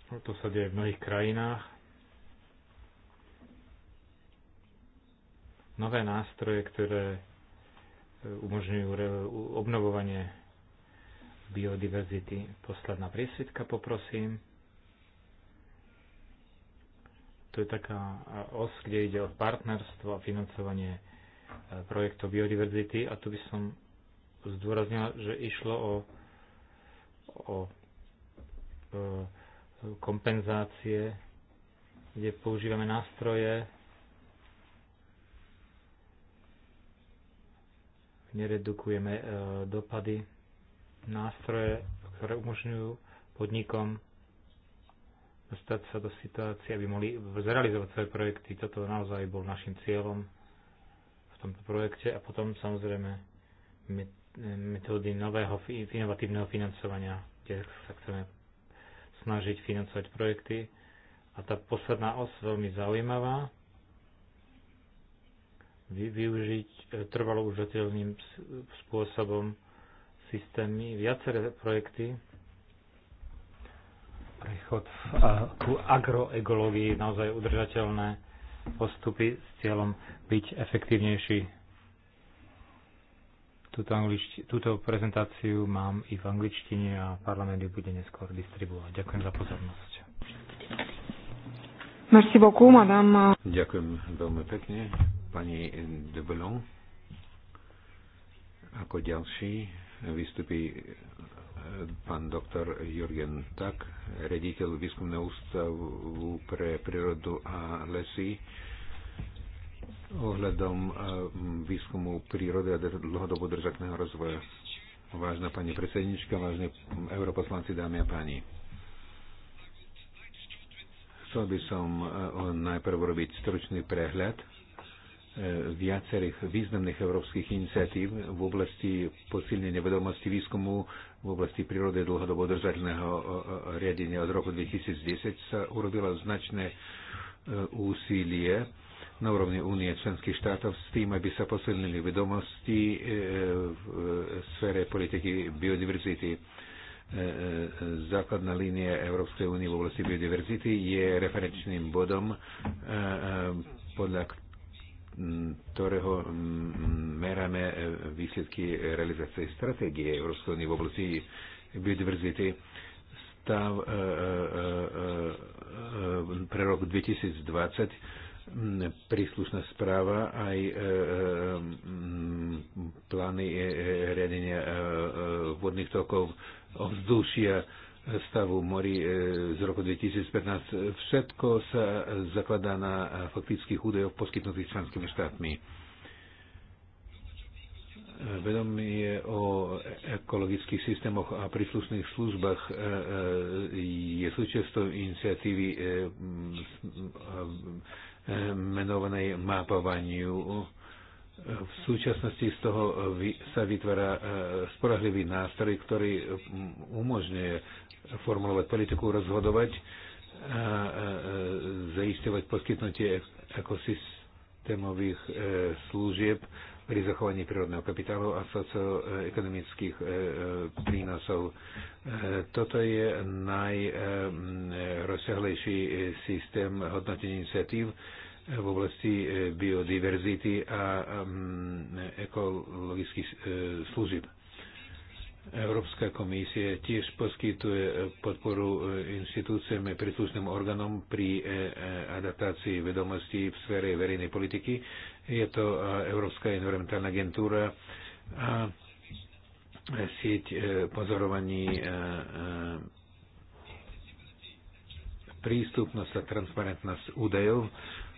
No, to sa deje v mnohých krajinách. Nové nástroje, ktoré e, umožňujú obnovovanie biodiverzity. Posledná priesvitka, poprosím. To je taká os, kde ide o partnerstvo a financovanie e, projektov biodiverzity a tu by som zdôraznila, že išlo o, o, o e, kompenzácie, kde používame nástroje neredukujeme e, dopady, nástroje, ktoré umožňujú podnikom dostať sa do situácie, aby mohli zrealizovať svoje projekty. Toto naozaj bol našim cieľom v tomto projekte. A potom samozrejme e, metódy nového inovatívneho financovania, kde sa chceme snažiť financovať projekty. A tá posledná os veľmi zaujímavá, využiť e, trvalo užateľným spôsobom systémy, viaceré projekty, prechod v ku agroekológii, naozaj udržateľné postupy s cieľom byť efektívnejší Tuto, túto prezentáciu mám i v angličtine a parlament ju bude neskôr distribuovať. Ďakujem za pozornosť. Merci beaucoup, madame. Ďakujem veľmi pekne, pani de Boulogne. Ako ďalší vystupí e, pán doktor Jurgen Tak, rediteľ výskumného ústavu pre prírodu a lesy ohľadom eh, výskumu prírody a dlhodobo držakného rozvoja. Vážna pani predsednička, vážne europoslanci, dámy a páni. Chcel by som eh, najprv urobiť stručný prehľad eh, viacerých významných európskych iniciatív v oblasti posilnenia vedomosti výskumu v oblasti prírody dlhodobo držateľného riadenia od roku 2010 sa urobilo značné úsilie na úrovni únie členských štátov s tým, aby sa posilnili vedomosti e, v e, sfére politiky biodiverzity. E, základná línia Európskej únie v oblasti biodiverzity je referenčným bodom, podľa ktorého merame výsledky realizácie stratégie Európskej únie v oblasti biodiverzity stav pre rok 2020 príslušná správa aj e, e, plány e, riadenia vodných tokov vzdušia stavu mori z roku 2015. Všetko sa zakladá na faktických údajoch poskytnutých členskými štátmi. Vedomie o ekologických systémoch a príslušných službách je súčasťou iniciatívy menovanej mapovaniu. V súčasnosti z toho sa vytvára e, spolahlivý nástroj, ktorý umožňuje formulovať politiku, rozhodovať a zaistovať poskytnutie ekosystémových e, služieb pri zachovaní prírodného kapitálu a socioekonomických e, prínosov. Toto je najrozsiahlejší systém hodnotenia iniciatív, v oblasti e, biodiverzity a ekologických e, služieb. Európska komisia tiež poskytuje podporu e, inštitúciám a príslušným orgánom pri adaptácii vedomostí v sfére verejnej politiky. Je to Európska environmentálna agentúra a sieť pozorovaní prístupnosť a transparentnosť údajov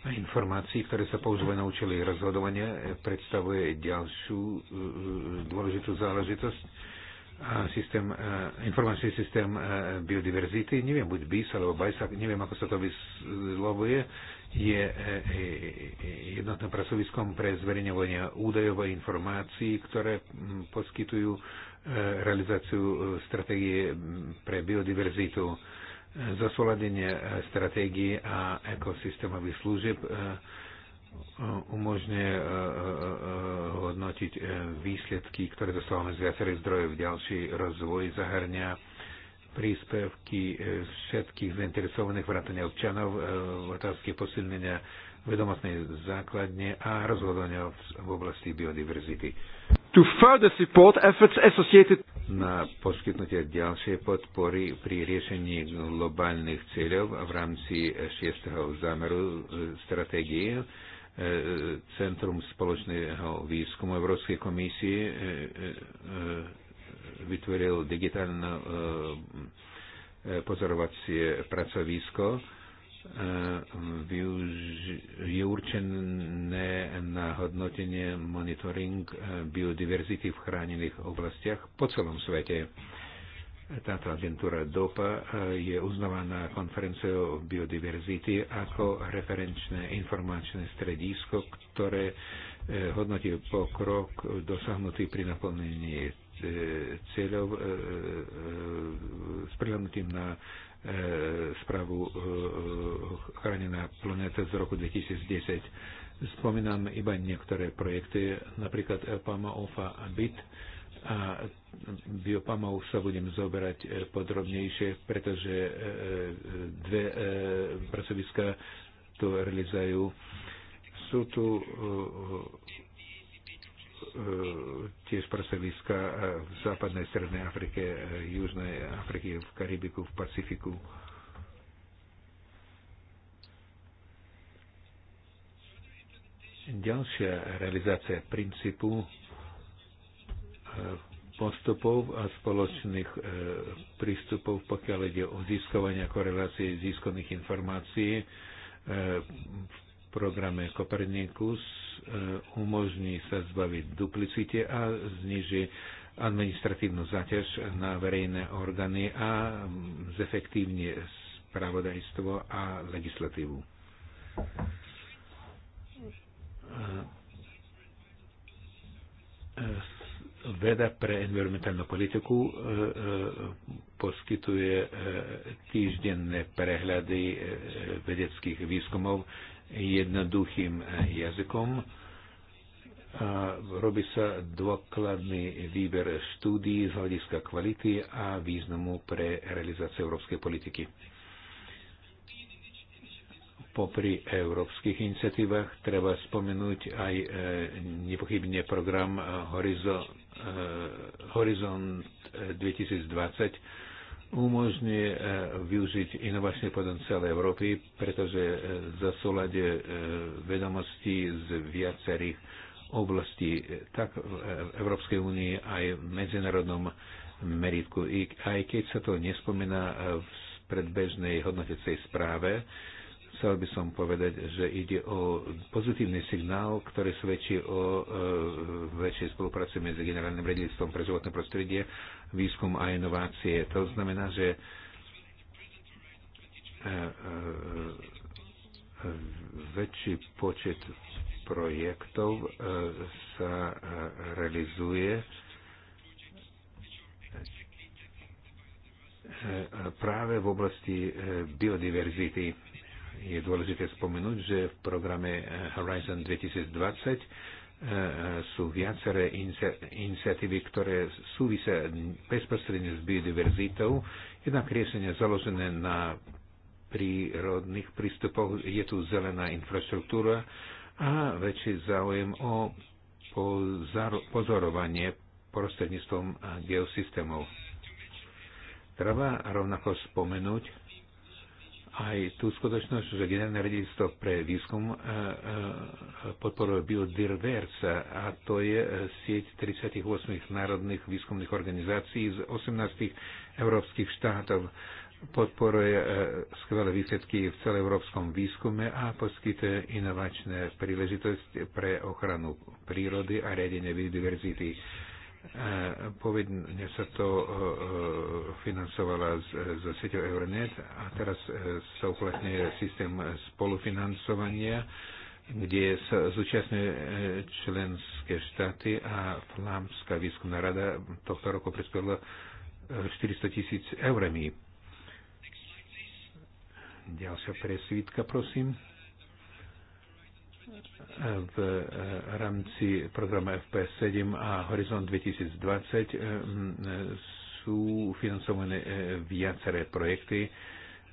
informácií, ktoré sa používajú na účely rozhodovania, predstavuje ďalšiu e, e, dôležitú záležitosť. A systém, e, informačný systém biodiverzity, neviem, buď BIS alebo BISAC, neviem, ako sa to vyslovuje, je jednotným pracoviskom pre zverejňovanie údajov a informácií, ktoré poskytujú realizáciu stratégie pre biodiverzitu zosúladenie e, stratégie a ekosystémových služieb e, e, umožňuje hodnotiť výsledky, ktoré dostávame z viacerých zdrojov. Ďalší rozvoj zahrňa príspevky všetkých zainteresovaných vrátania občanov v otázke posilnenia vedomostnej základne a rozhodovania v oblasti biodiverzity. To further support efforts associated na poskytnutie ďalšej podpory pri riešení globálnych cieľov v rámci 6. zámeru stratégie e, Centrum spoločného výskumu Európskej komisie e, e, vytvoril digitálne pozorovacie pracovisko E, je určené na hodnotenie monitoring e, biodiverzity v chránených oblastiach po celom svete. Táto agentúra DOPA e, je uznávaná konferenciou biodiverzity ako referenčné informačné stredisko, ktoré E, hodnotil pokrok dosahnutý pri naplnení e, cieľov e, s prihľadnutím na správu Chránená planéta z roku 2010. Spomínam iba niektoré projekty, napríklad Pama Ofa a BIT a biopamou sa budem zoberať podrobnejšie, pretože dve pracoviska to realizajú sú tu eh, eh, tiež pracoviska eh, v západnej strednej Afrike, južnej Afrike, v Karibiku, v Pacifiku. Ďalšia realizácia princípu postupov a spoločných prístupov, pokiaľ ide o získovanie korelácie získaných informácií v programe Copernicus e, umožní sa zbaviť duplicite a zniží administratívnu záťaž na verejné orgány a zefektívne spravodajstvo a legislatívu. E, e, Veda pre environmentálnu politiku poskytuje týždenné prehľady vedeckých výskumov jednoduchým eh, jazykom. A robí sa dôkladný výber štúdií z hľadiska kvality a významu pre realizáciu európskej politiky. Popri európskych iniciatívach treba spomenúť aj e, nepochybne program e, Horizont 2020, umožňuje e, využiť inovačný celej Európy, pretože e, za súľade e, vedomostí z viacerých oblastí, tak v Európskej únii aj v medzinárodnom meritku. I aj keď sa to nespomína v predbežnej hodnotecej správe, Chcel by som povedať, že ide o pozitívny signál, ktorý svedčí o e, väčšej spolupráci medzi Generálnym riaditeľstvom pre životné prostredie, výskum a inovácie. To znamená, že e, e, väčší počet projektov e, sa realizuje práve v oblasti biodiverzity je dôležité spomenúť, že v programe eh, Horizon 2020 eh, sú viaceré iniciatívy, ktoré súvisia bezprostredne s biodiverzitou. Jednak riešenie založené na prírodných prístupoch, je tu zelená infraštruktúra a väčší záujem o pozorovanie prostredníctvom geosystémov. Treba rovnako spomenúť, aj tú skutočnosť, že generálne riaditeľstvo pre výskum e, e, podporuje Biodiversa a to je e, sieť 38 národných výskumných organizácií z 18 európskych štátov. Podporuje skvelé výsledky v celoeurópskom výskume a poskytuje inovačné príležitosti pre ochranu prírody a riadenie biodiverzity Eh, Povedne sa to eh, eh, financovala z sieťou Euronet a teraz sa uplatňuje systém spolufinancovania, kde sa zúčastňujú členské štáty a Flámska výskumná rada tohto roku prispela 400 tisíc eurami. Ďalšia presvítka, prosím v eh, rámci programu FP7 a Horizont 2020 eh, eh, sú financované viaceré projekty,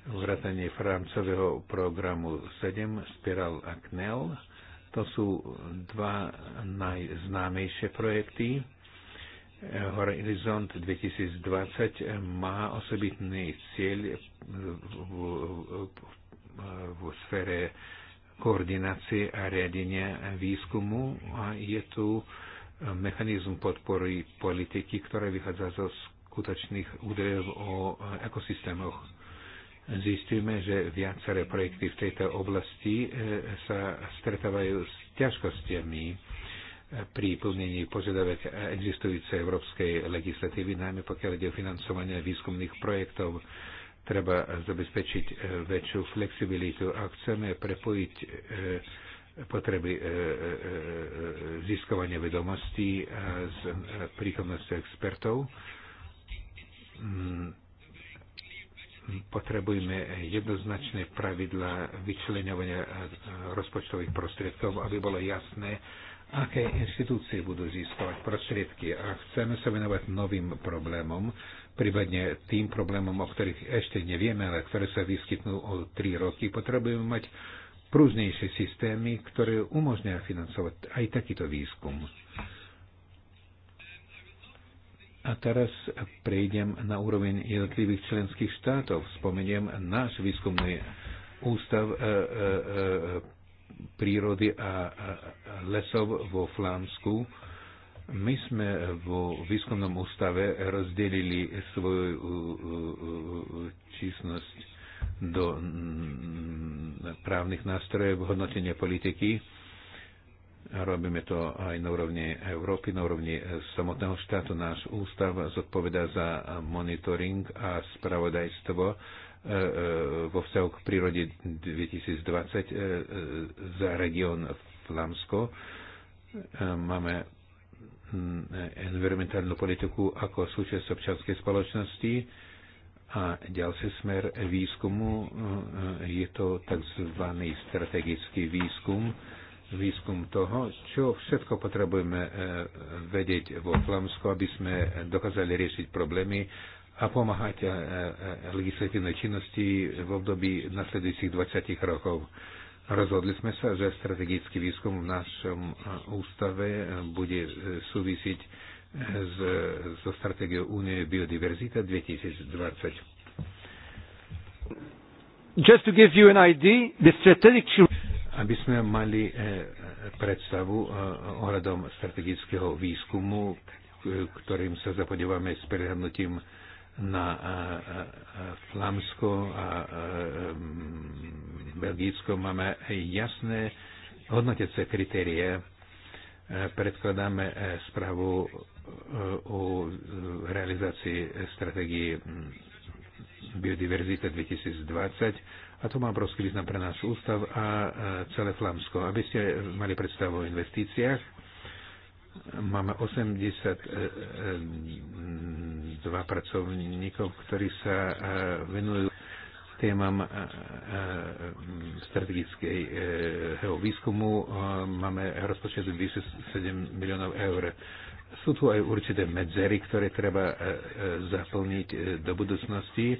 vrátanie francového programu 7 Spiral a Knell. To sú dva najznámejšie projekty. Horizont 2020 má osobitný cieľ v, v, v, v sfére koordinácie a riadenia výskumu a je tu e, mechanizm podpory politiky, ktorá vychádza zo skutočných údajov o e, ekosystémoch. Zistíme, že viaceré projekty v tejto oblasti e, sa stretávajú s ťažkostiami pri plnení požiadavek existujúcej európskej legislatívy, najmä pokiaľ ide o financovanie výskumných projektov. Treba zabezpečiť e, väčšiu flexibilitu. a chceme prepojiť e, potreby e, získovania vedomostí s prítomnosťou expertov, mm, potrebujeme jednoznačné pravidla vyčleniavania rozpočtových prostriedkov, aby bolo jasné, aké inštitúcie budú získovať prostriedky. A chceme sa venovať novým problémom, prípadne tým problémom, o ktorých ešte nevieme, ale ktoré sa vyskytnú o 3 roky, potrebujeme mať prúznejšie systémy, ktoré umožňujú financovať aj takýto výskum. A teraz prejdem na úroveň jednotlivých členských štátov. Spomeniem náš výskumný ústav e, e, e, e prírody a, a lesov vo Flámsku, my sme vo výskumnom ústave rozdelili svoju čísnosť do právnych nástrojov hodnotenie politiky. Robíme to aj na úrovni Európy, na úrovni samotného štátu. Náš ústav zodpoveda za monitoring a spravodajstvo e, e, vo vzťahu k prírode 2020 e, za región Flamsko. Máme Mm, environmentálnu politiku ako súčasť občanskej spoločnosti a ďalší smer výskumu mm, je to tzv. strategický výskum, výskum toho, čo všetko potrebujeme e, vedieť vo Flamsku, aby sme dokázali riešiť problémy a pomáhať e, e, legislatívnej činnosti v období nasledujúcich 20 rokov Rozhodli sme sa, že strategický výskum v našom e, ústave e, bude e, súvisiť s, so stratégiou Únie biodiverzita 2020. Just to give you an idea, the strategic... Aby sme mali predstavu ohľadom strategického výskumu, ktorým sa zapodívame s prehľadnutím na e, e, e, Flámsko a Belgicko máme jasné hodnotiace kritérie. Predkladáme správu o realizácii strategii biodiverzita 2020 a to má obrovský význam pre náš ústav a celé Flámsko. Aby ste mali predstavu o investíciách, Máme 82 pracovníkov, ktorí sa eh, venujú témam eh, eh, strategického výskumu. Máme rozpočet 27 miliónov eur. Sú tu aj určité medzery, ktoré treba zaplniť do budúcnosti.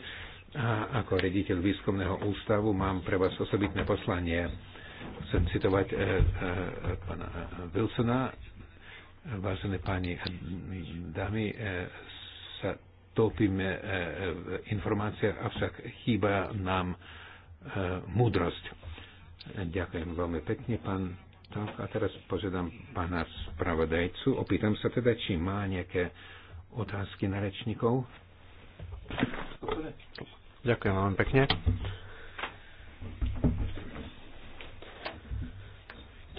A ako rediteľ výskumného ústavu mám pre vás osobitné poslanie. Chcem citovať pána Wilsona, Vážené páni a dámy, e, sa topíme e, v informáciách, avšak chýba nám e, múdrosť. Ďakujem veľmi pekne, pán Tok. A teraz požiadam pána spravodajcu. Opýtam sa teda, či má nejaké otázky na rečníkov. Ďakujem veľmi pekne.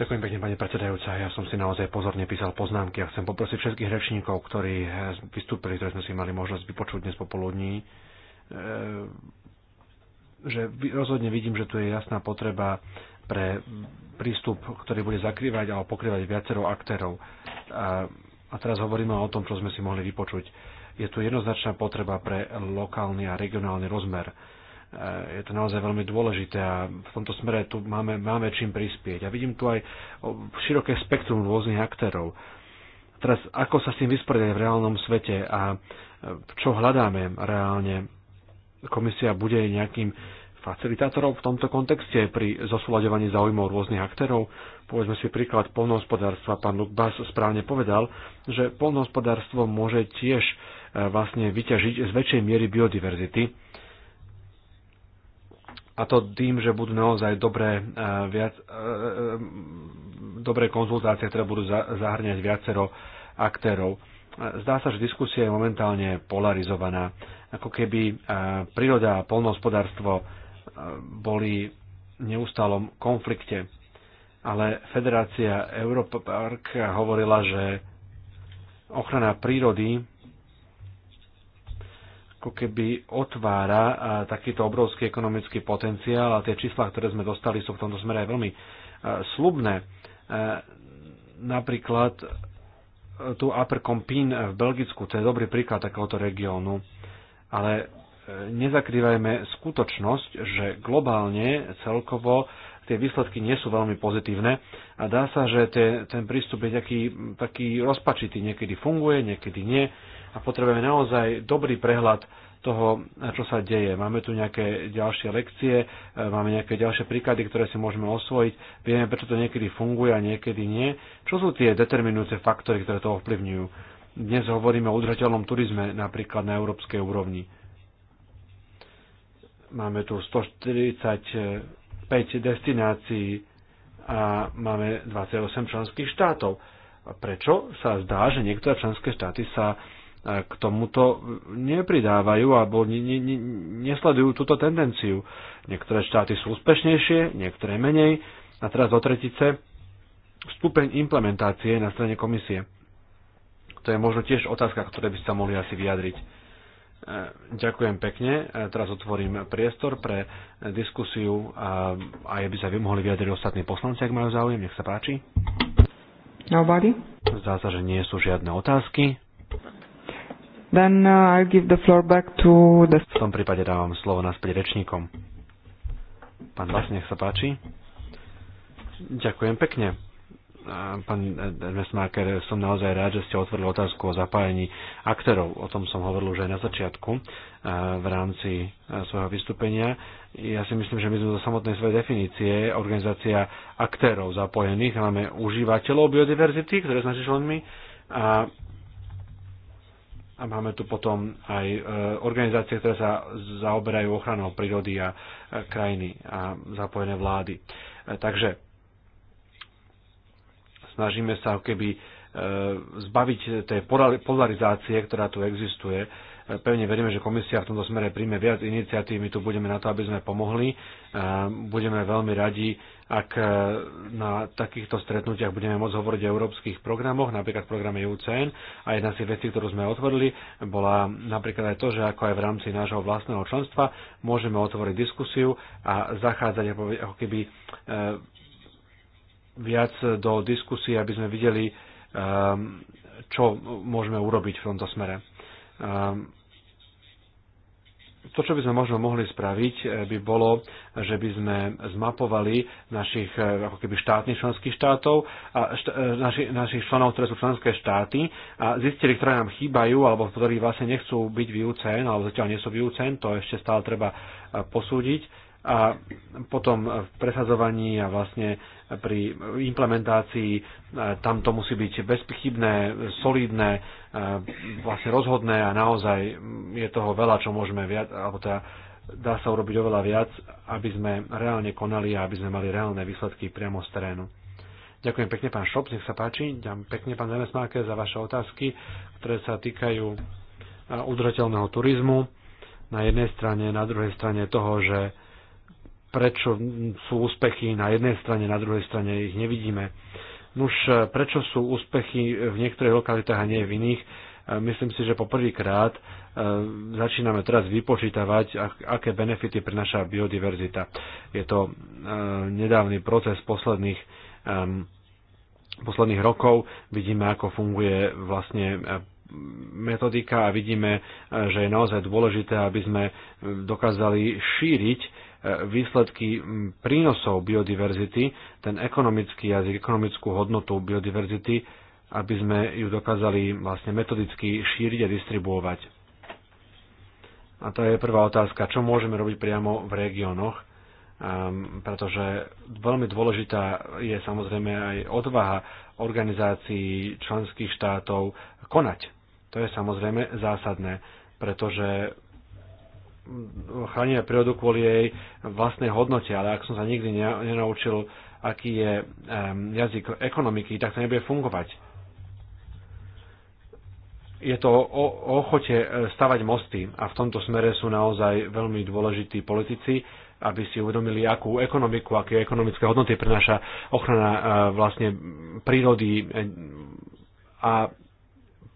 Ďakujem pekne, pani predsedajúca. Ja som si naozaj pozorne písal poznámky a chcem poprosiť všetkých rečníkov, ktorí eh, vystúpili, ktoré sme si mali možnosť vypočuť dnes popoludní, eh, že rozhodne vidím, že tu je jasná potreba pre prístup, ktorý bude zakrývať alebo pokrývať viacerou aktérov. a teraz hovoríme o tom, čo sme si mohli vypočuť. Je tu jednoznačná potreba pre lokálny a regionálny rozmer Eh, je to naozaj veľmi dôležité a v tomto smere tu máme, máme čím prispieť. A vidím tu aj široké spektrum rôznych aktérov. Teraz, ako sa s tým vysporiadať v reálnom svete a e, čo hľadáme reálne? Komisia bude nejakým facilitátorom v tomto kontexte pri zosúľadovaní záujmov rôznych aktérov. Povedzme si príklad polnohospodárstva. Pán Lukbas správne povedal, že polnohospodárstvo môže tiež e, vlastne vyťažiť z väčšej miery biodiverzity, a to tým, že budú naozaj dobré, e, viac, e, e, dobré konzultácie, ktoré budú zahrňať viacero aktérov. Zdá sa, že diskusia je momentálne polarizovaná. Ako keby príroda a polnohospodárstvo boli v neustálom konflikte. Ale Federácia Europark hovorila, že ochrana prírody ako keby otvára takýto obrovský ekonomický potenciál a tie čísla, ktoré sme dostali, sú v tomto smere veľmi slubné. Napríklad e, tu Upper Pín v Belgicku, to je dobrý príklad takéhoto regiónu, ale e, nezakrývajme skutočnosť, že globálne celkovo tie výsledky nie sú veľmi pozitívne a dá sa, že te, ten prístup je taký, taký rozpačitý. Niekedy funguje, niekedy nie a potrebujeme naozaj dobrý prehľad toho, čo sa deje. Máme tu nejaké ďalšie lekcie, e, máme nejaké ďalšie príklady, ktoré si môžeme osvojiť, vieme, prečo to niekedy funguje a niekedy nie. Čo sú tie determinujúce faktory, ktoré to ovplyvňujú? Dnes hovoríme o udržateľnom turizme napríklad na európskej úrovni. Máme tu 145 destinácií a máme 28 členských štátov. Prečo sa zdá, že niektoré členské štáty sa E, k tomuto nepridávajú alebo nesledujú túto tendenciu. Niektoré štáty sú úspešnejšie, niektoré menej. A teraz do tretice stupeň implementácie na strane komisie. To je možno tiež otázka, ktoré by sa mohli asi vyjadriť. E, ďakujem pekne. E, teraz otvorím priestor pre diskusiu a aj by sa vy mohli vyjadriť ostatní poslanci, ak majú záujem. Nech sa páči. Nobody? Zdá sa, že nie sú žiadne otázky. Then uh, I'll give the floor back to the... V tom prípade dávam slovo naspäť rečníkom. Pán Vás, nech sa páči. Ďakujem pekne. Pán Mesmaker, som naozaj rád, že ste otvorili otázku o zapájení aktérov. O tom som hovoril už aj na začiatku v rámci svojho vystúpenia. Ja si myslím, že my sme do samotnej svojej definície organizácia aktérov zapojených. Máme užívateľov biodiverzity, ktoré sme členmi a a máme tu potom aj e, organizácie, ktoré sa zaoberajú ochranou prírody a e, krajiny a zapojené vlády. E, takže snažíme sa keby zbaviť tej polarizácie, ktorá tu existuje. Pevne veríme, že komisia v tomto smere príjme viac iniciatív, my tu budeme na to, aby sme pomohli. Budeme veľmi radi, ak e, na takýchto stretnutiach budeme môcť hovoriť o európskych programoch, napríklad v programe UCN. A jedna z vecí, ktorú sme otvorili, bola napríklad aj to, že ako aj v rámci nášho vlastného členstva môžeme otvoriť diskusiu a zachádzať ako keby e, viac do diskusie, aby sme videli, e, čo môžeme urobiť v tomto smere to, čo by sme možno mohli spraviť, eh, by bolo, že by sme zmapovali našich eh, ako keby štátnych členských štátov a št- eh, naši, našich členov, ktoré sú členské štáty a zistili, ktoré nám chýbajú alebo ktorí vlastne nechcú byť v UCN alebo zatiaľ nie sú v UCN, to ešte stále treba posúdiť a potom v presadzovaní a vlastne pri implementácii e, tam to musí byť bezchybné, solidné, e, vlastne rozhodné a naozaj je toho veľa, čo môžeme viac, alebo teda dá sa urobiť oveľa viac, aby sme reálne konali a aby sme mali reálne výsledky priamo z terénu. Ďakujem pekne, pán Šop, nech sa páči. Ďakujem pekne, pán Zemesmáke, za vaše otázky, ktoré sa týkajú e, udržateľného turizmu. Na jednej strane, na druhej strane toho, že prečo sú úspechy na jednej strane, na druhej strane ich nevidíme. Nuž, eh, prečo sú úspechy v niektorých lokalitách a nie v iných? Eh, myslím si, že poprvýkrát eh, začíname teraz vypočítavať, aké benefity prináša biodiverzita. Je to nedávny proces posledných posledných rokov. Vidíme, ako funguje vlastne metodika a vidíme, že je naozaj dôležité, aby sme dokázali šíriť výsledky prínosov biodiverzity, ten ekonomický jazyk, ekonomickú hodnotu biodiverzity, aby sme ju dokázali vlastne metodicky šíriť a distribuovať. A to je prvá otázka, čo môžeme robiť priamo v regiónoch, um, pretože veľmi dôležitá je samozrejme aj odvaha organizácií členských štátov konať. To je samozrejme zásadné, pretože chránime prírodu kvôli jej vlastnej hodnote, ale ak som sa nikdy nenaučil, aký je jazyk ekonomiky, tak to nebude fungovať. Je to o ochote eh, stavať mosty a v tomto smere sú naozaj veľmi dôležití politici, aby si uvedomili, akú ekonomiku, aké ekonomické hodnoty prináša ochrana eh, vlastne prírody eh, a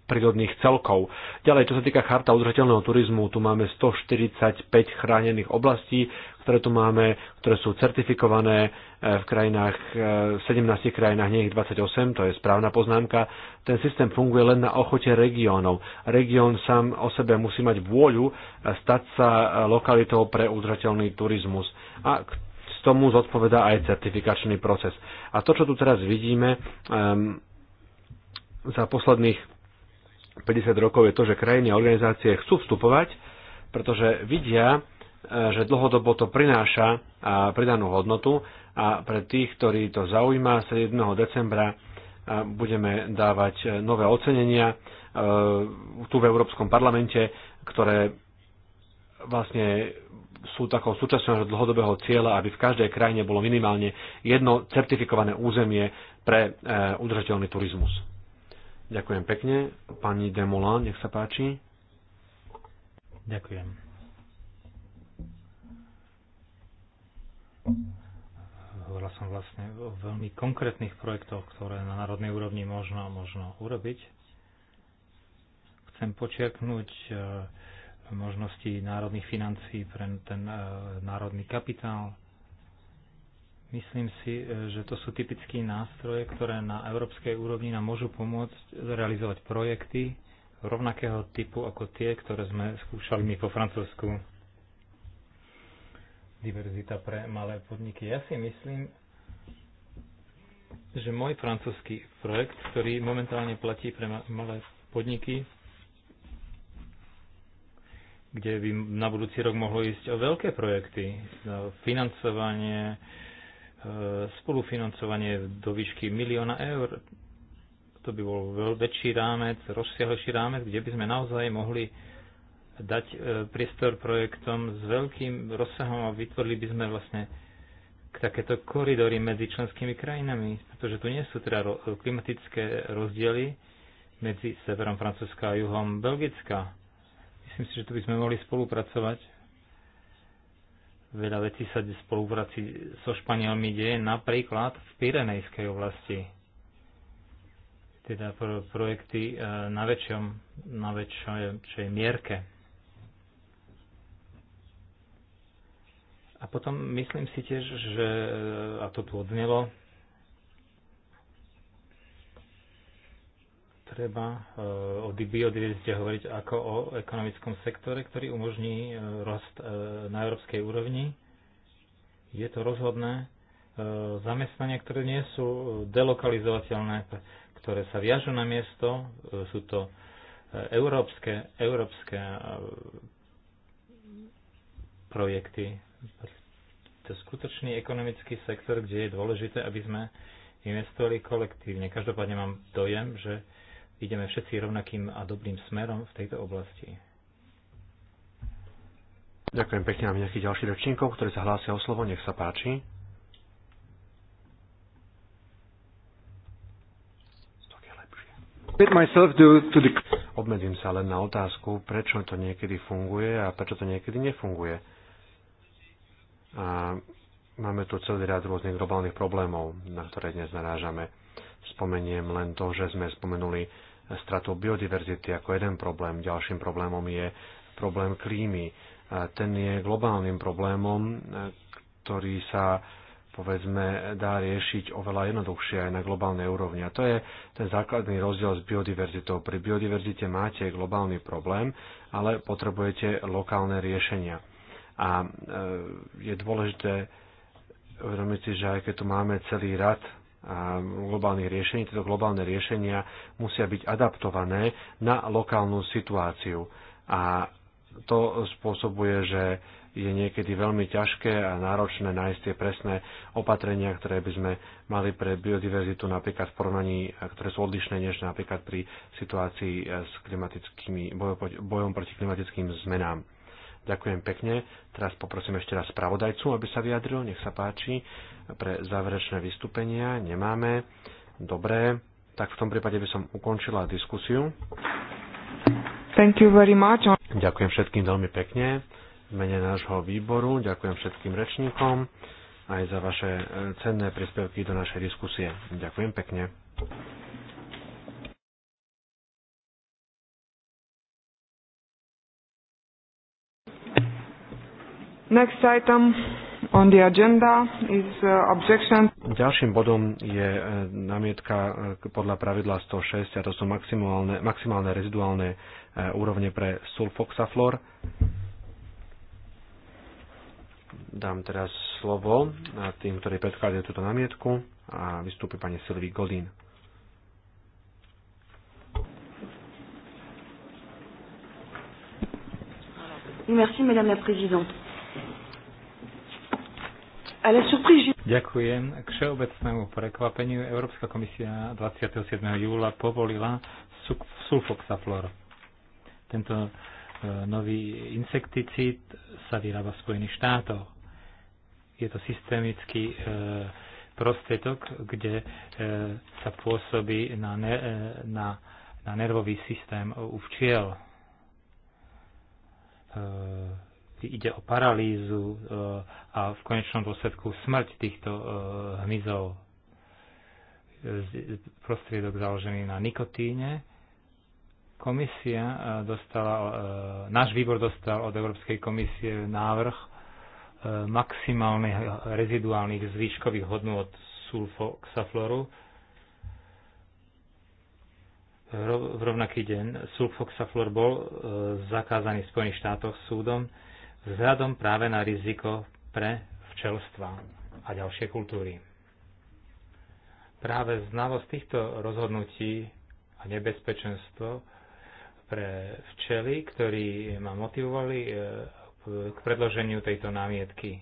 prírodných celkov. Ďalej, čo sa týka charta udržateľného turizmu, tu máme 145 chránených oblastí, ktoré tu máme, ktoré sú certifikované e, v krajinách, e, v 17 krajinách, nie ich 28, to je správna poznámka. Ten systém funguje len na ochote regiónov. Región sám o sebe musí mať vôľu e, stať sa lokalitou pre udržateľný turizmus. A k tomu zodpovedá aj certifikačný proces. A to, čo tu teraz vidíme, um, za posledných 50 rokov je to, že krajiny a organizácie chcú vstupovať, pretože vidia, e, že dlhodobo to prináša pridanú hodnotu a pre tých, ktorí to zaujíma, 7. decembra e, budeme dávať e, nové ocenenia tu v Európskom parlamente, ktoré vlastne sú takou súčasťou dlhodobého cieľa, aby v každej krajine bolo minimálne jedno certifikované územie pre udržateľný turizmus. Ďakujem pekne. Pani Demola, nech sa páči. Ďakujem. Hovorila som vlastne o veľmi konkrétnych projektoch, ktoré na národnej úrovni možno, možno urobiť. Chcem počiaknúť e, možnosti národných financí pre ten e, národný kapitál, Myslím si, e, že to sú typické nástroje, ktoré na európskej úrovni nám môžu pomôcť realizovať projekty rovnakého typu ako tie, ktoré sme skúšali my po Francúzsku. Diverzita pre malé podniky. Ja si myslím, že môj francúzsky projekt, ktorý momentálne platí pre malé podniky, kde by na budúci rok mohlo ísť o veľké projekty, financovanie, E, spolufinancovanie do výšky milióna eur. To by bol väčší rámec, rozsiahlejší rámec, kde by sme naozaj mohli dať e, priestor projektom s veľkým rozsahom a vytvorili by sme vlastne takéto koridory medzi členskými krajinami, pretože tu nie sú teda klimatické rozdiely medzi severom Francúzska a juhom Belgicka. Myslím si, že tu by sme mohli spolupracovať Veľa vecí sa v spolupráci so Španielmi deje, napríklad v Pirenejskej oblasti. Teda pro projekty e, na, väčšom, na väčšej mierke. A potom myslím si tiež, že, e, a to tu odznelo, treba eh, o biodiverzite hovoriť ako o ekonomickom sektore, ktorý umožní eh, rast eh, na európskej úrovni. Je to rozhodné zamestnania, ktoré nie sú delokalizovateľné, ktoré sa viažú na miesto, sú to európske, európske projekty. To je skutočný ekonomický sektor, kde je dôležité, aby sme investovali kolektívne. Každopádne mám dojem, že ideme všetci rovnakým a dobrým smerom v tejto oblasti. Ďakujem pekne. Máme nejakých ďalších ročníkov, ktorí sa hlásia o slovo. Nech sa páči. Obmedzím sa len na otázku, prečo to niekedy funguje a prečo to niekedy nefunguje. A máme tu celý rád rôznych globálnych problémov, na ktoré dnes narážame Spomeniem len to, že sme spomenuli stratu biodiverzity ako jeden problém. Ďalším problémom je problém klímy. Ten je globálnym problémom, ktorý sa povedzme, dá riešiť oveľa jednoduchšie aj na globálnej úrovni. A to je ten základný rozdiel s biodiverzitou. Pri biodiverzite máte globálny problém, ale potrebujete lokálne riešenia. A e, je dôležité uvedomiť si, že aj keď tu máme celý rad globálnych riešení. Tieto globálne riešenia musia byť adaptované na lokálnu situáciu. A to spôsobuje, že je niekedy veľmi ťažké a náročné nájsť tie presné opatrenia, ktoré by sme mali pre biodiverzitu napríklad v porovnaní, ktoré sú odlišné než napríklad pri situácii s klimatickými, bojom proti klimatickým zmenám. Ďakujem pekne. Teraz poprosím ešte raz spravodajcu, aby sa vyjadril. Nech sa páči. Pre záverečné vystúpenia nemáme. Dobre. Tak v tom prípade by som ukončila diskusiu. Thank you very much. Ďakujem všetkým veľmi pekne. V mene nášho výboru ďakujem všetkým rečníkom aj za vaše eh, cenné príspevky do našej diskusie. Ďakujem pekne. Next item on the agenda is uh, objection. Ďalším bodom je uh, namietka uh, podľa pravidla 106 a to sú maximálne, maximálne reziduálne úrovne pre sulfoxaflor. Dám teraz slovo tým, ktorí predkladajú túto namietku a vystúpi pani Silvi Godín. Merci, Madame la Présidente. Ďakujem. K všeobecnému prekvapeniu Európska komisia 27. júla povolila sulfoxaflor. Tento e, nový insekticíd sa vyrába v Spojených štátoch. Je to systemický e, prostriedok, kde e, sa pôsobí na, na, na nervový systém u včiel ide o paralýzu e, a v konečnom dôsledku smrť týchto e, hmyzov. E, prostriedok založený na nikotíne. Komisia dostala, náš výbor dostal od Európskej komisie návrh maximálnych reziduálnych zvýškových hodnôt sulfoxafloru v rovnaký deň sulfoxaflor bol zakázaný v Spojených štátoch súdom vzhľadom práve na riziko pre včelstva a ďalšie kultúry. Práve znalosť týchto rozhodnutí a nebezpečenstvo pre včely, ktorí ma motivovali e, k predloženiu tejto námietky e,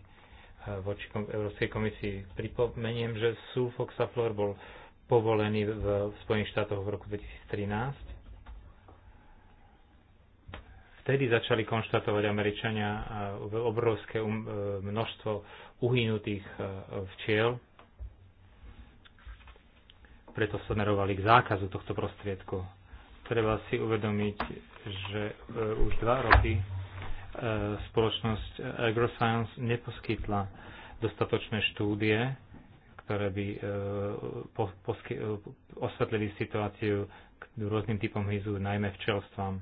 voči Európskej komisii. Pripomeniem, že sulfoxaflor bol povolený v Spojených štátoch v roku 2013 Vtedy začali konštatovať Američania e, obrovské um, e, množstvo uhynutých e, včiel, preto smerovali k zákazu tohto prostriedku. Treba si uvedomiť, že už dva roky spoločnosť AgroScience neposkytla dostatočné štúdie, ktoré by osvetlili situáciu k rôznym typom hýzu, najmä včelstvám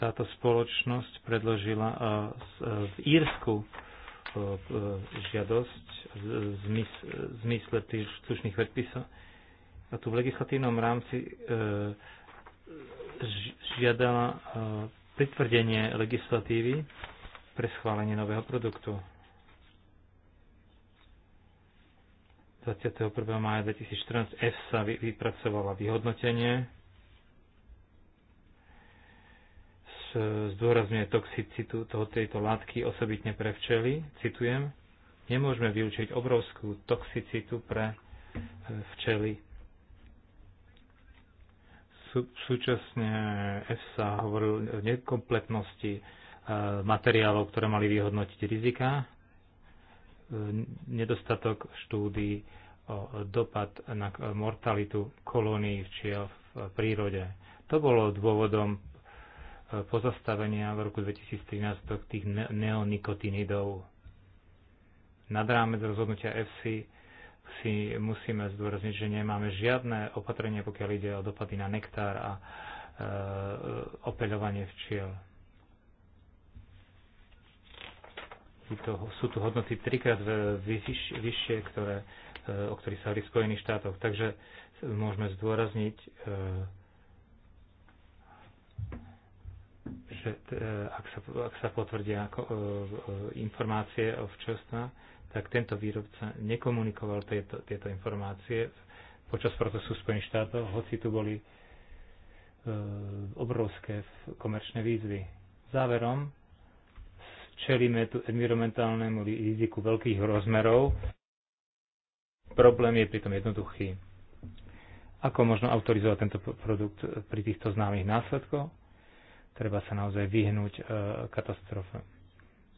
táto spoločnosť predložila e, v Írsku e, e, žiadosť v zmysle tých slušných predpisov. A tu v legislatívnom rámci žiadala pritvrdenie legislatívy pre schválenie nového produktu. 21. maja 2014 EFSA vypracovala vyhodnotenie E, zdôrazňuje toxicitu toho, tejto látky osobitne pre včely, citujem, nemôžeme vylúčiť obrovskú toxicitu pre e, včely. Súčasne EFSA hovoril o nekompletnosti e, materiálov, ktoré mali vyhodnotiť rizika, nedostatok štúdí o dopad na mortalitu kolónií včiel v prírode. To bolo dôvodom pozastavenia v roku 2013 tých neonikotinidov. Nad rámec rozhodnutia FC si musíme zdôrazniť, že nemáme žiadne opatrenie, pokiaľ ide o dopady na nektár a e, opeľovanie včiel. sú tu hodnoty trikrát vyš, vyššie, ktoré, e, o ktorých sa hovorí v Spojených štátoch. Takže môžeme zdôrazniť e, že e, ak sa, ak sa potvrdia ako, e, e, informácie o včasná, tak tento výrobca nekomunikoval tieto, tieto informácie počas procesu Spojených štátov, hoci tu boli e, obrovské komerčné výzvy. Záverom, čelíme tu environmentálnemu riziku veľkých rozmerov. Problém je pritom jednoduchý. Ako možno autorizovať tento produkt pri týchto známych následkoch? Treba sa naozaj vyhnúť e, katastrofe.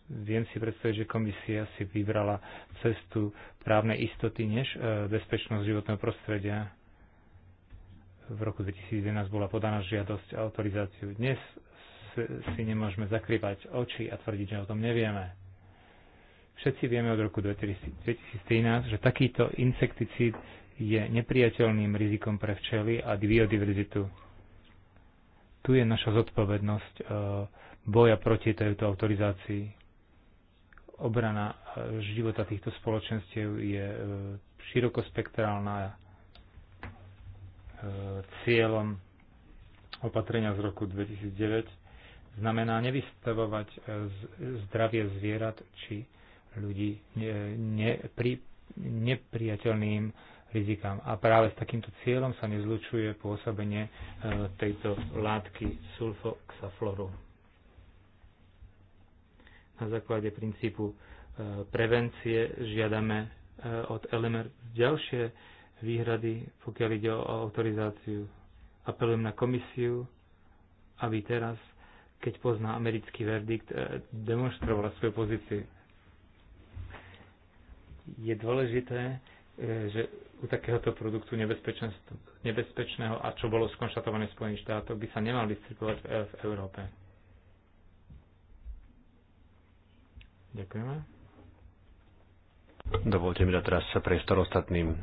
Viem si predstaviť, že komisia si vybrala cestu právnej istoty než e, bezpečnosť životného prostredia. V roku 2011 bola podaná žiadosť a autorizáciu. Dnes si nemôžeme zakrývať oči a tvrdiť, že o tom nevieme. Všetci vieme od roku 2013, že takýto insekticíd je nepriateľným rizikom pre včely a biodiverzitu tu je naša zodpovednosť e, boja proti tejto autorizácii. Obrana e, života týchto spoločenstiev je e, širokospektrálna cieľom opatrenia z roku 2009 znamená nevystavovať zdravie zvierat či ľudí nepri, nepriateľným rizikám. A práve s takýmto cieľom sa nezlučuje pôsobenie e, tejto látky sulfoxafloru. Na základe princípu e, prevencie žiadame e, od LMR ďalšie výhrady, pokiaľ ide o autorizáciu. Apelujem na komisiu, aby teraz, keď pozná americký verdikt, demonstrovala svoju pozíciu. Je dôležité, že u takéhoto produktu nebezpečného a čo bolo skonštatované v Spojených štátoch, by sa nemal distribuovať v Európe. Ďakujeme. Dovolte mi teraz priestor ostatným eh,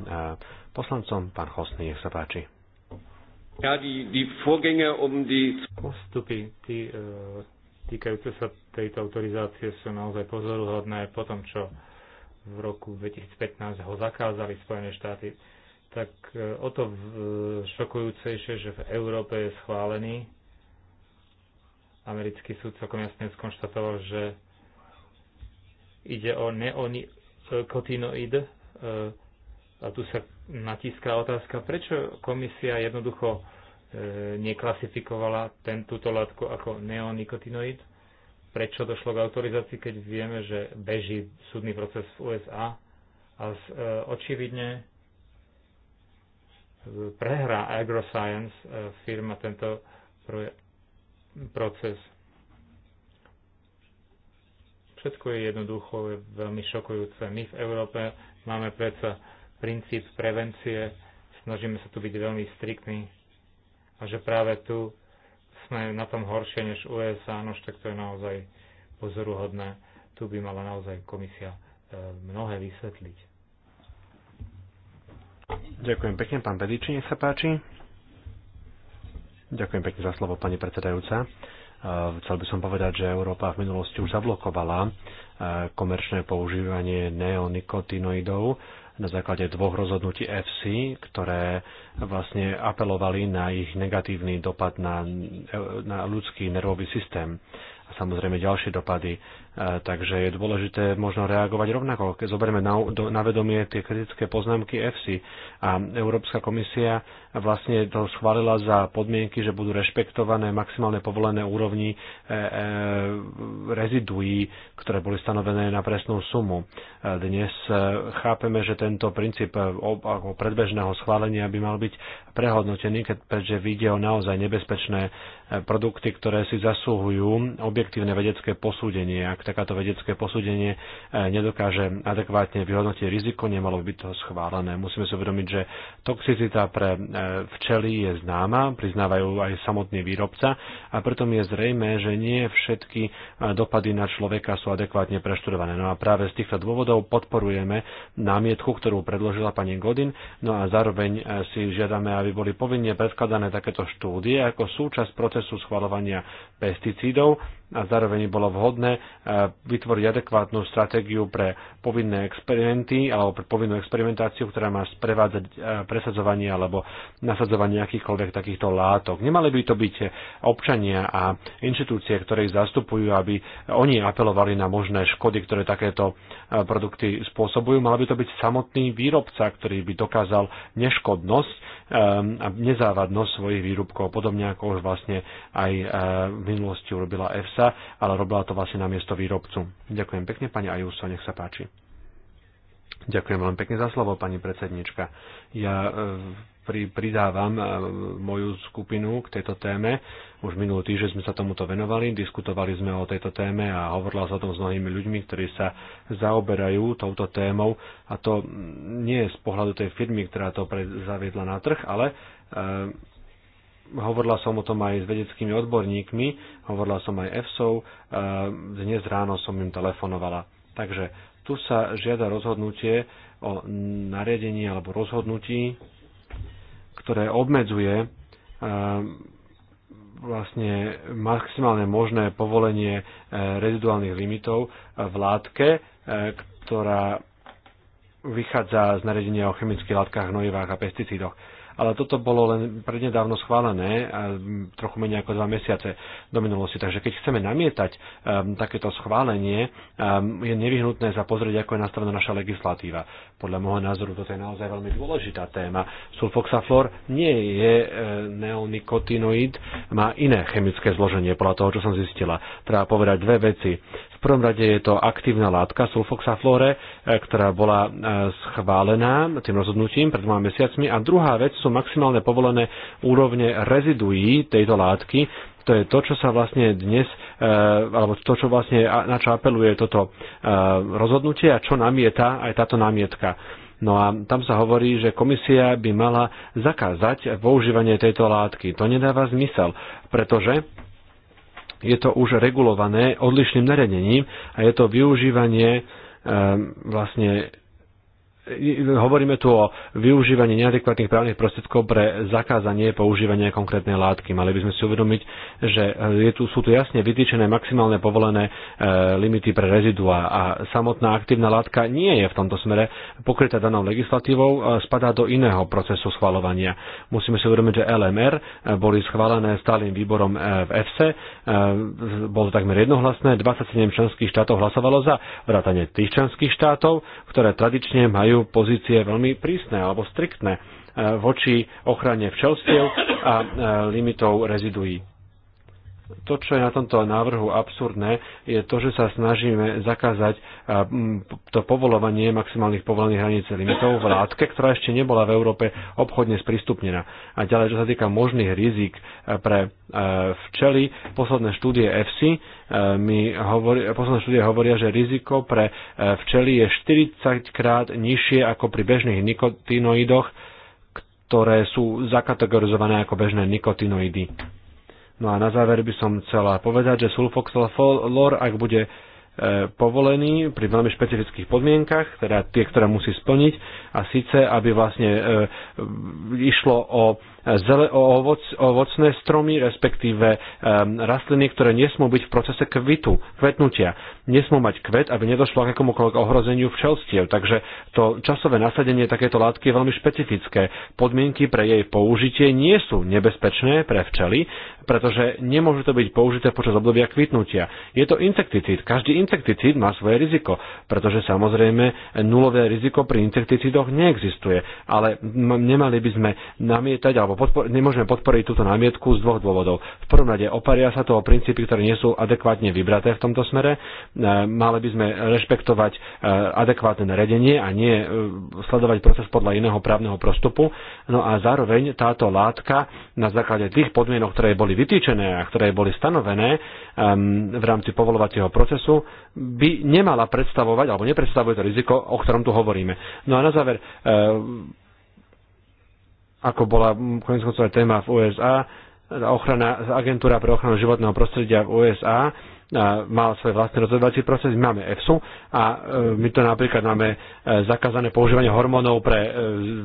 poslancom. Pán Hosný, nech sa páči. Ja, die, die Vorgänge um die... Postupy tí, eh, týkajúce sa tejto autorizácie sú naozaj pozoruhodné po tom, čo v roku 2015 ho zakázali Spojené štáty, tak e, o to šokujúcejšie, že v Európe je schválený. Americký súd celkom jasne skonštatoval, že ide o neonikotinoid e, e, a tu sa natíska otázka, prečo komisia jednoducho neklasifikovala tento látku ako neonikotinoid prečo došlo k autorizácii, keď vieme, že beží súdny proces v USA a z, e, očividne prehrá AgroScience e, firma tento proje, proces. Všetko je jednoducho je veľmi šokujúce. My v Európe máme predsa princíp prevencie, snažíme sa tu byť veľmi striktní a že práve tu sme na tom horšie než USA, nož tak to je naozaj pozoruhodné. Tu by mala naozaj komisia e, mnohé vysvetliť. Ďakujem pekne, pán Pediči, nech sa páči. Ďakujem pekne za slovo, pani predsedajúca. E, chcel by som povedať, že Európa v minulosti už zablokovala e, komerčné používanie neonikotinoidov na základe dvoch rozhodnutí FC, ktoré vlastne apelovali na ich negatívny dopad na, na ľudský nervový systém a samozrejme ďalšie dopady Takže je dôležité možno reagovať rovnako. Keď zoberme na, do, na vedomie tie kritické poznámky EFSI a Európska komisia vlastne to schválila za podmienky, že budú rešpektované maximálne povolené úrovni e, e, reziduí, ktoré boli stanovené na presnú sumu. E, dnes e, chápeme, že tento princíp e, predbežného schválenia by mal byť prehodnotený, keďže vidie o naozaj nebezpečné produkty, ktoré si zasúhujú objektívne vedecké posúdenie Ak takáto vedecké posúdenie e, nedokáže adekvátne vyhodnotiť riziko, nemalo by to schválené. Musíme si uvedomiť, že toxicita pre e, včely je známa, priznávajú aj samotný výrobca a preto mi je zrejme, že nie všetky e, dopady na človeka sú adekvátne preštudované. No a práve z týchto dôvodov podporujeme námietku, ktorú predložila pani Godin, no a zároveň si žiadame, aby boli povinne predkladané takéto štúdie ako súčasť procesu schvalovania pesticídov a zároveň bolo vhodné e, vytvoriť adekvátnu stratégiu pre povinné experimenty alebo pre povinnú experimentáciu, ktorá má sprevádzať e, presadzovanie alebo nasadzovanie akýchkoľvek takýchto látok. Nemali by to byť občania a inštitúcie, ktoré ich zastupujú, aby oni apelovali na možné škody, ktoré takéto e, produkty spôsobujú. Mal by to byť samotný výrobca, ktorý by dokázal neškodnosť a nezávadnosť svojich výrobkov, podobne ako už vlastne aj minulosti urobila EFSA, ale robila to vlastne na miesto výrobcu. Ďakujem pekne, pani Ajuso, nech sa páči. Ďakujem veľmi pekne za slovo, pani predsednička. Ja e, pri, pridávam e, moju skupinu k tejto téme. Už minulý týždeň sme sa tomuto venovali, diskutovali sme o tejto téme a hovorila sa o tom s mnohými ľuďmi, ktorí sa zaoberajú touto témou. A to nie je z pohľadu tej firmy, ktorá to zaviedla na trh, ale e, hovorila som o tom aj s vedeckými odborníkmi, hovorila som aj EFSOV, e, dnes ráno som im telefonovala. Takže tu sa žiada rozhodnutie o nariadení alebo rozhodnutí, ktoré obmedzuje e, vlastne maximálne možné povolenie e, reziduálnych limitov v látke, ktorá vychádza z nariadenia o chemických látkach, hnojivách a pesticídoch ale toto bolo len prednedávno schválené, a eh, trochu menej ako dva mesiace do minulosti. Takže keď chceme namietať um, takéto schválenie, um, je nevyhnutné sa pozrieť, ako je nastavená naša legislatíva. Podľa môjho názoru toto je naozaj veľmi dôležitá téma. Sulfoxaflor nie je e, neonikotinoid, má iné chemické zloženie, podľa toho, čo som zistila. Treba povedať dve veci prvom rade je to aktívna látka sulfoxaflore, e, ktorá bola e, schválená tým rozhodnutím pred dvoma mesiacmi. A druhá vec sú maximálne povolené úrovne reziduí tejto látky, to je to, čo sa vlastne dnes, e, alebo to, čo vlastne, na čo apeluje toto rozhodnutie a čo namieta aj táto námietka. No a tam sa hovorí, že komisia by mala zakázať používanie tejto látky. To nedáva zmysel, pretože je to už regulované odlišným naredením a je to využívanie ehm, vlastne hovoríme tu o využívaní neadekvátnych právnych prostriedkov pre zakázanie používania konkrétnej látky. Mali by sme si uvedomiť, že je tu, sú tu jasne vytýčené maximálne povolené e, limity pre rezidua a samotná aktívna látka nie je v tomto smere pokrytá danou legislatívou, e, spadá do iného procesu schvalovania. Musíme si uvedomiť, že LMR e, boli schválené stálym výborom e, v EFSE, e, e bolo takmer jednohlasné, 27 členských štátov hlasovalo za vrátanie tých členských štátov, ktoré tradične majú majú pozície veľmi prísne alebo striktné eh, voči ochrane včelstiev a eh, limitov reziduí. To, čo je na tomto návrhu absurdné, je to, že sa snažíme zakázať eh, to povolovanie maximálnych povolených hraníc limitov v látke, ktorá ešte nebola v Európe obchodne sprístupnená. A ďalej, čo sa týka možných rizik pre včely, posledné štúdie EFSI E, mi hovorí, posledné štúdie hovoria, že riziko pre e, včely je 40 krát nižšie ako pri bežných nikotinoidoch, ktoré sú zakategorizované ako bežné nikotinoidy. No a na záver by som chcela povedať, že sulfoxylfolor, ak bude e, povolený pri veľmi špecifických podmienkach, teda tie, ktoré musí splniť, a síce, aby vlastne e, išlo o zele, ovoc, ovocné stromy, respektíve um, rastliny, ktoré nesmú byť v procese kvitu, kvetnutia. Nesmú mať kvet, aby nedošlo k akomukoľvek ohrozeniu včelstiev. Takže to časové nasadenie takéto látky je veľmi špecifické. Podmienky pre jej použitie nie sú nebezpečné pre včely, pretože nemôžu to byť použité počas obdobia kvitnutia. Je to insekticíd. Každý insekticíd má svoje riziko, pretože samozrejme nulové riziko pri insekticídoch neexistuje. Ale nemali by sme namietať alebo alebo podpor- nemôžeme podporiť túto námietku z dvoch dôvodov. V prvom rade oparia sa to o princípy, ktoré nie sú adekvátne vybraté v tomto smere. E, mali by sme rešpektovať e, adekvátne naredenie a nie e, sledovať proces podľa iného právneho prostupu. No a zároveň táto látka na základe tých podmienok, ktoré boli vytýčené a ktoré boli stanovené v rámci povolovacieho procesu, by nemala predstavovať alebo nepredstavuje to riziko, o ktorom tu hovoríme. No a na záver, ako bola konec téma v USA, ochrana, agentúra pre ochranu životného prostredia v USA mal svoj vlastný rozhodovací proces, my máme EFSU a e, my to napríklad máme e, zakázané používanie hormónov pre, e,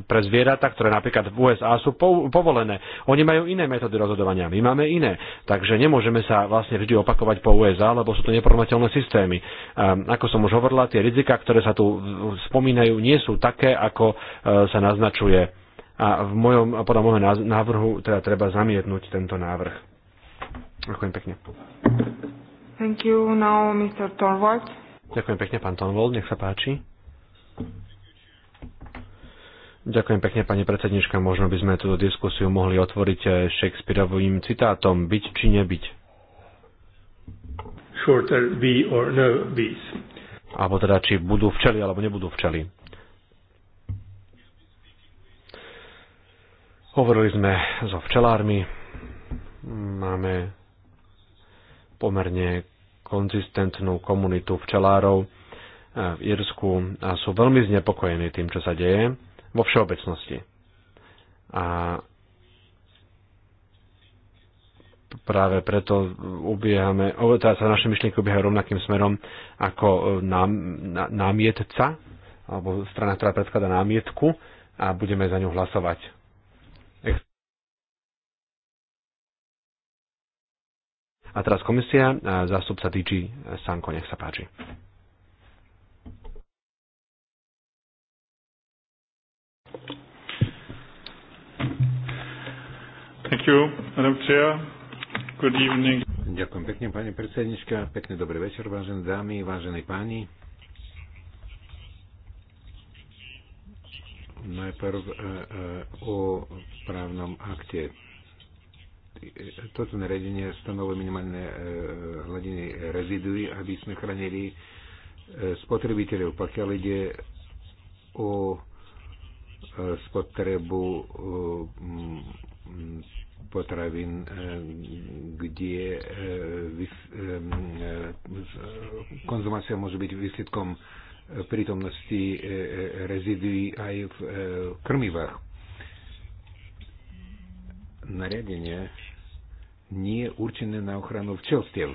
pre zvieratá, ktoré napríklad v USA sú povolené. Oni majú iné metódy rozhodovania, my máme iné. Takže nemôžeme sa vlastne vždy opakovať po USA, lebo sú to neporovnateľné systémy. Ako som už hovorila, tie rizika, ktoré sa tu spomínajú, nie sú také, ako sa naznačuje a v mojom, podľa môjho návrhu teda treba zamietnúť tento návrh. Ďakujem pekne. Thank you. Now, Mr. Torvald. Ďakujem pekne, pán Tonvold, nech sa páči. Ďakujem pekne, pani predsednička. Možno by sme túto diskusiu mohli otvoriť Shakespeareovým citátom Byť či nebyť. Shorter be or no bees. Alebo teda, či budú včeli, alebo nebudú včeli. Hovorili sme so včelármi, máme pomerne konzistentnú komunitu včelárov eh, v Írsku a sú veľmi znepokojení tým, čo sa deje vo všeobecnosti. A práve preto ubiehame, teda sa naše myšlienky ubiehajú rovnakým smerom ako eh, nám, námietca, alebo strana, ktorá predkladá námietku a budeme za ňu hlasovať A teraz komisia, zástupca DG Sanko, nech sa páči. Thank you, Madam Chair. Good evening. Ďakujem pekne, pani predsednička. Pekný dobrý večer, vážené dámy, vážení páni. Najprv eh, eh, o právnom akte toto nariadenie stanovuje minimálne e, hladiny reziduí, aby sme chránili e, spotrebiteľov, pokiaľ ide o e, spotrebu potravín, kde konzumácia môže byť výsledkom prítomnosti reziduí aj v krmivách nariadenie nie je určené na ochranu včelstiev.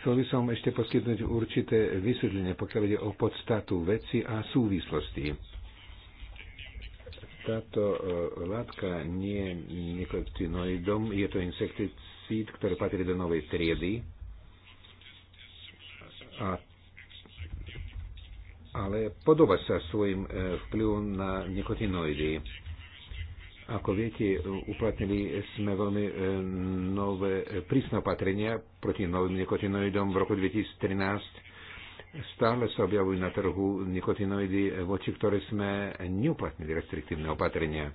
Chcel by som ešte poskytnúť určité vysvetlenie, pokiaľ ide o podstatu veci a súvislosti. Táto uh, látka nie je nikotinoidom, je to insekticíd, ktorý patrí do novej triedy. A ale podoba sa svojim uh, vplyvom na nikotinoidy ako viete, uplatnili sme veľmi e, nové e, prísne opatrenia proti novým nikotinoidom v roku 2013. Stále sa objavujú na trhu nikotinoidy, e, voči ktoré sme neuplatnili restriktívne opatrenia.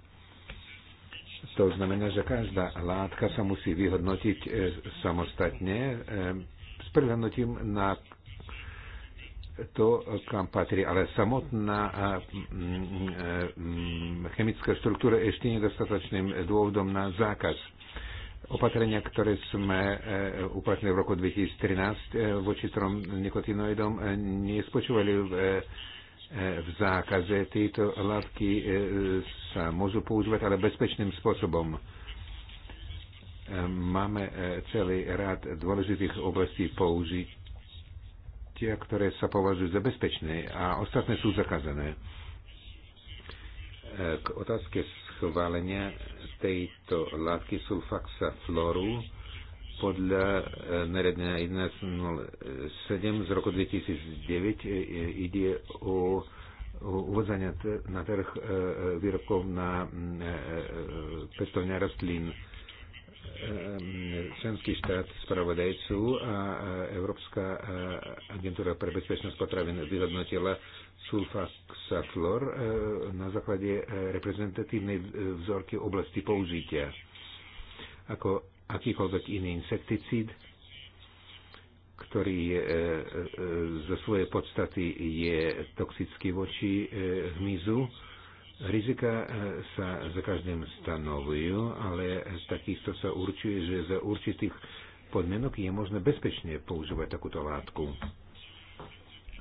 To znamená, že každá látka sa musí vyhodnotiť samostatne s prihľadnutím na to, kam patrí, ale samotná chemická štruktúra ešte nedostatočným dôvodom na zákaz. Opatrenia, ktoré sme e, uplatnili v roku 2013 e, voči trom nikotinoidom, e, nespočúvali v, v zákaze. Tieto látky sa môžu používať, ale bezpečným spôsobom máme celý rád dôležitých oblastí použiť tie, ktoré sa považujú za bezpečné a ostatné sú zakázané. E, k otázke schválenia tejto látky sulfaxa floru podľa e, nariadenia 1107 z roku 2009 e, ide o uvádzania na trh výrobkov na mm, pestovňa rastlín Ehm, členský štát spravodajcu a Európska agentúra pre bezpečnosť potravín vyhodnotila sulfaxaflor e, na základe e, reprezentatívnej vzorky oblasti použitia. Ako akýkoľvek iný insekticíd, ktorý je, e, zo svojej podstaty je toxický voči hmyzu, Rizika e, sa za každým stanovujú, ale takisto sa určuje, že za určitých podmienok je možné bezpečne používať takúto látku.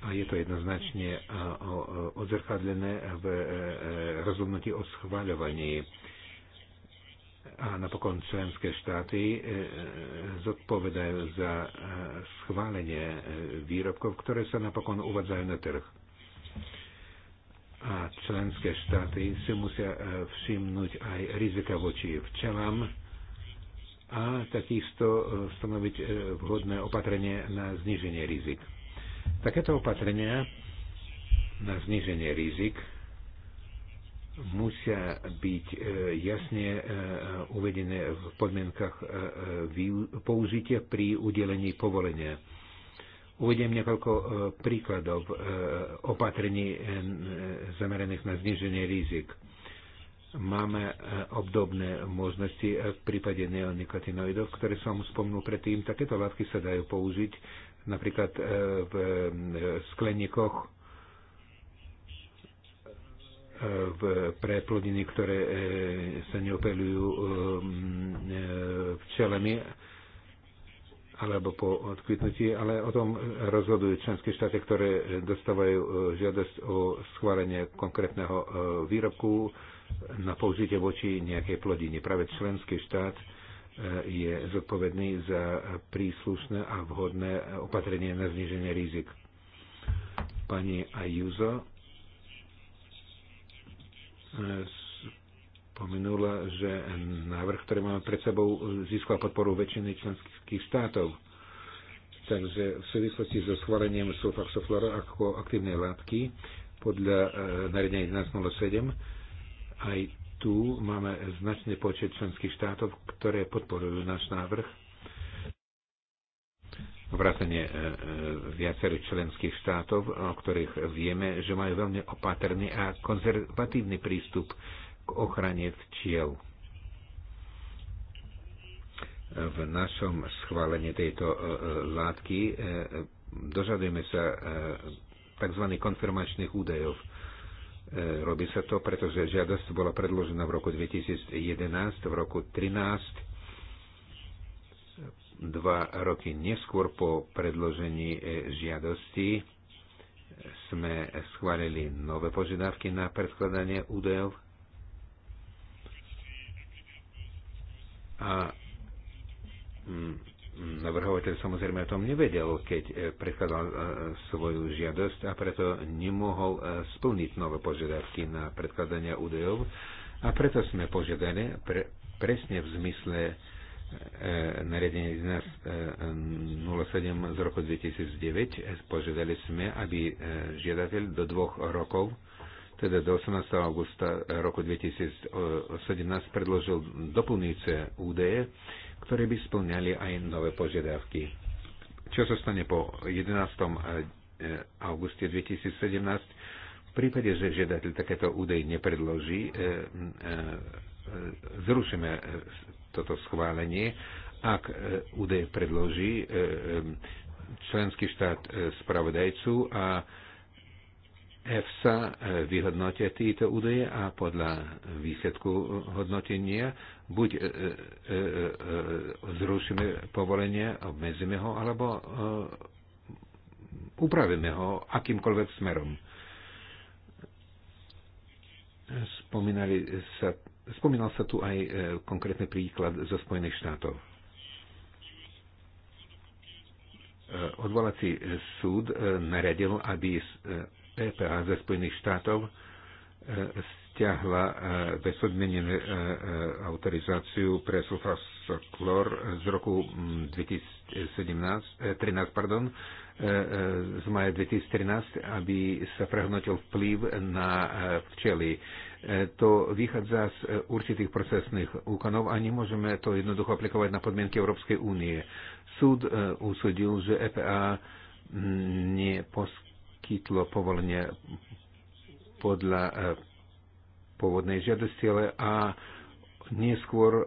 A je to jednoznačne e, odzrkadlené v e, rozhodnutí o schváľovaní. A napokon členské štáty zodpovedajú za schválenie výrobkov, ktoré sa napokon uvádzajú na trh a členské štáty si musia e, všimnúť aj rizika voči včelám a takisto e, stanoviť e, vhodné opatrenie na zniženie rizik. Takéto opatrenia na zniženie rizik musia byť jasne uvedené v podmienkach použitia pri udelení povolenia Uvediem niekoľko e, príkladov e, opatrení e, zameraných na zniženie rizik. Máme obdobné možnosti v prípade neonikotinoidov, ktoré som spomnul predtým. Takéto látky sa dajú použiť napríklad v skleníkoch v preplodiny, ktoré sa neopelujú včelami alebo po odkvitnutí, ale o tom rozhodujú členské štáty, ktoré dostávajú e, žiadosť o schválenie konkrétneho e, výrobku na použitie voči nejakej plodine. Práve členský štát e, je zodpovedný za príslušné a vhodné opatrenie na zniženie rizik. Pani Ajuzo spomenula, že návrh, ktorý máme pred sebou, získal podporu väčšiny členských členských štátov. Takže v súvislosti so schválením sulfaxoflora ako aktívnej látky podľa e, nariadenia 1107 aj tu máme značný počet členských štátov, ktoré podporujú náš návrh. Vrátanie e, e, viacerých členských štátov, o ktorých vieme, že majú veľmi opatrný a konzervatívny prístup k ochrane včiel v našom schválení tejto e, e, látky e, dožadujeme sa tzv. konfirmačných údajov. Robí sa to, pretože žiadosť bola predložená v roku 2011, v roku 2013, dva roky neskôr po predložení žiadosti sme schválili nové požiadavky na predkladanie údajov a Mm, mm, navrhovateľ samozrejme o tom nevedel, keď e, predkladal e, svoju žiadosť a preto nemohol e, splniť nové požiadavky na predkladanie údajov a preto sme požiadali pre, presne v zmysle e, nariadenia 07 z roku 2009 požiadali sme, aby žiadateľ do dvoch rokov teda do 18. augusta roku 2017 predložil doplňujúce údaje, ktoré by splňali aj nové požiadavky. Čo sa stane po 11. Eh, eh, auguste 2017? V prípade, že žiadateľ takéto údej nepredloží, eh, zrušíme toto schválenie. Ak údej predloží členský štát spravodajcu a EFSA eh, vyhodnotia tieto údaje a podľa výsledku hodnotenia buď eh, eh, zrušíme povolenie, obmedzíme ho, alebo upravíme ho akýmkoľvek smerom. Spomínali sa, spomínal sa tu aj konkrétny príklad zo Spojených štátov. Odvolací súd naradil, aby EPA ze Spojených štátov e, stiahla e, bezodmenenú e, autorizáciu pre sulfasoklor z roku 2013, mm, pardon, z maja 2013, aby sa prehodnotil vplyv na včely. To vychádza z určitých procesných úkonov a nemôžeme to jednoducho aplikovať na podmienky Európskej únie. Súd usudil, že EPA mm, neposk poskytlo povolenie podľa e, pôvodnej žiadosti, ale a neskôr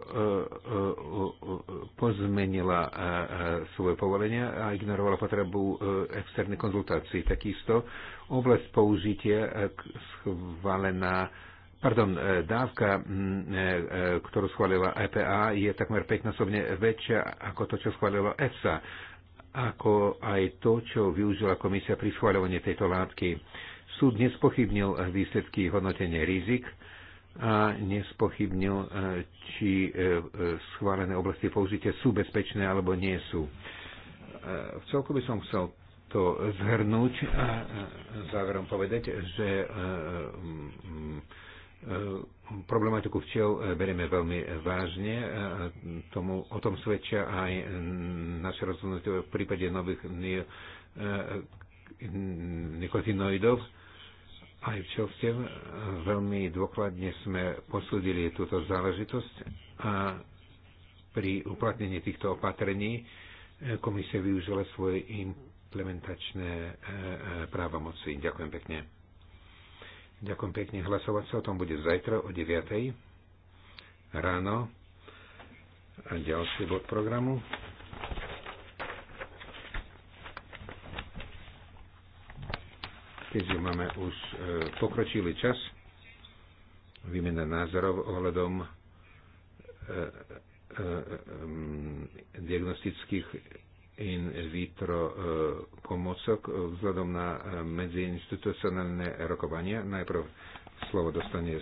e, e, pozmenila svoje povolenie a ignorovala potrebu externej konzultácii. Takisto oblasť použitia schválená Pardon, dávka, ktorú schválila EPA, je takmer 5-násobne väčšia ako to, čo schválila EFSA ako aj to, čo využila komisia pri schváľovaní tejto látky. Súd nespochybnil výsledky hodnotenia rizik a nespochybnil, eh, či eh, schválené oblasti použitia sú bezpečné alebo nie sú. Eh, v celku by som chcel to zhrnúť a záverom povedať, že mm, mm, problematiku včiel eh, berieme veľmi eh, vážne. Eh, tomu, o tom svedčia aj naše rozhodnutie v prípade nových nikotinoidov. Aj včelstiev veľmi dôkladne sme posúdili túto záležitosť a pri uplatnení týchto opatrení komisia využila svoje implementačné právomoci. Ďakujem pekne. Ďakujem pekne. Hlasovať sa o tom bude zajtra o 9. ráno. A ďalší bod programu. Keďže máme už e, pokročilý čas, výmena názorov ohľadom e, e, diagnostických in vitro eh, pomocok eh, vzhľadom na eh, medziinstitucionálne rokovania. Najprv slovo dostane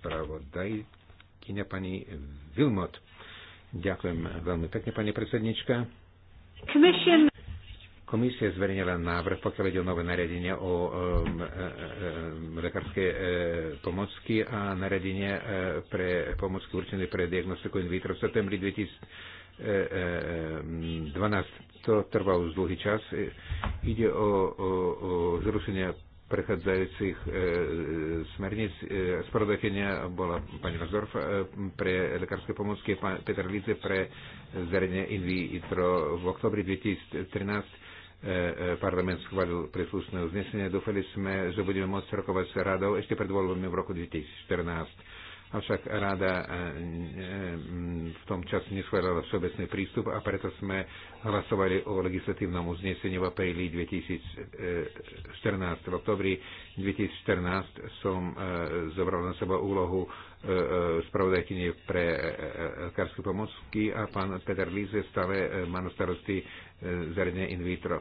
spravodajkyňa pani Vilmot. Ďakujem veľmi pekne, pani predsednička. Commission. Komisia zverejnila návrh, pokiaľ ide o nové nariadenie o um, um, lekárskej e, e, e pomocky a nariadenie e, pre pomocky určené pre diagnostiku in vitro v septembri 2000 12. E, e, e, to trvalo už dlhý čas. Ide o, o, o zrušenie prechádzajúcich e, smerníc. E, Spravodajkenia bola pani Razorf e, pre lekárske pomôcky, pán Peter Lidze pre zrenie in vitro. V oktobri 2013 e, parlament schválil príslušné uznesenie. Dúfali sme, že budeme môcť rokovať s radou ešte pred voľbami v roku 2014 Avšak rada e, e, v tom čase neschválila všeobecný prístup a preto sme hlasovali o legislatívnom uznesení v apríli 2014. E, v oktobri 2014 som zobral na seba úlohu spravodajkyne pre lekárske pomocky a pán Peter Líze stále má na starosti zariadenie in vitro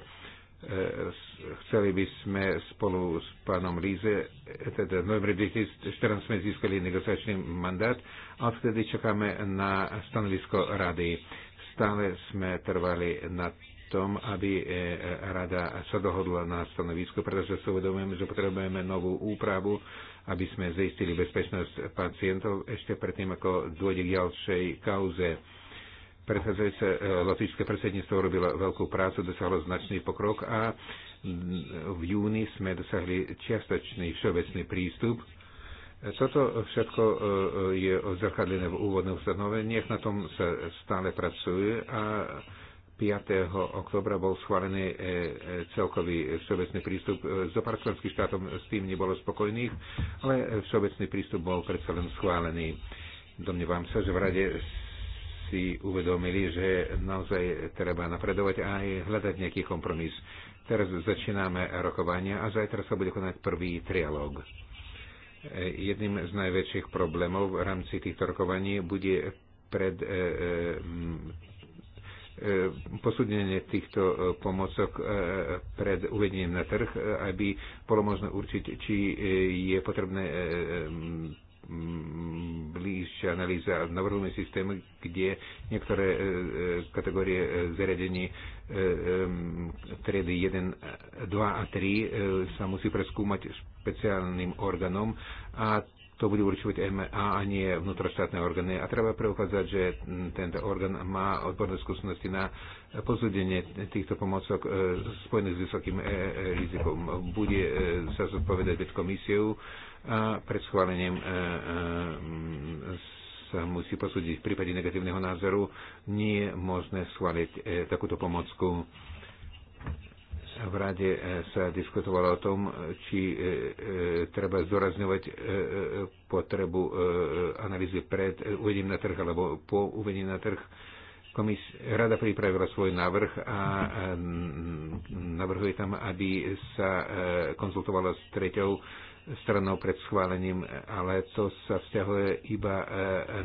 chceli by sme spolu s pánom Líze, teda v novembri 2014 sme získali negociačný mandát a vtedy čakáme na stanovisko rady. Stále sme trvali na tom, aby e, rada sa dohodla na stanovisko, pretože sa uvedomujeme, že potrebujeme novú úpravu, aby sme zistili bezpečnosť pacientov ešte predtým, ako dôjde k ďalšej kauze Predchádzajúce e, lotičské predsedníctvo robilo veľkú prácu, dosiahlo značný pokrok a mm, v júni sme dosiahli čiastočný všeobecný prístup. E, toto všetko e, je odzrkadlené v úvodných ustanoveniach, na tom sa stále pracuje a 5. oktobra bol schválený celkový všeobecný prístup. Z pár členských štátov s tým nebolo spokojných, ale všeobecný prístup bol predsa len schválený. Domnievam sa, že v rade si uvedomili, že naozaj treba napredovať a aj hľadať nejaký kompromis. Teraz začíname rokovania a zajtra sa bude konať prvý trialóg. Jedným z najväčších problémov v rámci týchto rokovaní bude pred e, e, posúdenie týchto pomocok pred uvedením na trh, aby bolo možné určiť, či je potrebné bližšia a Navrhujeme systémy, kde niektoré e, e, kategórie e, zariadení triedy 1, 2 a 3 sa musí preskúmať špeciálnym orgánom a to bude určovať MA, a nie vnútroštátne orgány. A treba preukázať, že tento orgán má odborné skúsenosti na posúdenie týchto pomocok spojených s vysokým rizikom. Bude sa zodpovedať pred komisiou a pred schválením e, e, sa musí posúdiť. V prípade negatívneho názoru nie je možné schváliť e, takúto pomocku. V rade sa diskutovalo o tom, či treba zdôrazňovať potrebu analýzy pred uvedením na trh alebo po uvedení na trh. Komis, rada pripravila svoj návrh a navrhuje tam, aby sa konzultovala s treťou stranou pred schválením, ale to sa vzťahuje iba e,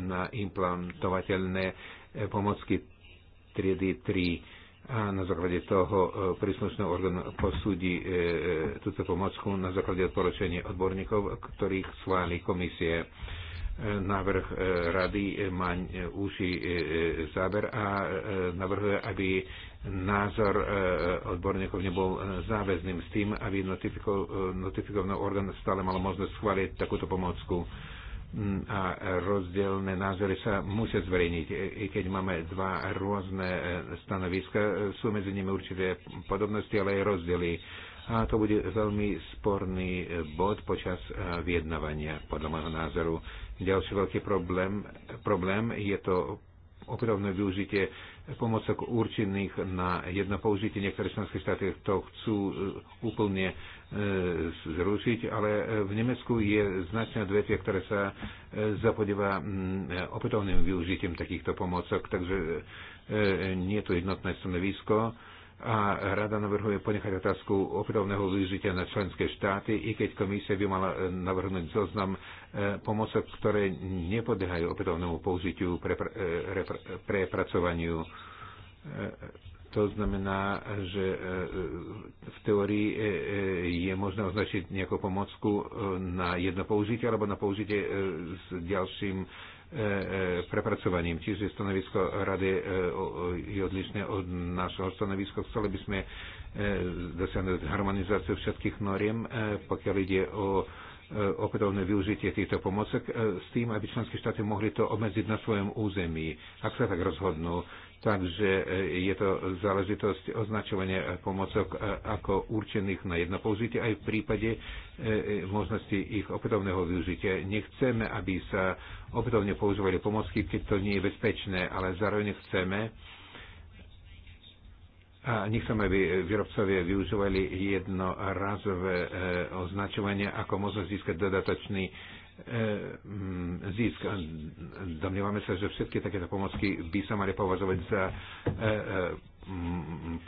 na implantovateľné e, pomocky triedy 3 a na základe toho e, príslušný orgán posúdi túto pomocku na základe odporúčania odborníkov, ktorých schválí komisie. Návrh e, rady e, má e, úži záber a navrhuje, aby názor odborníkov nebol záväzným s tým, aby notifikovný orgán stále mal možnosť schváliť takúto pomocku mm, a rozdielne názory sa musia zverejniť. I keď máme dva rôzne stanoviska, sú medzi nimi určité podobnosti, ale aj rozdiely. A to bude veľmi sporný bod počas vyjednávania, podľa môjho názoru. Ďalší veľký problém, problém je to opätovné využitie pomocok určených na jedno použitie. Niektoré členské štáty to chcú e, úplne e, zrušiť, ale v Nemecku je značné odvetvie, ktoré sa e, zapodieva opätovným využitím takýchto pomocok, takže nie je to jednotné stanovisko a rada navrhuje ponechať otázku opätovného využitia na členské štáty, i keď komisia by mala e, navrhnúť zoznam e, pomocok, ktoré nepodliehajú opätovnému použitiu, pre, pre prepracovaniu. E, to znamená, že v teórii je možné označiť nejakú pomocku na jedno použitie alebo na použitie s ďalším E, e, prepracovaním. Čiže stanovisko rady e, je odlišné od našeho stanoviska. Chceli by sme dosiahnuť harmonizáciu všetkých noriem, pokiaľ ide o opätovné využitie týchto pomocek s tým, aby členské štáty mohli to obmedziť na svojom území, ak sa tak rozhodnú. Takže e, je to záležitosť označovania e, pomocok e, ako určených na jedno použitie aj v prípade možnosti ich opätovného využitia. Nechceme, aby sa opätovne používali pomocky, keď to nie je bezpečné, ale zároveň chceme, a nechcem, aby výrobcovia využívali jednorazové označovanie ako možnosť získať dodatočný E, zisk. Domnievame sa, že všetky takéto pomocky by sa mali považovať za e, e,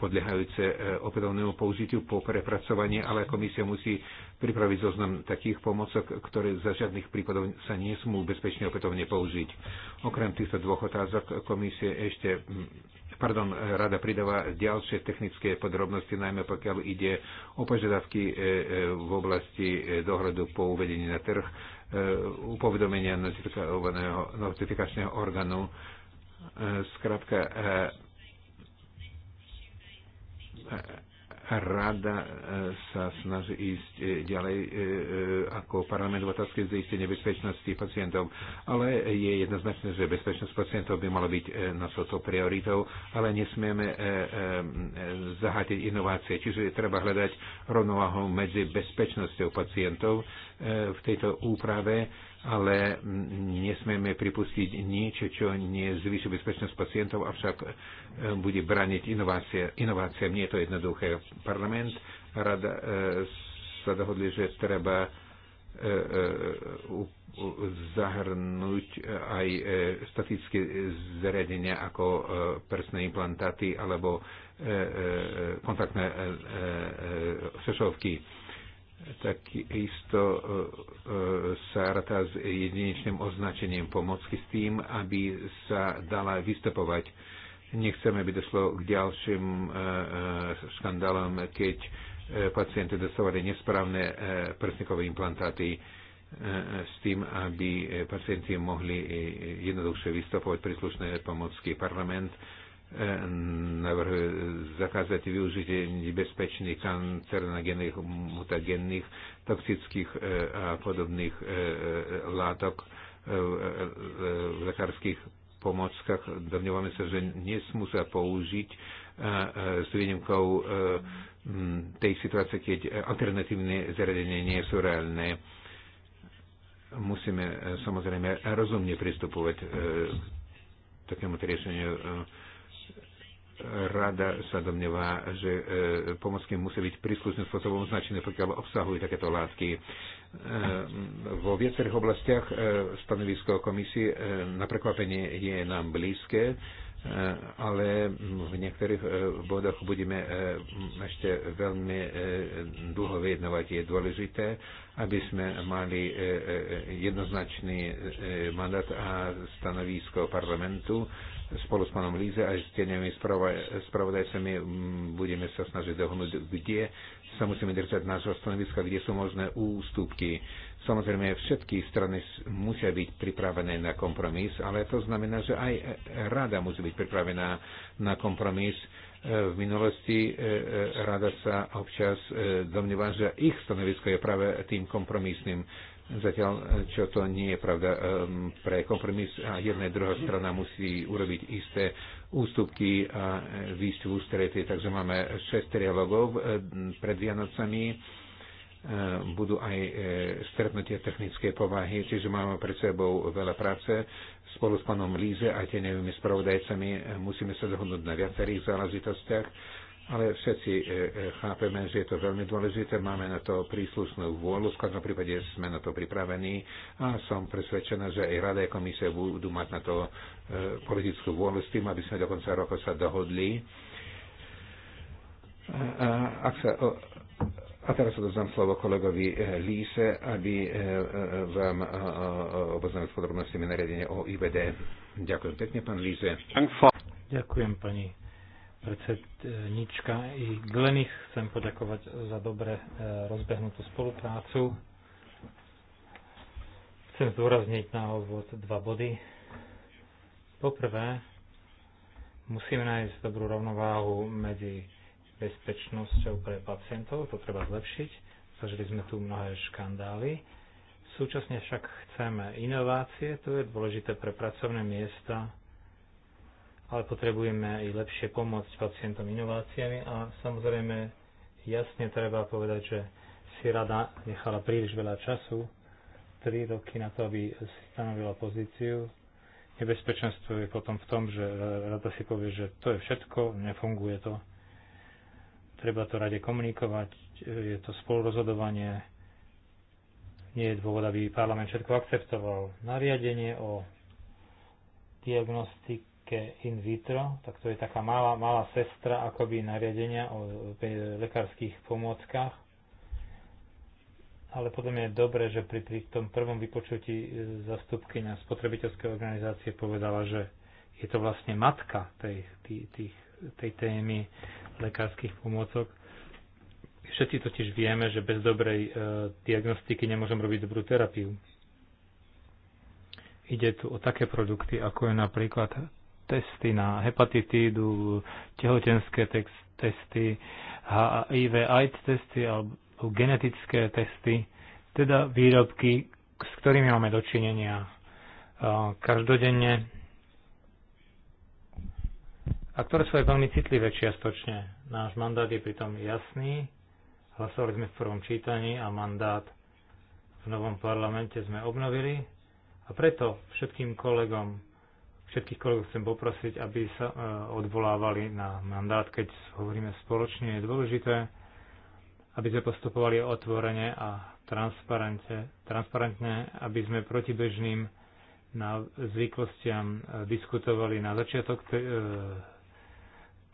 podliehajúce opätovnému použitiu po prepracovaní, ale komisia musí pripraviť zoznam takých pomocok, ktoré za žiadnych prípadov sa nesmú bezpečne opätovne použiť. Okrem týchto dvoch otázok komisie ešte pardon, rada pridáva ďalšie technické podrobnosti, najmä pokiaľ ide o požiadavky v oblasti dohľadu po uvedení na trh E, upovedomenia notifikačného orgánu. E, Skrátka, e, Rada e, sa snaží ísť e, ďalej e, ako parlament v otázke zistenia bezpečnosti pacientov, ale je jednoznačné, že bezpečnosť pacientov by mala byť na toto prioritou, ale nesmieme zahatiť inovácie, čiže treba hľadať rovnováhu medzi bezpečnosťou pacientov v tejto úprave ale nesmieme pripustiť niečo, čo nie zvýši bezpečnosť pacientov, avšak e, bude braniť inovácie. inováciám. Nie je to jednoduché. Parlament rada e, sa dohodli, že treba e, e, zahrnúť aj e, statické zariadenia ako e, prsné implantáty alebo e, e, e kontaktné e, e, šošovky e, takisto e, e, sa rata s jedinečným označením pomocky s tým, aby sa dala vystupovať. Nechceme, aby došlo k ďalším e, škandálom, keď pacienti dostávali nesprávne prsníkové implantáty s tým, aby pacienti mohli jednoduchšie vystupovať príslušné pomocky parlament navrhuje zakázať využitie nebezpečných kancerogénnych, mutagenných, toxických e, a podobných e, e, látok v lekárskych pomockách. Domnievame sa, že nesmú sa použiť s výnimkou tej situácie, keď alternatívne zariadenie nie sú reálne. Musíme samozrejme rozumne pristupovať k takémuto riešeniu Rada sa domnieva, že e, pomocky musí byť príslušným spôsobom značené, pokiaľ obsahujú takéto látky. E, vo viacerých oblastiach e, stanovisko komisie na prekvapenie je nám blízke, ale v niektorých bodoch budeme ešte veľmi dlho vyjednovať. Je dôležité, aby sme mali jednoznačný mandát a stanovisko parlamentu spolu s pánom Líze a s tenými spravodajcami mm, budeme sa snažiť dohnúť, kde sa musíme držať nášho stanoviska, kde sú možné ústupky. Samozrejme, všetky strany musia byť pripravené na kompromis, ale to znamená, že aj rada musí byť pripravená na kompromis. E, v minulosti e, e, rada sa občas domnieva, že ich stanovisko je práve tým kompromisným. Zatiaľ, čo to nie je pravda, ehm, pre kompromis a jedna a druhá strana musí urobiť isté ústupky a výjsť v ústretie. Takže máme šest trialogov ehm, pred Vianocami. Ehm, budú aj stretnutia technické povahy, čiže máme pred sebou veľa práce. Spolu s pánom Líze a tie nevými spravodajcami musíme sa dohodnúť na viacerých záležitostiach ale všetci e, e, chápeme, že je to veľmi dôležité, máme na to príslušnú vôľu, v každom prípade sme na to pripravení a som presvedčená, že aj Rada a Komisie budú mať na to e, politickú vôľu s tým, aby sme do konca roka sa dohodli. A, a, ak sa, a teraz sa dozvám slovo kolegovi Líse, aby vám oboznámil s podrobnostiami nariadenia o IBD. Ďakujem pekne, pán Líse. Ďakujem, pani predsednička i Glenich chcem poďakovať za dobre e, rozbehnutú spoluprácu. Chcem zdôrazniť na úvod dva body. Poprvé, musíme nájsť dobrú rovnováhu medzi bezpečnosťou pre pacientov, to treba zlepšiť. Zažili sme tu mnohé škandály. Súčasne však chceme inovácie, to je dôležité pre pracovné miesta, ale potrebujeme aj lepšie pomôcť pacientom inováciami a samozrejme jasne treba povedať, že si rada nechala príliš veľa času, 3 roky na to, aby si stanovila pozíciu. Nebezpečenstvo je potom v tom, že rada si povie, že to je všetko, nefunguje to. Treba to rade komunikovať, je to spolurozhodovanie, nie je dôvod, aby parlament všetko akceptoval. Nariadenie o diagnostik také in vitro, tak to je taká malá, malá sestra akoby nariadenia o lekárskych pomôckach. Ale potom je dobré, že pri, pri tom prvom vypočutí e, na spotrebiteľskej organizácie povedala, že je to vlastne matka tej, tých, tých, tej témy lekárskych pomôcok. Všetci totiž vieme, že bez dobrej e, diagnostiky nemôžem robiť dobrú terapiu ide tu o také produkty, ako je napríklad testy na hepatitídu, tehotenské testy, HIV AIDS testy alebo genetické testy, teda výrobky, s ktorými máme dočinenia každodenne a ktoré sú aj veľmi citlivé čiastočne. Náš mandát je pritom jasný, hlasovali sme v prvom čítaní a mandát v novom parlamente sme obnovili a preto všetkým kolegom Všetkých kolegov chcem poprosiť, aby sa e, odvolávali na mandát, keď hovoríme spoločne. Je dôležité, aby sme postupovali otvorene a transparentne, aby sme proti bežným na zvyklostiam e, diskutovali na začiatok e,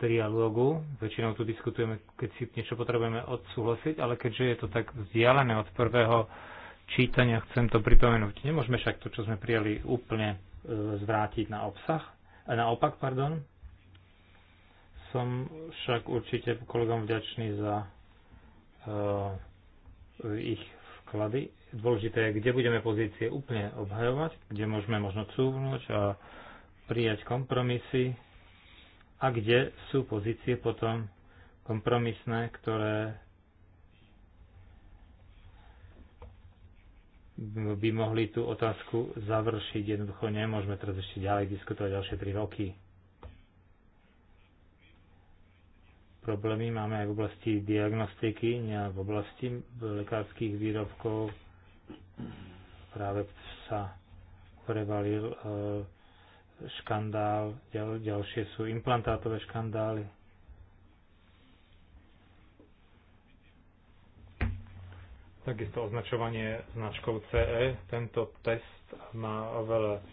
trialógu. Väčšinou tu diskutujeme, keď si niečo potrebujeme odsúhlasiť, ale keďže je to tak vzdialené od prvého čítania, chcem to pripomenúť. Nemôžeme však to, čo sme prijali, úplne zvrátiť na obsah, eh, naopak, pardon. Som však určite kolegom vďačný za uh, ich vklady. Dôležité je, kde budeme pozície úplne obhajovať, kde môžeme možno cúvnuť a prijať kompromisy a kde sú pozície potom kompromisné, ktoré by mohli tú otázku završiť. Jednoducho nemôžeme teraz ešte ďalej diskutovať ďalšie 3 roky. Problémy máme aj v oblasti diagnostiky, nie v oblasti lekárskych výrobkov. Práve sa prevalil eh, škandál, ďalšie sú implantátové škandály. Takisto označovanie značkou CE. Tento test má oveľa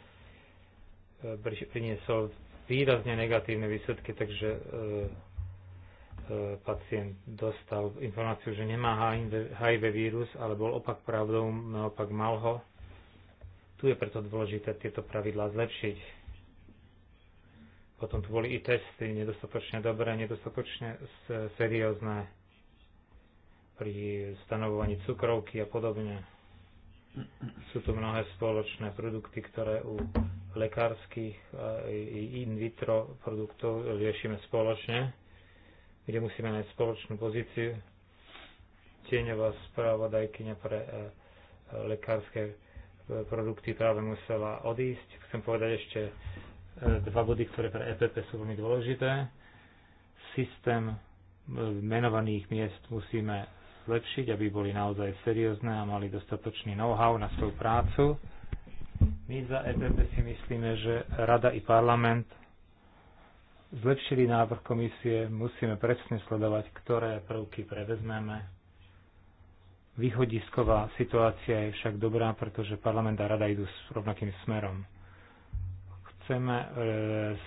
e, priniesol výrazne negatívne výsledky, takže e, e, pacient dostal informáciu, že nemá HIV vírus, ale bol opak pravdou, naopak mal ho. Tu je preto dôležité tieto pravidlá zlepšiť. Potom tu boli i testy nedostatočne dobré, nedostatočne seriózne pri stanovovaní cukrovky a podobne. Sú tu mnohé spoločné produkty, ktoré u lekárskych i in vitro produktov riešime spoločne, kde musíme nájsť spoločnú pozíciu. Tieňová správodajkyňa pre e, lekárske e, produkty práve musela odísť. Chcem povedať ešte e, dva body, ktoré pre EPP sú veľmi dôležité. Systém menovaných miest musíme zlepšiť, aby boli naozaj seriózne a mali dostatočný know-how na svoju prácu. My za EPP si myslíme, že Rada i parlament zlepšili návrh komisie, musíme presne sledovať, ktoré prvky prevezmeme. Východisková situácia je však dobrá, pretože parlament a rada idú s rovnakým smerom. Chceme e,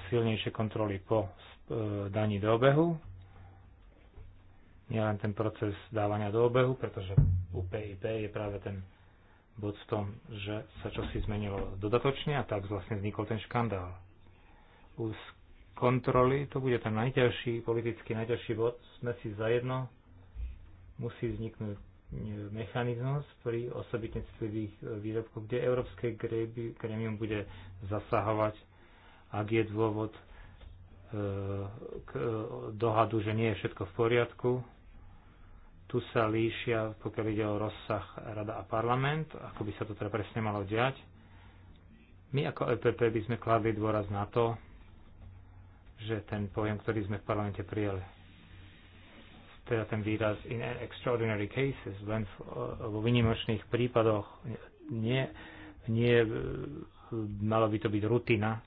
silnejšie kontroly po e, daní do obehu, nielen ten proces dávania do obehu, pretože UPIP je práve ten bod v tom, že sa čosi zmenilo dodatočne a tak vlastne vznikol ten škandál. U kontroly, to bude ten najťažší, politicky najťažší bod, sme si zajedno, musí vzniknúť e, mechanizmus pri osobitne citlivých výrobkoch, kde Európske gremium bude zasahovať, ak je dôvod e, k e, dohadu, že nie je všetko v poriadku, tu sa líšia, pokiaľ ide o rozsah Rada a parlament, ako by sa to teda presne malo diať. My ako EPP by sme kladli dôraz na to, že ten pojem, ktorý sme v parlamente prijali, teda ten výraz in extraordinary cases, len eh, vo vynimočných prípadoch, nie, nie, eh, malo by to byť rutina,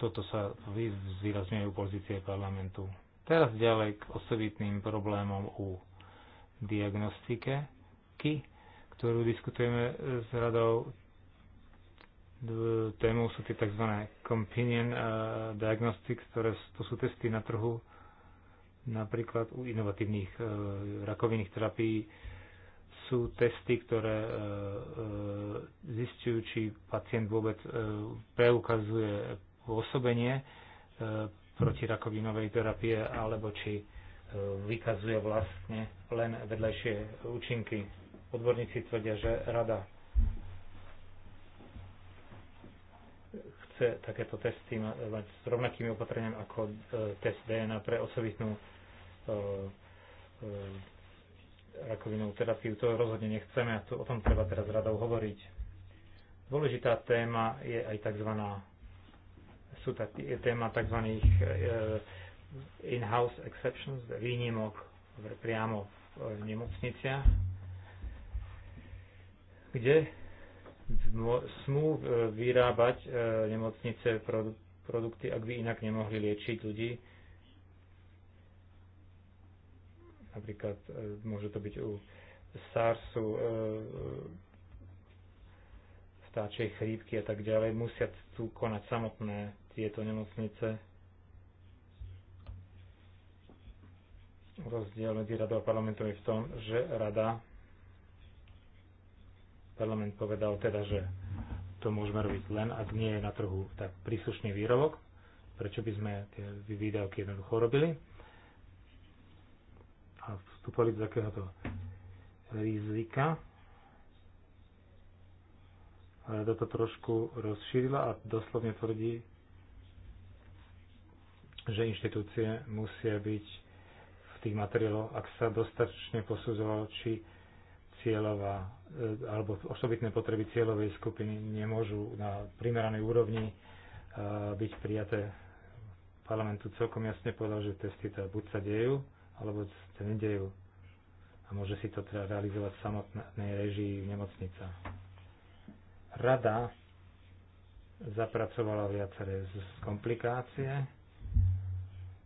Toto sa u pozície parlamentu. Teraz ďalej k osobitným problémom u diagnostike, ktorú diskutujeme s radou. Témou sú tie tzv. companion eh, diagnostics, ktoré to sú testy na trhu napríklad u inovatívnych eh, rakovinných terapií sú testy, ktoré eh, zistujú, či pacient vôbec preukazuje pôsobenie e, protirakovinovej terapie alebo či e, vykazuje vlastne len vedľajšie účinky. Odborníci tvrdia, že rada chce takéto testy mať s rovnakými opatreniami ako e, test DNA pre osobitnú rakovinovú terapiu. To rozhodne nechceme a o tom treba teraz radou hovoriť. Dôležitá téma je aj tzv sú tá téma tzv. Eh, in-house exceptions, výnimok priamo eh, v nemocniciach, kde smú eh, vyrábať nemocnice produkty, ak by inak nemohli liečiť ľudí. Napríklad môže to byť u SARSu, vtáčej chrípky a tak ďalej, musia tu konať samotné tieto nemocnice. Rozdiel medzi radou a parlamentom je v tom, že rada, parlament povedal teda, že to môžeme robiť len, ak nie je na trhu tak príslušný výrobok, prečo by sme tie výdavky jednoducho robili a vstúpali do takéhoto rizika, toto trošku rozšírila a doslovne tvrdí, že inštitúcie musia byť v tých materiáloch, ak sa dostatečne posudzovalo, či cieľová e, alebo osobitné potreby cieľovej skupiny nemôžu na primeranej úrovni e, byť prijaté. Parlamentu celkom jasne povedal, že testy teda buď sa dejú, alebo sa nedejú. A môže si to teda realizovať v samotnej režii v nemocnicách. Rada zapracovala viaceré z komplikácie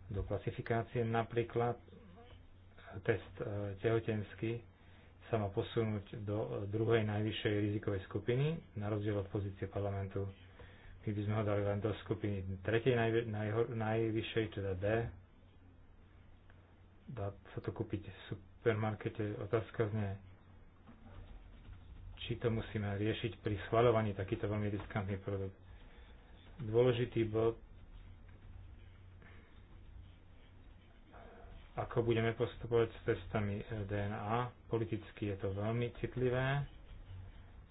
do klasifikácie. Napríklad test e, tehotenský sa má posunúť do e, druhej najvyššej rizikovej skupiny, na rozdiel od pozície parlamentu. My by sme ho dali len do skupiny tretej naj, najvyššej, teda D. Dá sa to kúpiť v supermarkete. Otázka znie, či to musíme riešiť pri schvaľovaní takýto veľmi riskantný produkt. Dôležitý bod, ako budeme postupovať s testami DNA. Politicky je to veľmi citlivé.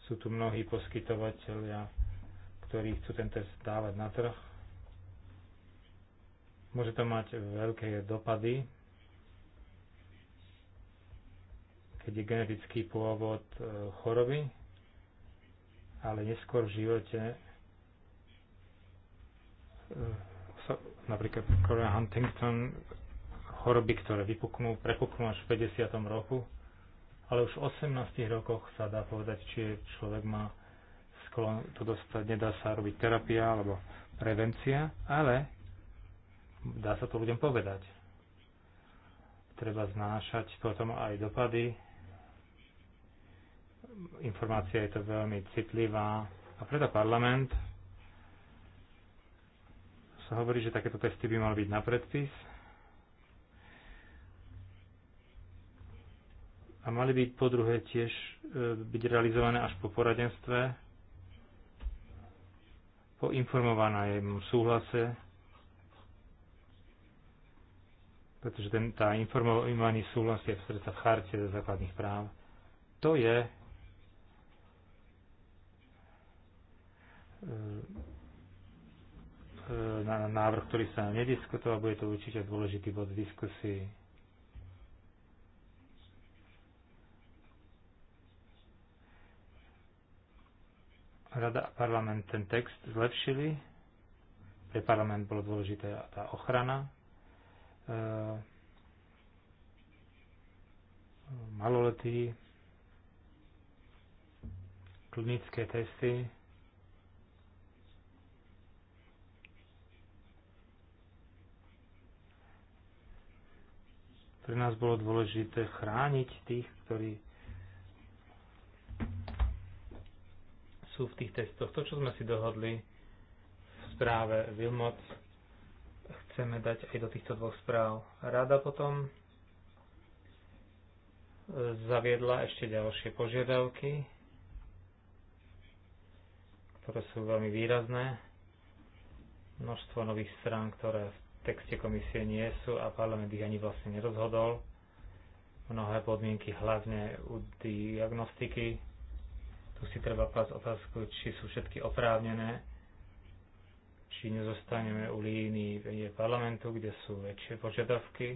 Sú tu mnohí poskytovateľia, ktorí chcú ten test dávať na trh. Môže to mať veľké dopady keď je genetický pôvod e, choroby, ale neskôr v živote e, napríklad Korea Huntington choroby, ktoré vypuknú, prepuknú až v 50. roku, ale už v 18 rokoch sa dá povedať, či človek má sklon to dostať, nedá sa robiť terapia alebo prevencia, ale dá sa to ľuďom povedať. Treba znášať potom aj dopady informácia je to veľmi citlivá a preto parlament sa hovorí, že takéto testy by mali byť na predpis a mali byť po druhé tiež e, byť realizované až po poradenstve, po informovanom súhlase, pretože ten, tá informovaný súhlas je v srdca v charte základných práv. To je E, e, na návrh, ktorý sa nediskutoval, bude to určite dôležitý bod diskusii. Rada a parlament ten text zlepšili. Pre parlament bolo dôležité tá ochrana e, maloletí, klinické testy, Pre nás bolo dôležité chrániť tých, ktorí sú v tých testoch. To, čo sme si dohodli v správe Vilmot, chceme dať aj do týchto dvoch správ. Rada potom e, zaviedla ešte ďalšie požiadavky, ktoré sú veľmi výrazné. Množstvo nových strán, ktoré v texte komisie nie sú a parlament ich ani vlastne nerozhodol. Mnohé podmienky, hlavne u diagnostiky, tu si treba pás otázku, či sú všetky oprávnené, či nezostaneme u línii parlamentu, kde sú väčšie požiadavky,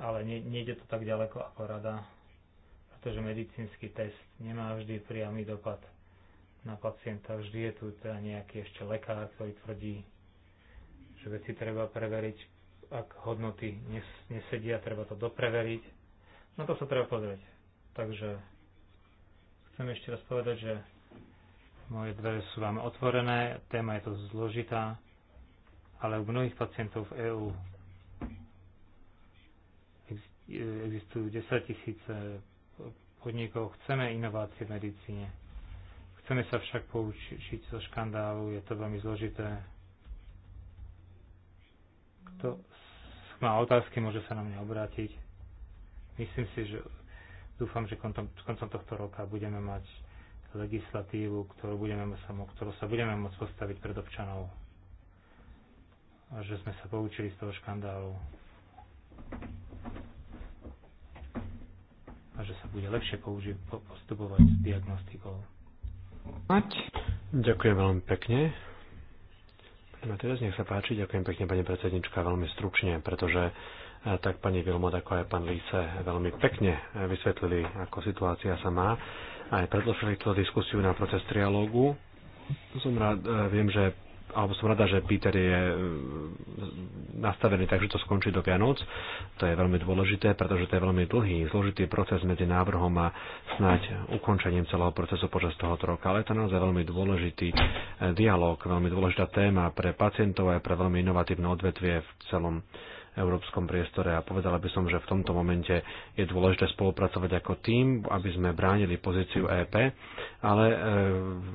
ale nejde to tak ďaleko ako rada, pretože medicínsky test nemá vždy priamy dopad na pacienta. Vždy je tu teda nejaký ešte lekár, ktorý tvrdí, že veci treba preveriť, ak hodnoty nesedia, treba to dopreveriť. no to sa treba pozrieť. Takže chcem ešte raz povedať, že moje dvere sú vám otvorené, téma je to zložitá, ale u mnohých pacientov v EÚ existujú 10 tisíce podnikov. Chceme inovácie v medicíne. Chceme sa však poučiť zo škandálu, je to veľmi zložité. Kto má otázky, môže sa na mňa obrátiť. Myslím si, že dúfam, že koncom, koncom tohto roka budeme mať legislatívu, ktorú, budeme, ktorú sa budeme môcť postaviť pred občanov. A že sme sa poučili z toho škandálu. A že sa bude lepšie použi- postupovať s diagnostikou. Ďakujem veľmi pekne. No teraz nech sa páči, ďakujem pekne pani predsednička veľmi stručne, pretože e, tak pani Vilmod ako aj pán Líce veľmi pekne e, vysvetlili, ako situácia sa má. Aj predložili túto diskusiu na proces trialógu. Som rád, e, viem, že alebo som rada, že Peter je e, nastavený tak, že to skončí do Vianoc. To je veľmi dôležité, pretože to je veľmi dlhý, zložitý proces medzi návrhom a snáď ukončením celého procesu počas tohoto roka. Ale je to naozaj veľmi dôležitý e, dialog, veľmi dôležitá téma pre pacientov a pre veľmi inovatívne odvetvie v celom európskom priestore. A povedala by som, že v tomto momente je dôležité spolupracovať ako tým, aby sme bránili pozíciu EP, ale e,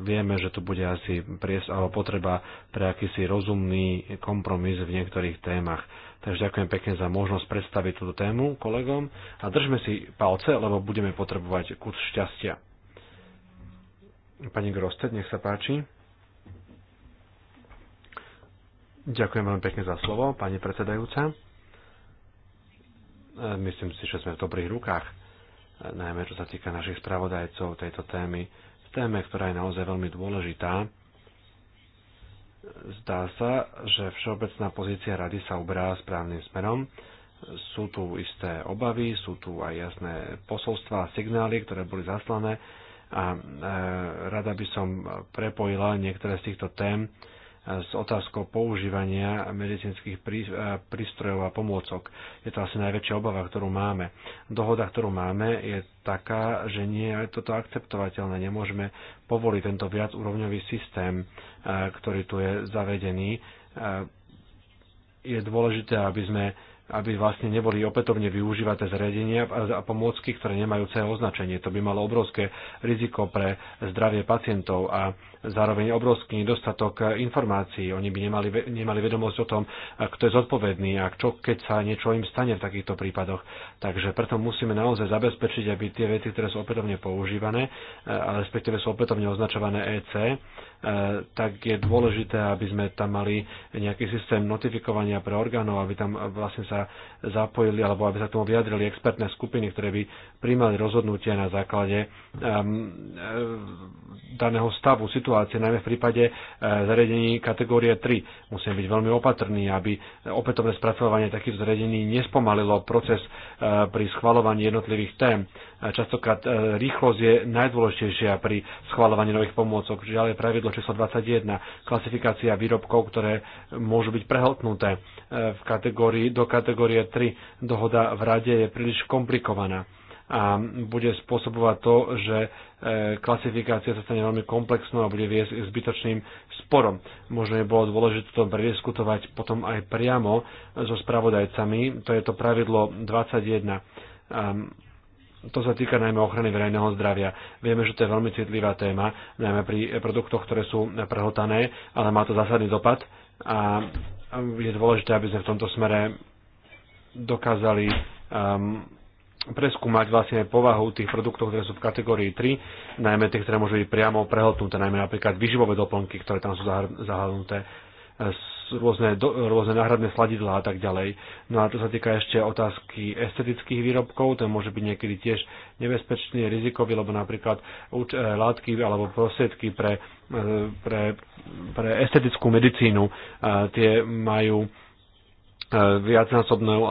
vieme, že tu bude asi priest, alebo potreba pre akýsi rozumný kompromis v niektorých témach. Takže ďakujem pekne za možnosť predstaviť túto tému kolegom a držme si palce, lebo budeme potrebovať kus šťastia. Pani Grosted, nech sa páči. Ďakujem veľmi pekne za slovo, pani predsedajúca. E, myslím si, že sme v dobrých rukách, e, najmä čo sa týka našich spravodajcov tejto témy, téme, ktorá je naozaj veľmi dôležitá. E, zdá sa, že všeobecná pozícia rady sa uberá správnym smerom. Sú tu isté obavy, sú tu aj jasné posolstva a signály, ktoré boli zaslané a e, rada by som prepojila niektoré z týchto tém s otázkou používania medicínskych prístrojov a pomôcok. Je to asi najväčšia obava, ktorú máme. Dohoda, ktorú máme, je taká, že nie je toto akceptovateľné. Nemôžeme povoliť tento viacúrovňový systém, ktorý tu je zavedený. Je dôležité, aby sme aby vlastne neboli opätovne využívaté zariadenia a pomôcky, ktoré nemajú celé označenie. To by malo obrovské riziko pre zdravie pacientov a zároveň obrovský nedostatok eh, informácií. Oni by nemali, nemali vedomosť o tom, eh, kto je zodpovedný a čo, keď sa niečo im stane v takýchto prípadoch. Takže preto musíme naozaj zabezpečiť, aby tie veci, ktoré sú opätovne používané, eh, respektíve sú opätovne označované EC, tak je dôležité, aby sme tam mali nejaký systém notifikovania pre orgánov, aby tam vlastne sa zapojili alebo aby sa k tomu vyjadrili expertné skupiny, ktoré by príjmali rozhodnutia na základe um, daného stavu, situácie situácie, najmä v prípade e, zariadení kategórie 3. Musíme byť veľmi opatrní, aby opätovné spracovanie takýchto zariadení nespomalilo proces e, pri schvalovaní jednotlivých tém. E, častokrát rýchlosť je najdôležitejšia pri schvalovaní nových pomôcok. Žiaľ je pravidlo číslo 21, klasifikácia výrobkov, ktoré môžu byť prehltnuté v kategórii, do kategórie 3. Dohoda v rade je príliš komplikovaná a bude spôsobovať to, že e, klasifikácia sa stane veľmi komplexnou a bude viesť k zbytočným sporom. Možno je bolo dôležité to prediskutovať potom aj priamo so spravodajcami. To je to pravidlo 21. Ehm, to sa týka najmä ochrany verejného zdravia. Vieme, že to je veľmi citlivá téma, najmä pri produktoch, ktoré sú prehotané, ale má to zásadný dopad a je dôležité, aby sme v tomto smere dokázali um, preskúmať vlastne povahu tých produktov, ktoré sú v kategórii 3, najmä tých, ktoré môžu byť priamo prehltnuté, najmä napríklad vyživové doplnky, ktoré tam sú zahrnuté, eh, rôzne, rôzne náhradné sladidlá a tak ďalej. No a čo sa týka ešte otázky estetických výrobkov, to môže byť niekedy tiež nebezpečný, rizikový, lebo napríklad eh, látky alebo prostriedky pre, eh, pre, pre estetickú medicínu tie majú E, viacnásobné, e,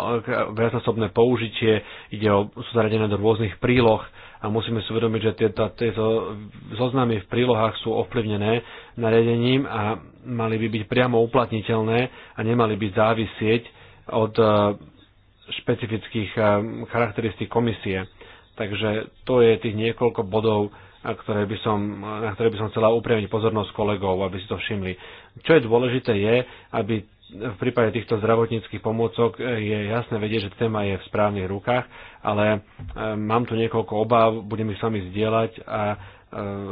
viacnásobné použitie, ide o, sú zaradené do rôznych príloh a musíme si uvedomiť, že tieto, tieto zoznamy v prílohách sú ovplyvnené nariadením a mali by byť priamo uplatniteľné a nemali by závisieť od e, špecifických charakteristík komisie. Takže to je tých niekoľko bodov, ktoré by som, na ktoré by som chcela upriamiť pozornosť kolegov, aby si to všimli. Čo je dôležité je, aby v prípade týchto zdravotníckých pomôcok e, je jasné vedieť, že téma je v správnych rukách, ale e, mám tu niekoľko obáv, budem ich s vami zdieľať a e,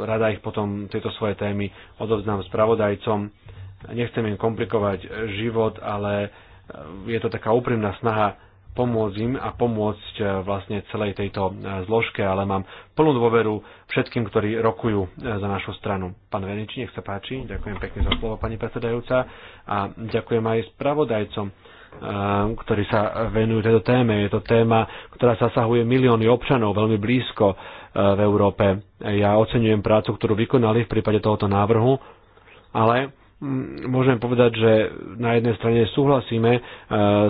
rada ich potom tieto svoje témy odovzdám spravodajcom. Nechcem im komplikovať život, ale je to taká úprimná snaha pomôcť im a pomôcť e, vlastne celej tejto e, zložke, ale mám plnú dôveru všetkým, ktorí rokujú e, za našu stranu. Pán Venič, nech sa páči, ďakujem pekne za slovo, pani predsedajúca, a ďakujem aj spravodajcom ktorí sa venujú tejto téme. Je to téma, ktorá zasahuje milióny občanov veľmi blízko v Európe. Ja oceňujem prácu, ktorú vykonali v prípade tohoto návrhu, ale Mm, môžeme povedať, že na jednej strane súhlasíme e,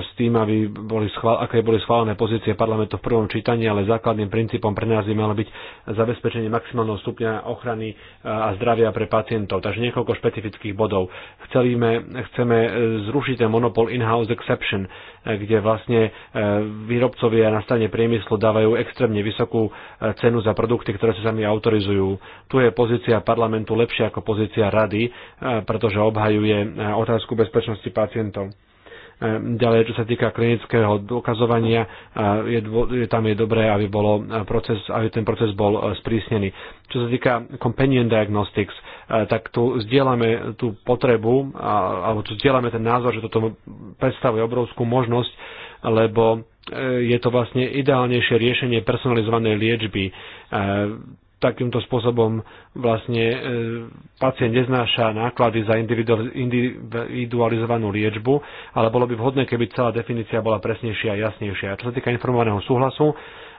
s tým, aby boli schvál, aké boli schválené pozície parlamentu v prvom čítaní, ale základným princípom pre nás by malo byť zabezpečenie maximálneho stupňa ochrany e, a zdravia pre pacientov. Takže niekoľko špecifických bodov. Chcelíme, chceme e, zrušiť ten monopol in-house exception kde vlastne e, výrobcovia na strane priemyslu dávajú extrémne vysokú e, cenu za produkty, ktoré sa sami autorizujú. Tu je pozícia parlamentu lepšia ako pozícia rady, e, pretože obhajuje otázku bezpečnosti pacientov. Ďalej, čo sa týka klinického dokazovania, je, je, tam je dobré, aby, bolo proces, aby ten proces bol sprísnený. Čo sa týka companion diagnostics, E, tak tu zdieľame tú potrebu, alebo tu zdieľame ten názor, že toto predstavuje obrovskú možnosť, lebo e, je to vlastne ideálnejšie riešenie personalizovanej liečby. E, takýmto spôsobom vlastne pacient neznáša náklady za individualizovanú liečbu, ale bolo by vhodné, keby celá definícia bola presnejšia a jasnejšia. Čo sa týka informovaného súhlasu,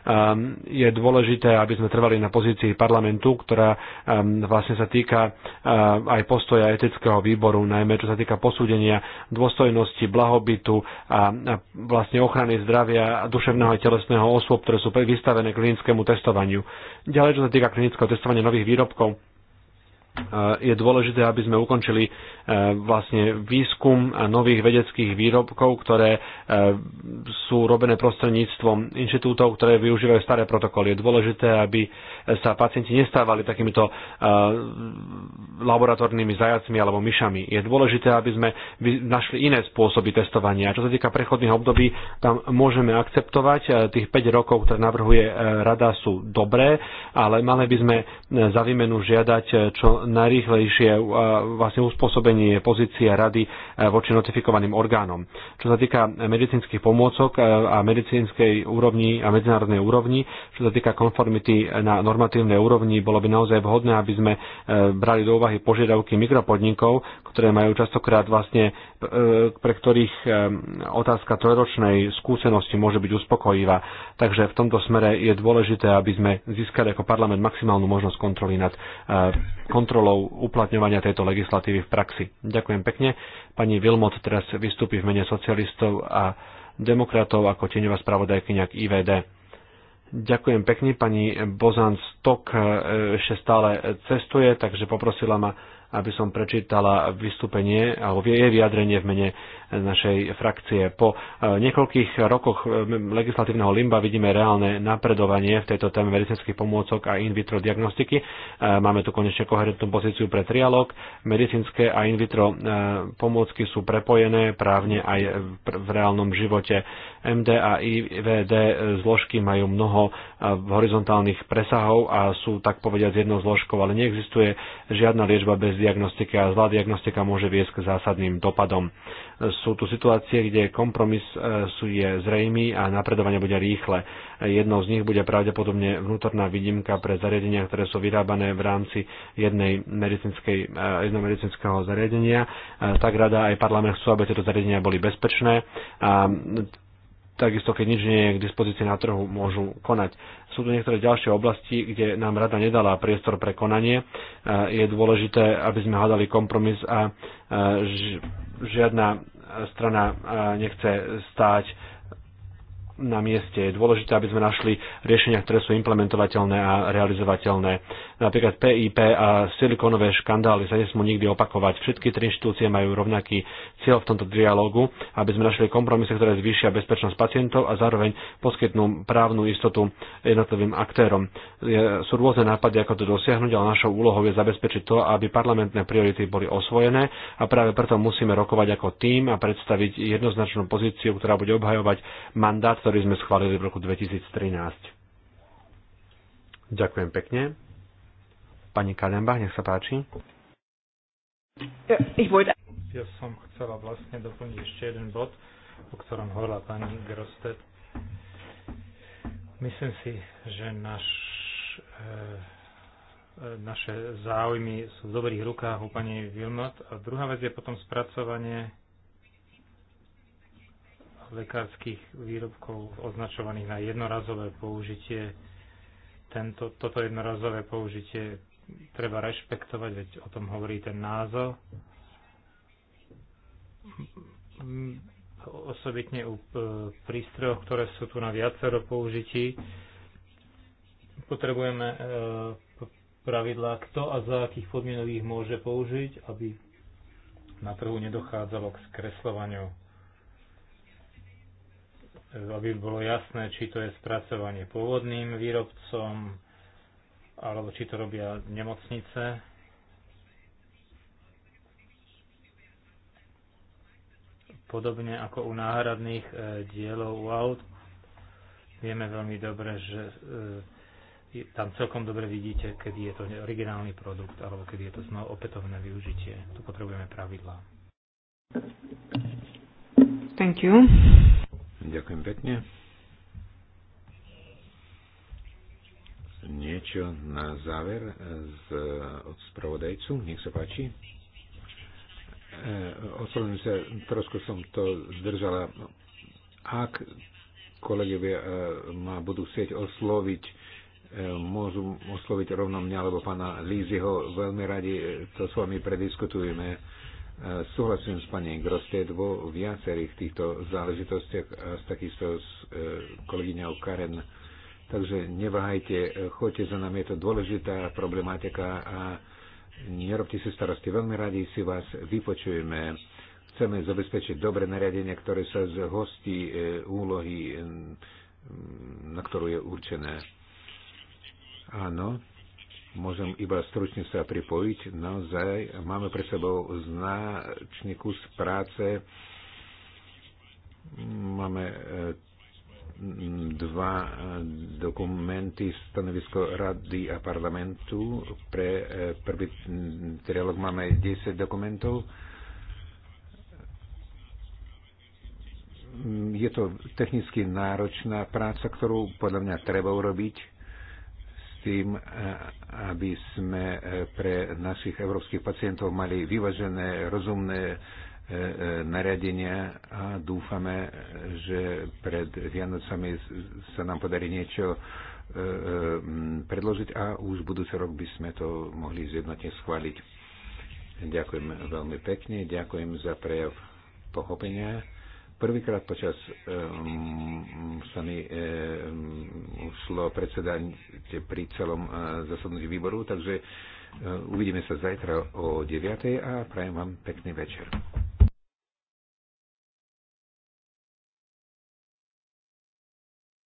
Ehm, je dôležité, aby sme trvali na pozícii parlamentu, ktorá ehm, vlastne sa týka ehm, aj postoja etického výboru, najmä čo sa týka posúdenia dôstojnosti, blahobytu a vlastne ochrany zdravia duševného a telesného osôb, ktoré sú vystavené klinickému testovaniu. Ďalej, čo sa týka klinického testovania nových výrobkov, je dôležité, aby sme ukončili e, vlastne výskum nových vedeckých výrobkov, ktoré e, sú robené prostredníctvom inštitútov, ktoré využívajú staré protokoly. Je dôležité, aby sa pacienti nestávali takýmito e, laboratórnymi zajacmi alebo myšami. Je dôležité, aby sme našli iné spôsoby testovania. Čo sa týka prechodných období, tam môžeme akceptovať. E, tých 5 rokov, ktoré navrhuje e, rada, sú dobré, ale mali by sme e, za výmenu žiadať čo najrýchlejšie vlastne uspôsobenie pozície rady voči notifikovaným orgánom. Čo sa týka medicínskych pomôcok a medicínskej úrovni a medzinárodnej úrovni, čo sa týka konformity na normatívnej úrovni, bolo by naozaj vhodné, aby sme brali do úvahy úvahy požiadavky mikropodnikov, ktoré majú častokrát vlastne, e, pre ktorých e, otázka trojročnej skúsenosti môže byť uspokojivá. Takže v tomto smere je dôležité, aby sme získali ako parlament maximálnu možnosť kontroly nad e, kontrolou uplatňovania tejto legislatívy v praxi. Ďakujem pekne. Pani Vilmot teraz vystúpi v mene socialistov a demokratov ako tieňová spravodajkyňa k IVD. Ďakujem pekne, pani Bozan Stok e, ešte stále cestuje, takže poprosila ma, aby som prečítala vystúpenie alebo jej vyjadrenie v mene z našej frakcie. Po eh, niekoľkých rokoch eh, legislatívneho limba vidíme reálne napredovanie v tejto téme medicínskych pomôcok a in vitro diagnostiky. Eh, máme tu konečne koherentnú pozíciu pre trialog. Medicínske a in vitro pomôcky sú prepojené právne aj v reálnom živote. MD a IVD zložky majú mnoho horizontálnych presahov a sú tak povediať z jednou zložkou, ale neexistuje žiadna liečba bez diagnostiky a zlá diagnostika môže viesť k zásadným dopadom. Sú tu situácie, kde kompromis e, sú je zrejmý a napredovanie bude rýchle. Jednou z nich bude pravdepodobne vnútorná výnimka pre zariadenia, ktoré sú vyrábané v rámci jednej medicínskej, e, jedného medicínskeho zariadenia. E, tak rada aj parlament chcú, aby tieto zariadenia boli bezpečné. A takisto keď nič nie je k dispozícii na trhu, môžu konať. Sú tu niektoré ďalšie oblasti, kde nám rada nedala priestor pre konanie. E, je dôležité, aby sme hľadali kompromis a e, žiadna strana e, nechce stáť na mieste. Je dôležité, aby sme našli riešenia, ktoré sú implementovateľné a realizovateľné. Napríklad PIP a silikonové škandály sa nesmú nikdy opakovať. Všetky tri inštitúcie majú rovnaký cieľ v tomto dialógu, aby sme našli kompromisy, ktoré zvýšia bezpečnosť pacientov a zároveň poskytnú právnu istotu jednotlivým aktérom. Sú rôzne nápady, ako to dosiahnuť, ale našou úlohou je zabezpečiť to, aby parlamentné priority boli osvojené a práve preto musíme rokovať ako tým a predstaviť jednoznačnú pozíciu, ktorá bude obhajovať mandát ktorý sme schválili v roku 2013. Ďakujem pekne. Pani Kalembach, nech sa páči. Ja som chcela vlastne doplniť ešte jeden bod, o ktorom hovorila pani Grosted. Myslím si, že naš, e, e, naše záujmy sú v dobrých rukách u pani Vilmot. A druhá vec je potom spracovanie lekárskych výrobkov označovaných na jednorazové použitie. Tento, toto jednorazové použitie treba rešpektovať, veď o tom hovorí ten názov. Osobitne u e, prístrojov, ktoré sú tu na viacero použití, potrebujeme e, pravidlá, kto a za akých podmienok ich môže použiť, aby na trhu nedochádzalo k skreslovaniu aby bolo jasné, či to je spracovanie pôvodným výrobcom, alebo či to robia nemocnice. Podobne ako u náhradných e, dielov u aut, vieme veľmi dobre, že e, tam celkom dobre vidíte, kedy je to originálny produkt, alebo kedy je to znovu opätovné využitie. Tu potrebujeme pravidlá. Thank you. Ďakujem pekne. Niečo na záver eh, z, eh, od spravodajcu. Nech sa páči. E, Ospravedlňujem sa, trošku som to zdržala. Ak kolegovia ma budú chcieť osloviť, môžu osloviť rovno mňa alebo pána Líziho. Veľmi radi to s vami prediskutujeme E, súhlasím s pani Grosted vo viacerých týchto záležitostiach a takisto s e, kolegyňou Karen. Takže neváhajte, e, choďte za nami, je to dôležitá problematika a nerobte si starosti. Veľmi radi si vás vypočujeme. Chceme zabezpečiť dobré nariadenie, ktoré sa z zhostí úlohy, na ktorú je určené. Áno. Môžem iba stručne sa pripojiť. Naozaj máme pre sebou značný kus práce. Máme eh, dva eh, dokumenty, stanovisko Rady a parlamentu. Pre eh, prvý mm, trialog máme 10 dokumentov. Je to technicky náročná práca, ktorú podľa mňa treba urobiť tým, e, aby sme e, pre našich európskych pacientov mali vyvažené, rozumné e, nariadenia a dúfame, že pred Vianocami sa nám podarí niečo predložiť a už budúci rok by sme to mohli zjednotne schváliť. Ďakujem veľmi pekne, ďakujem za prejav pochopenia Prvýkrát počas um, sa mi um, ehm, šlo predsedať pri celom uh, zasadnutí výboru, takže uh, uvidíme sa zajtra o 9. a prajem vám pekný večer.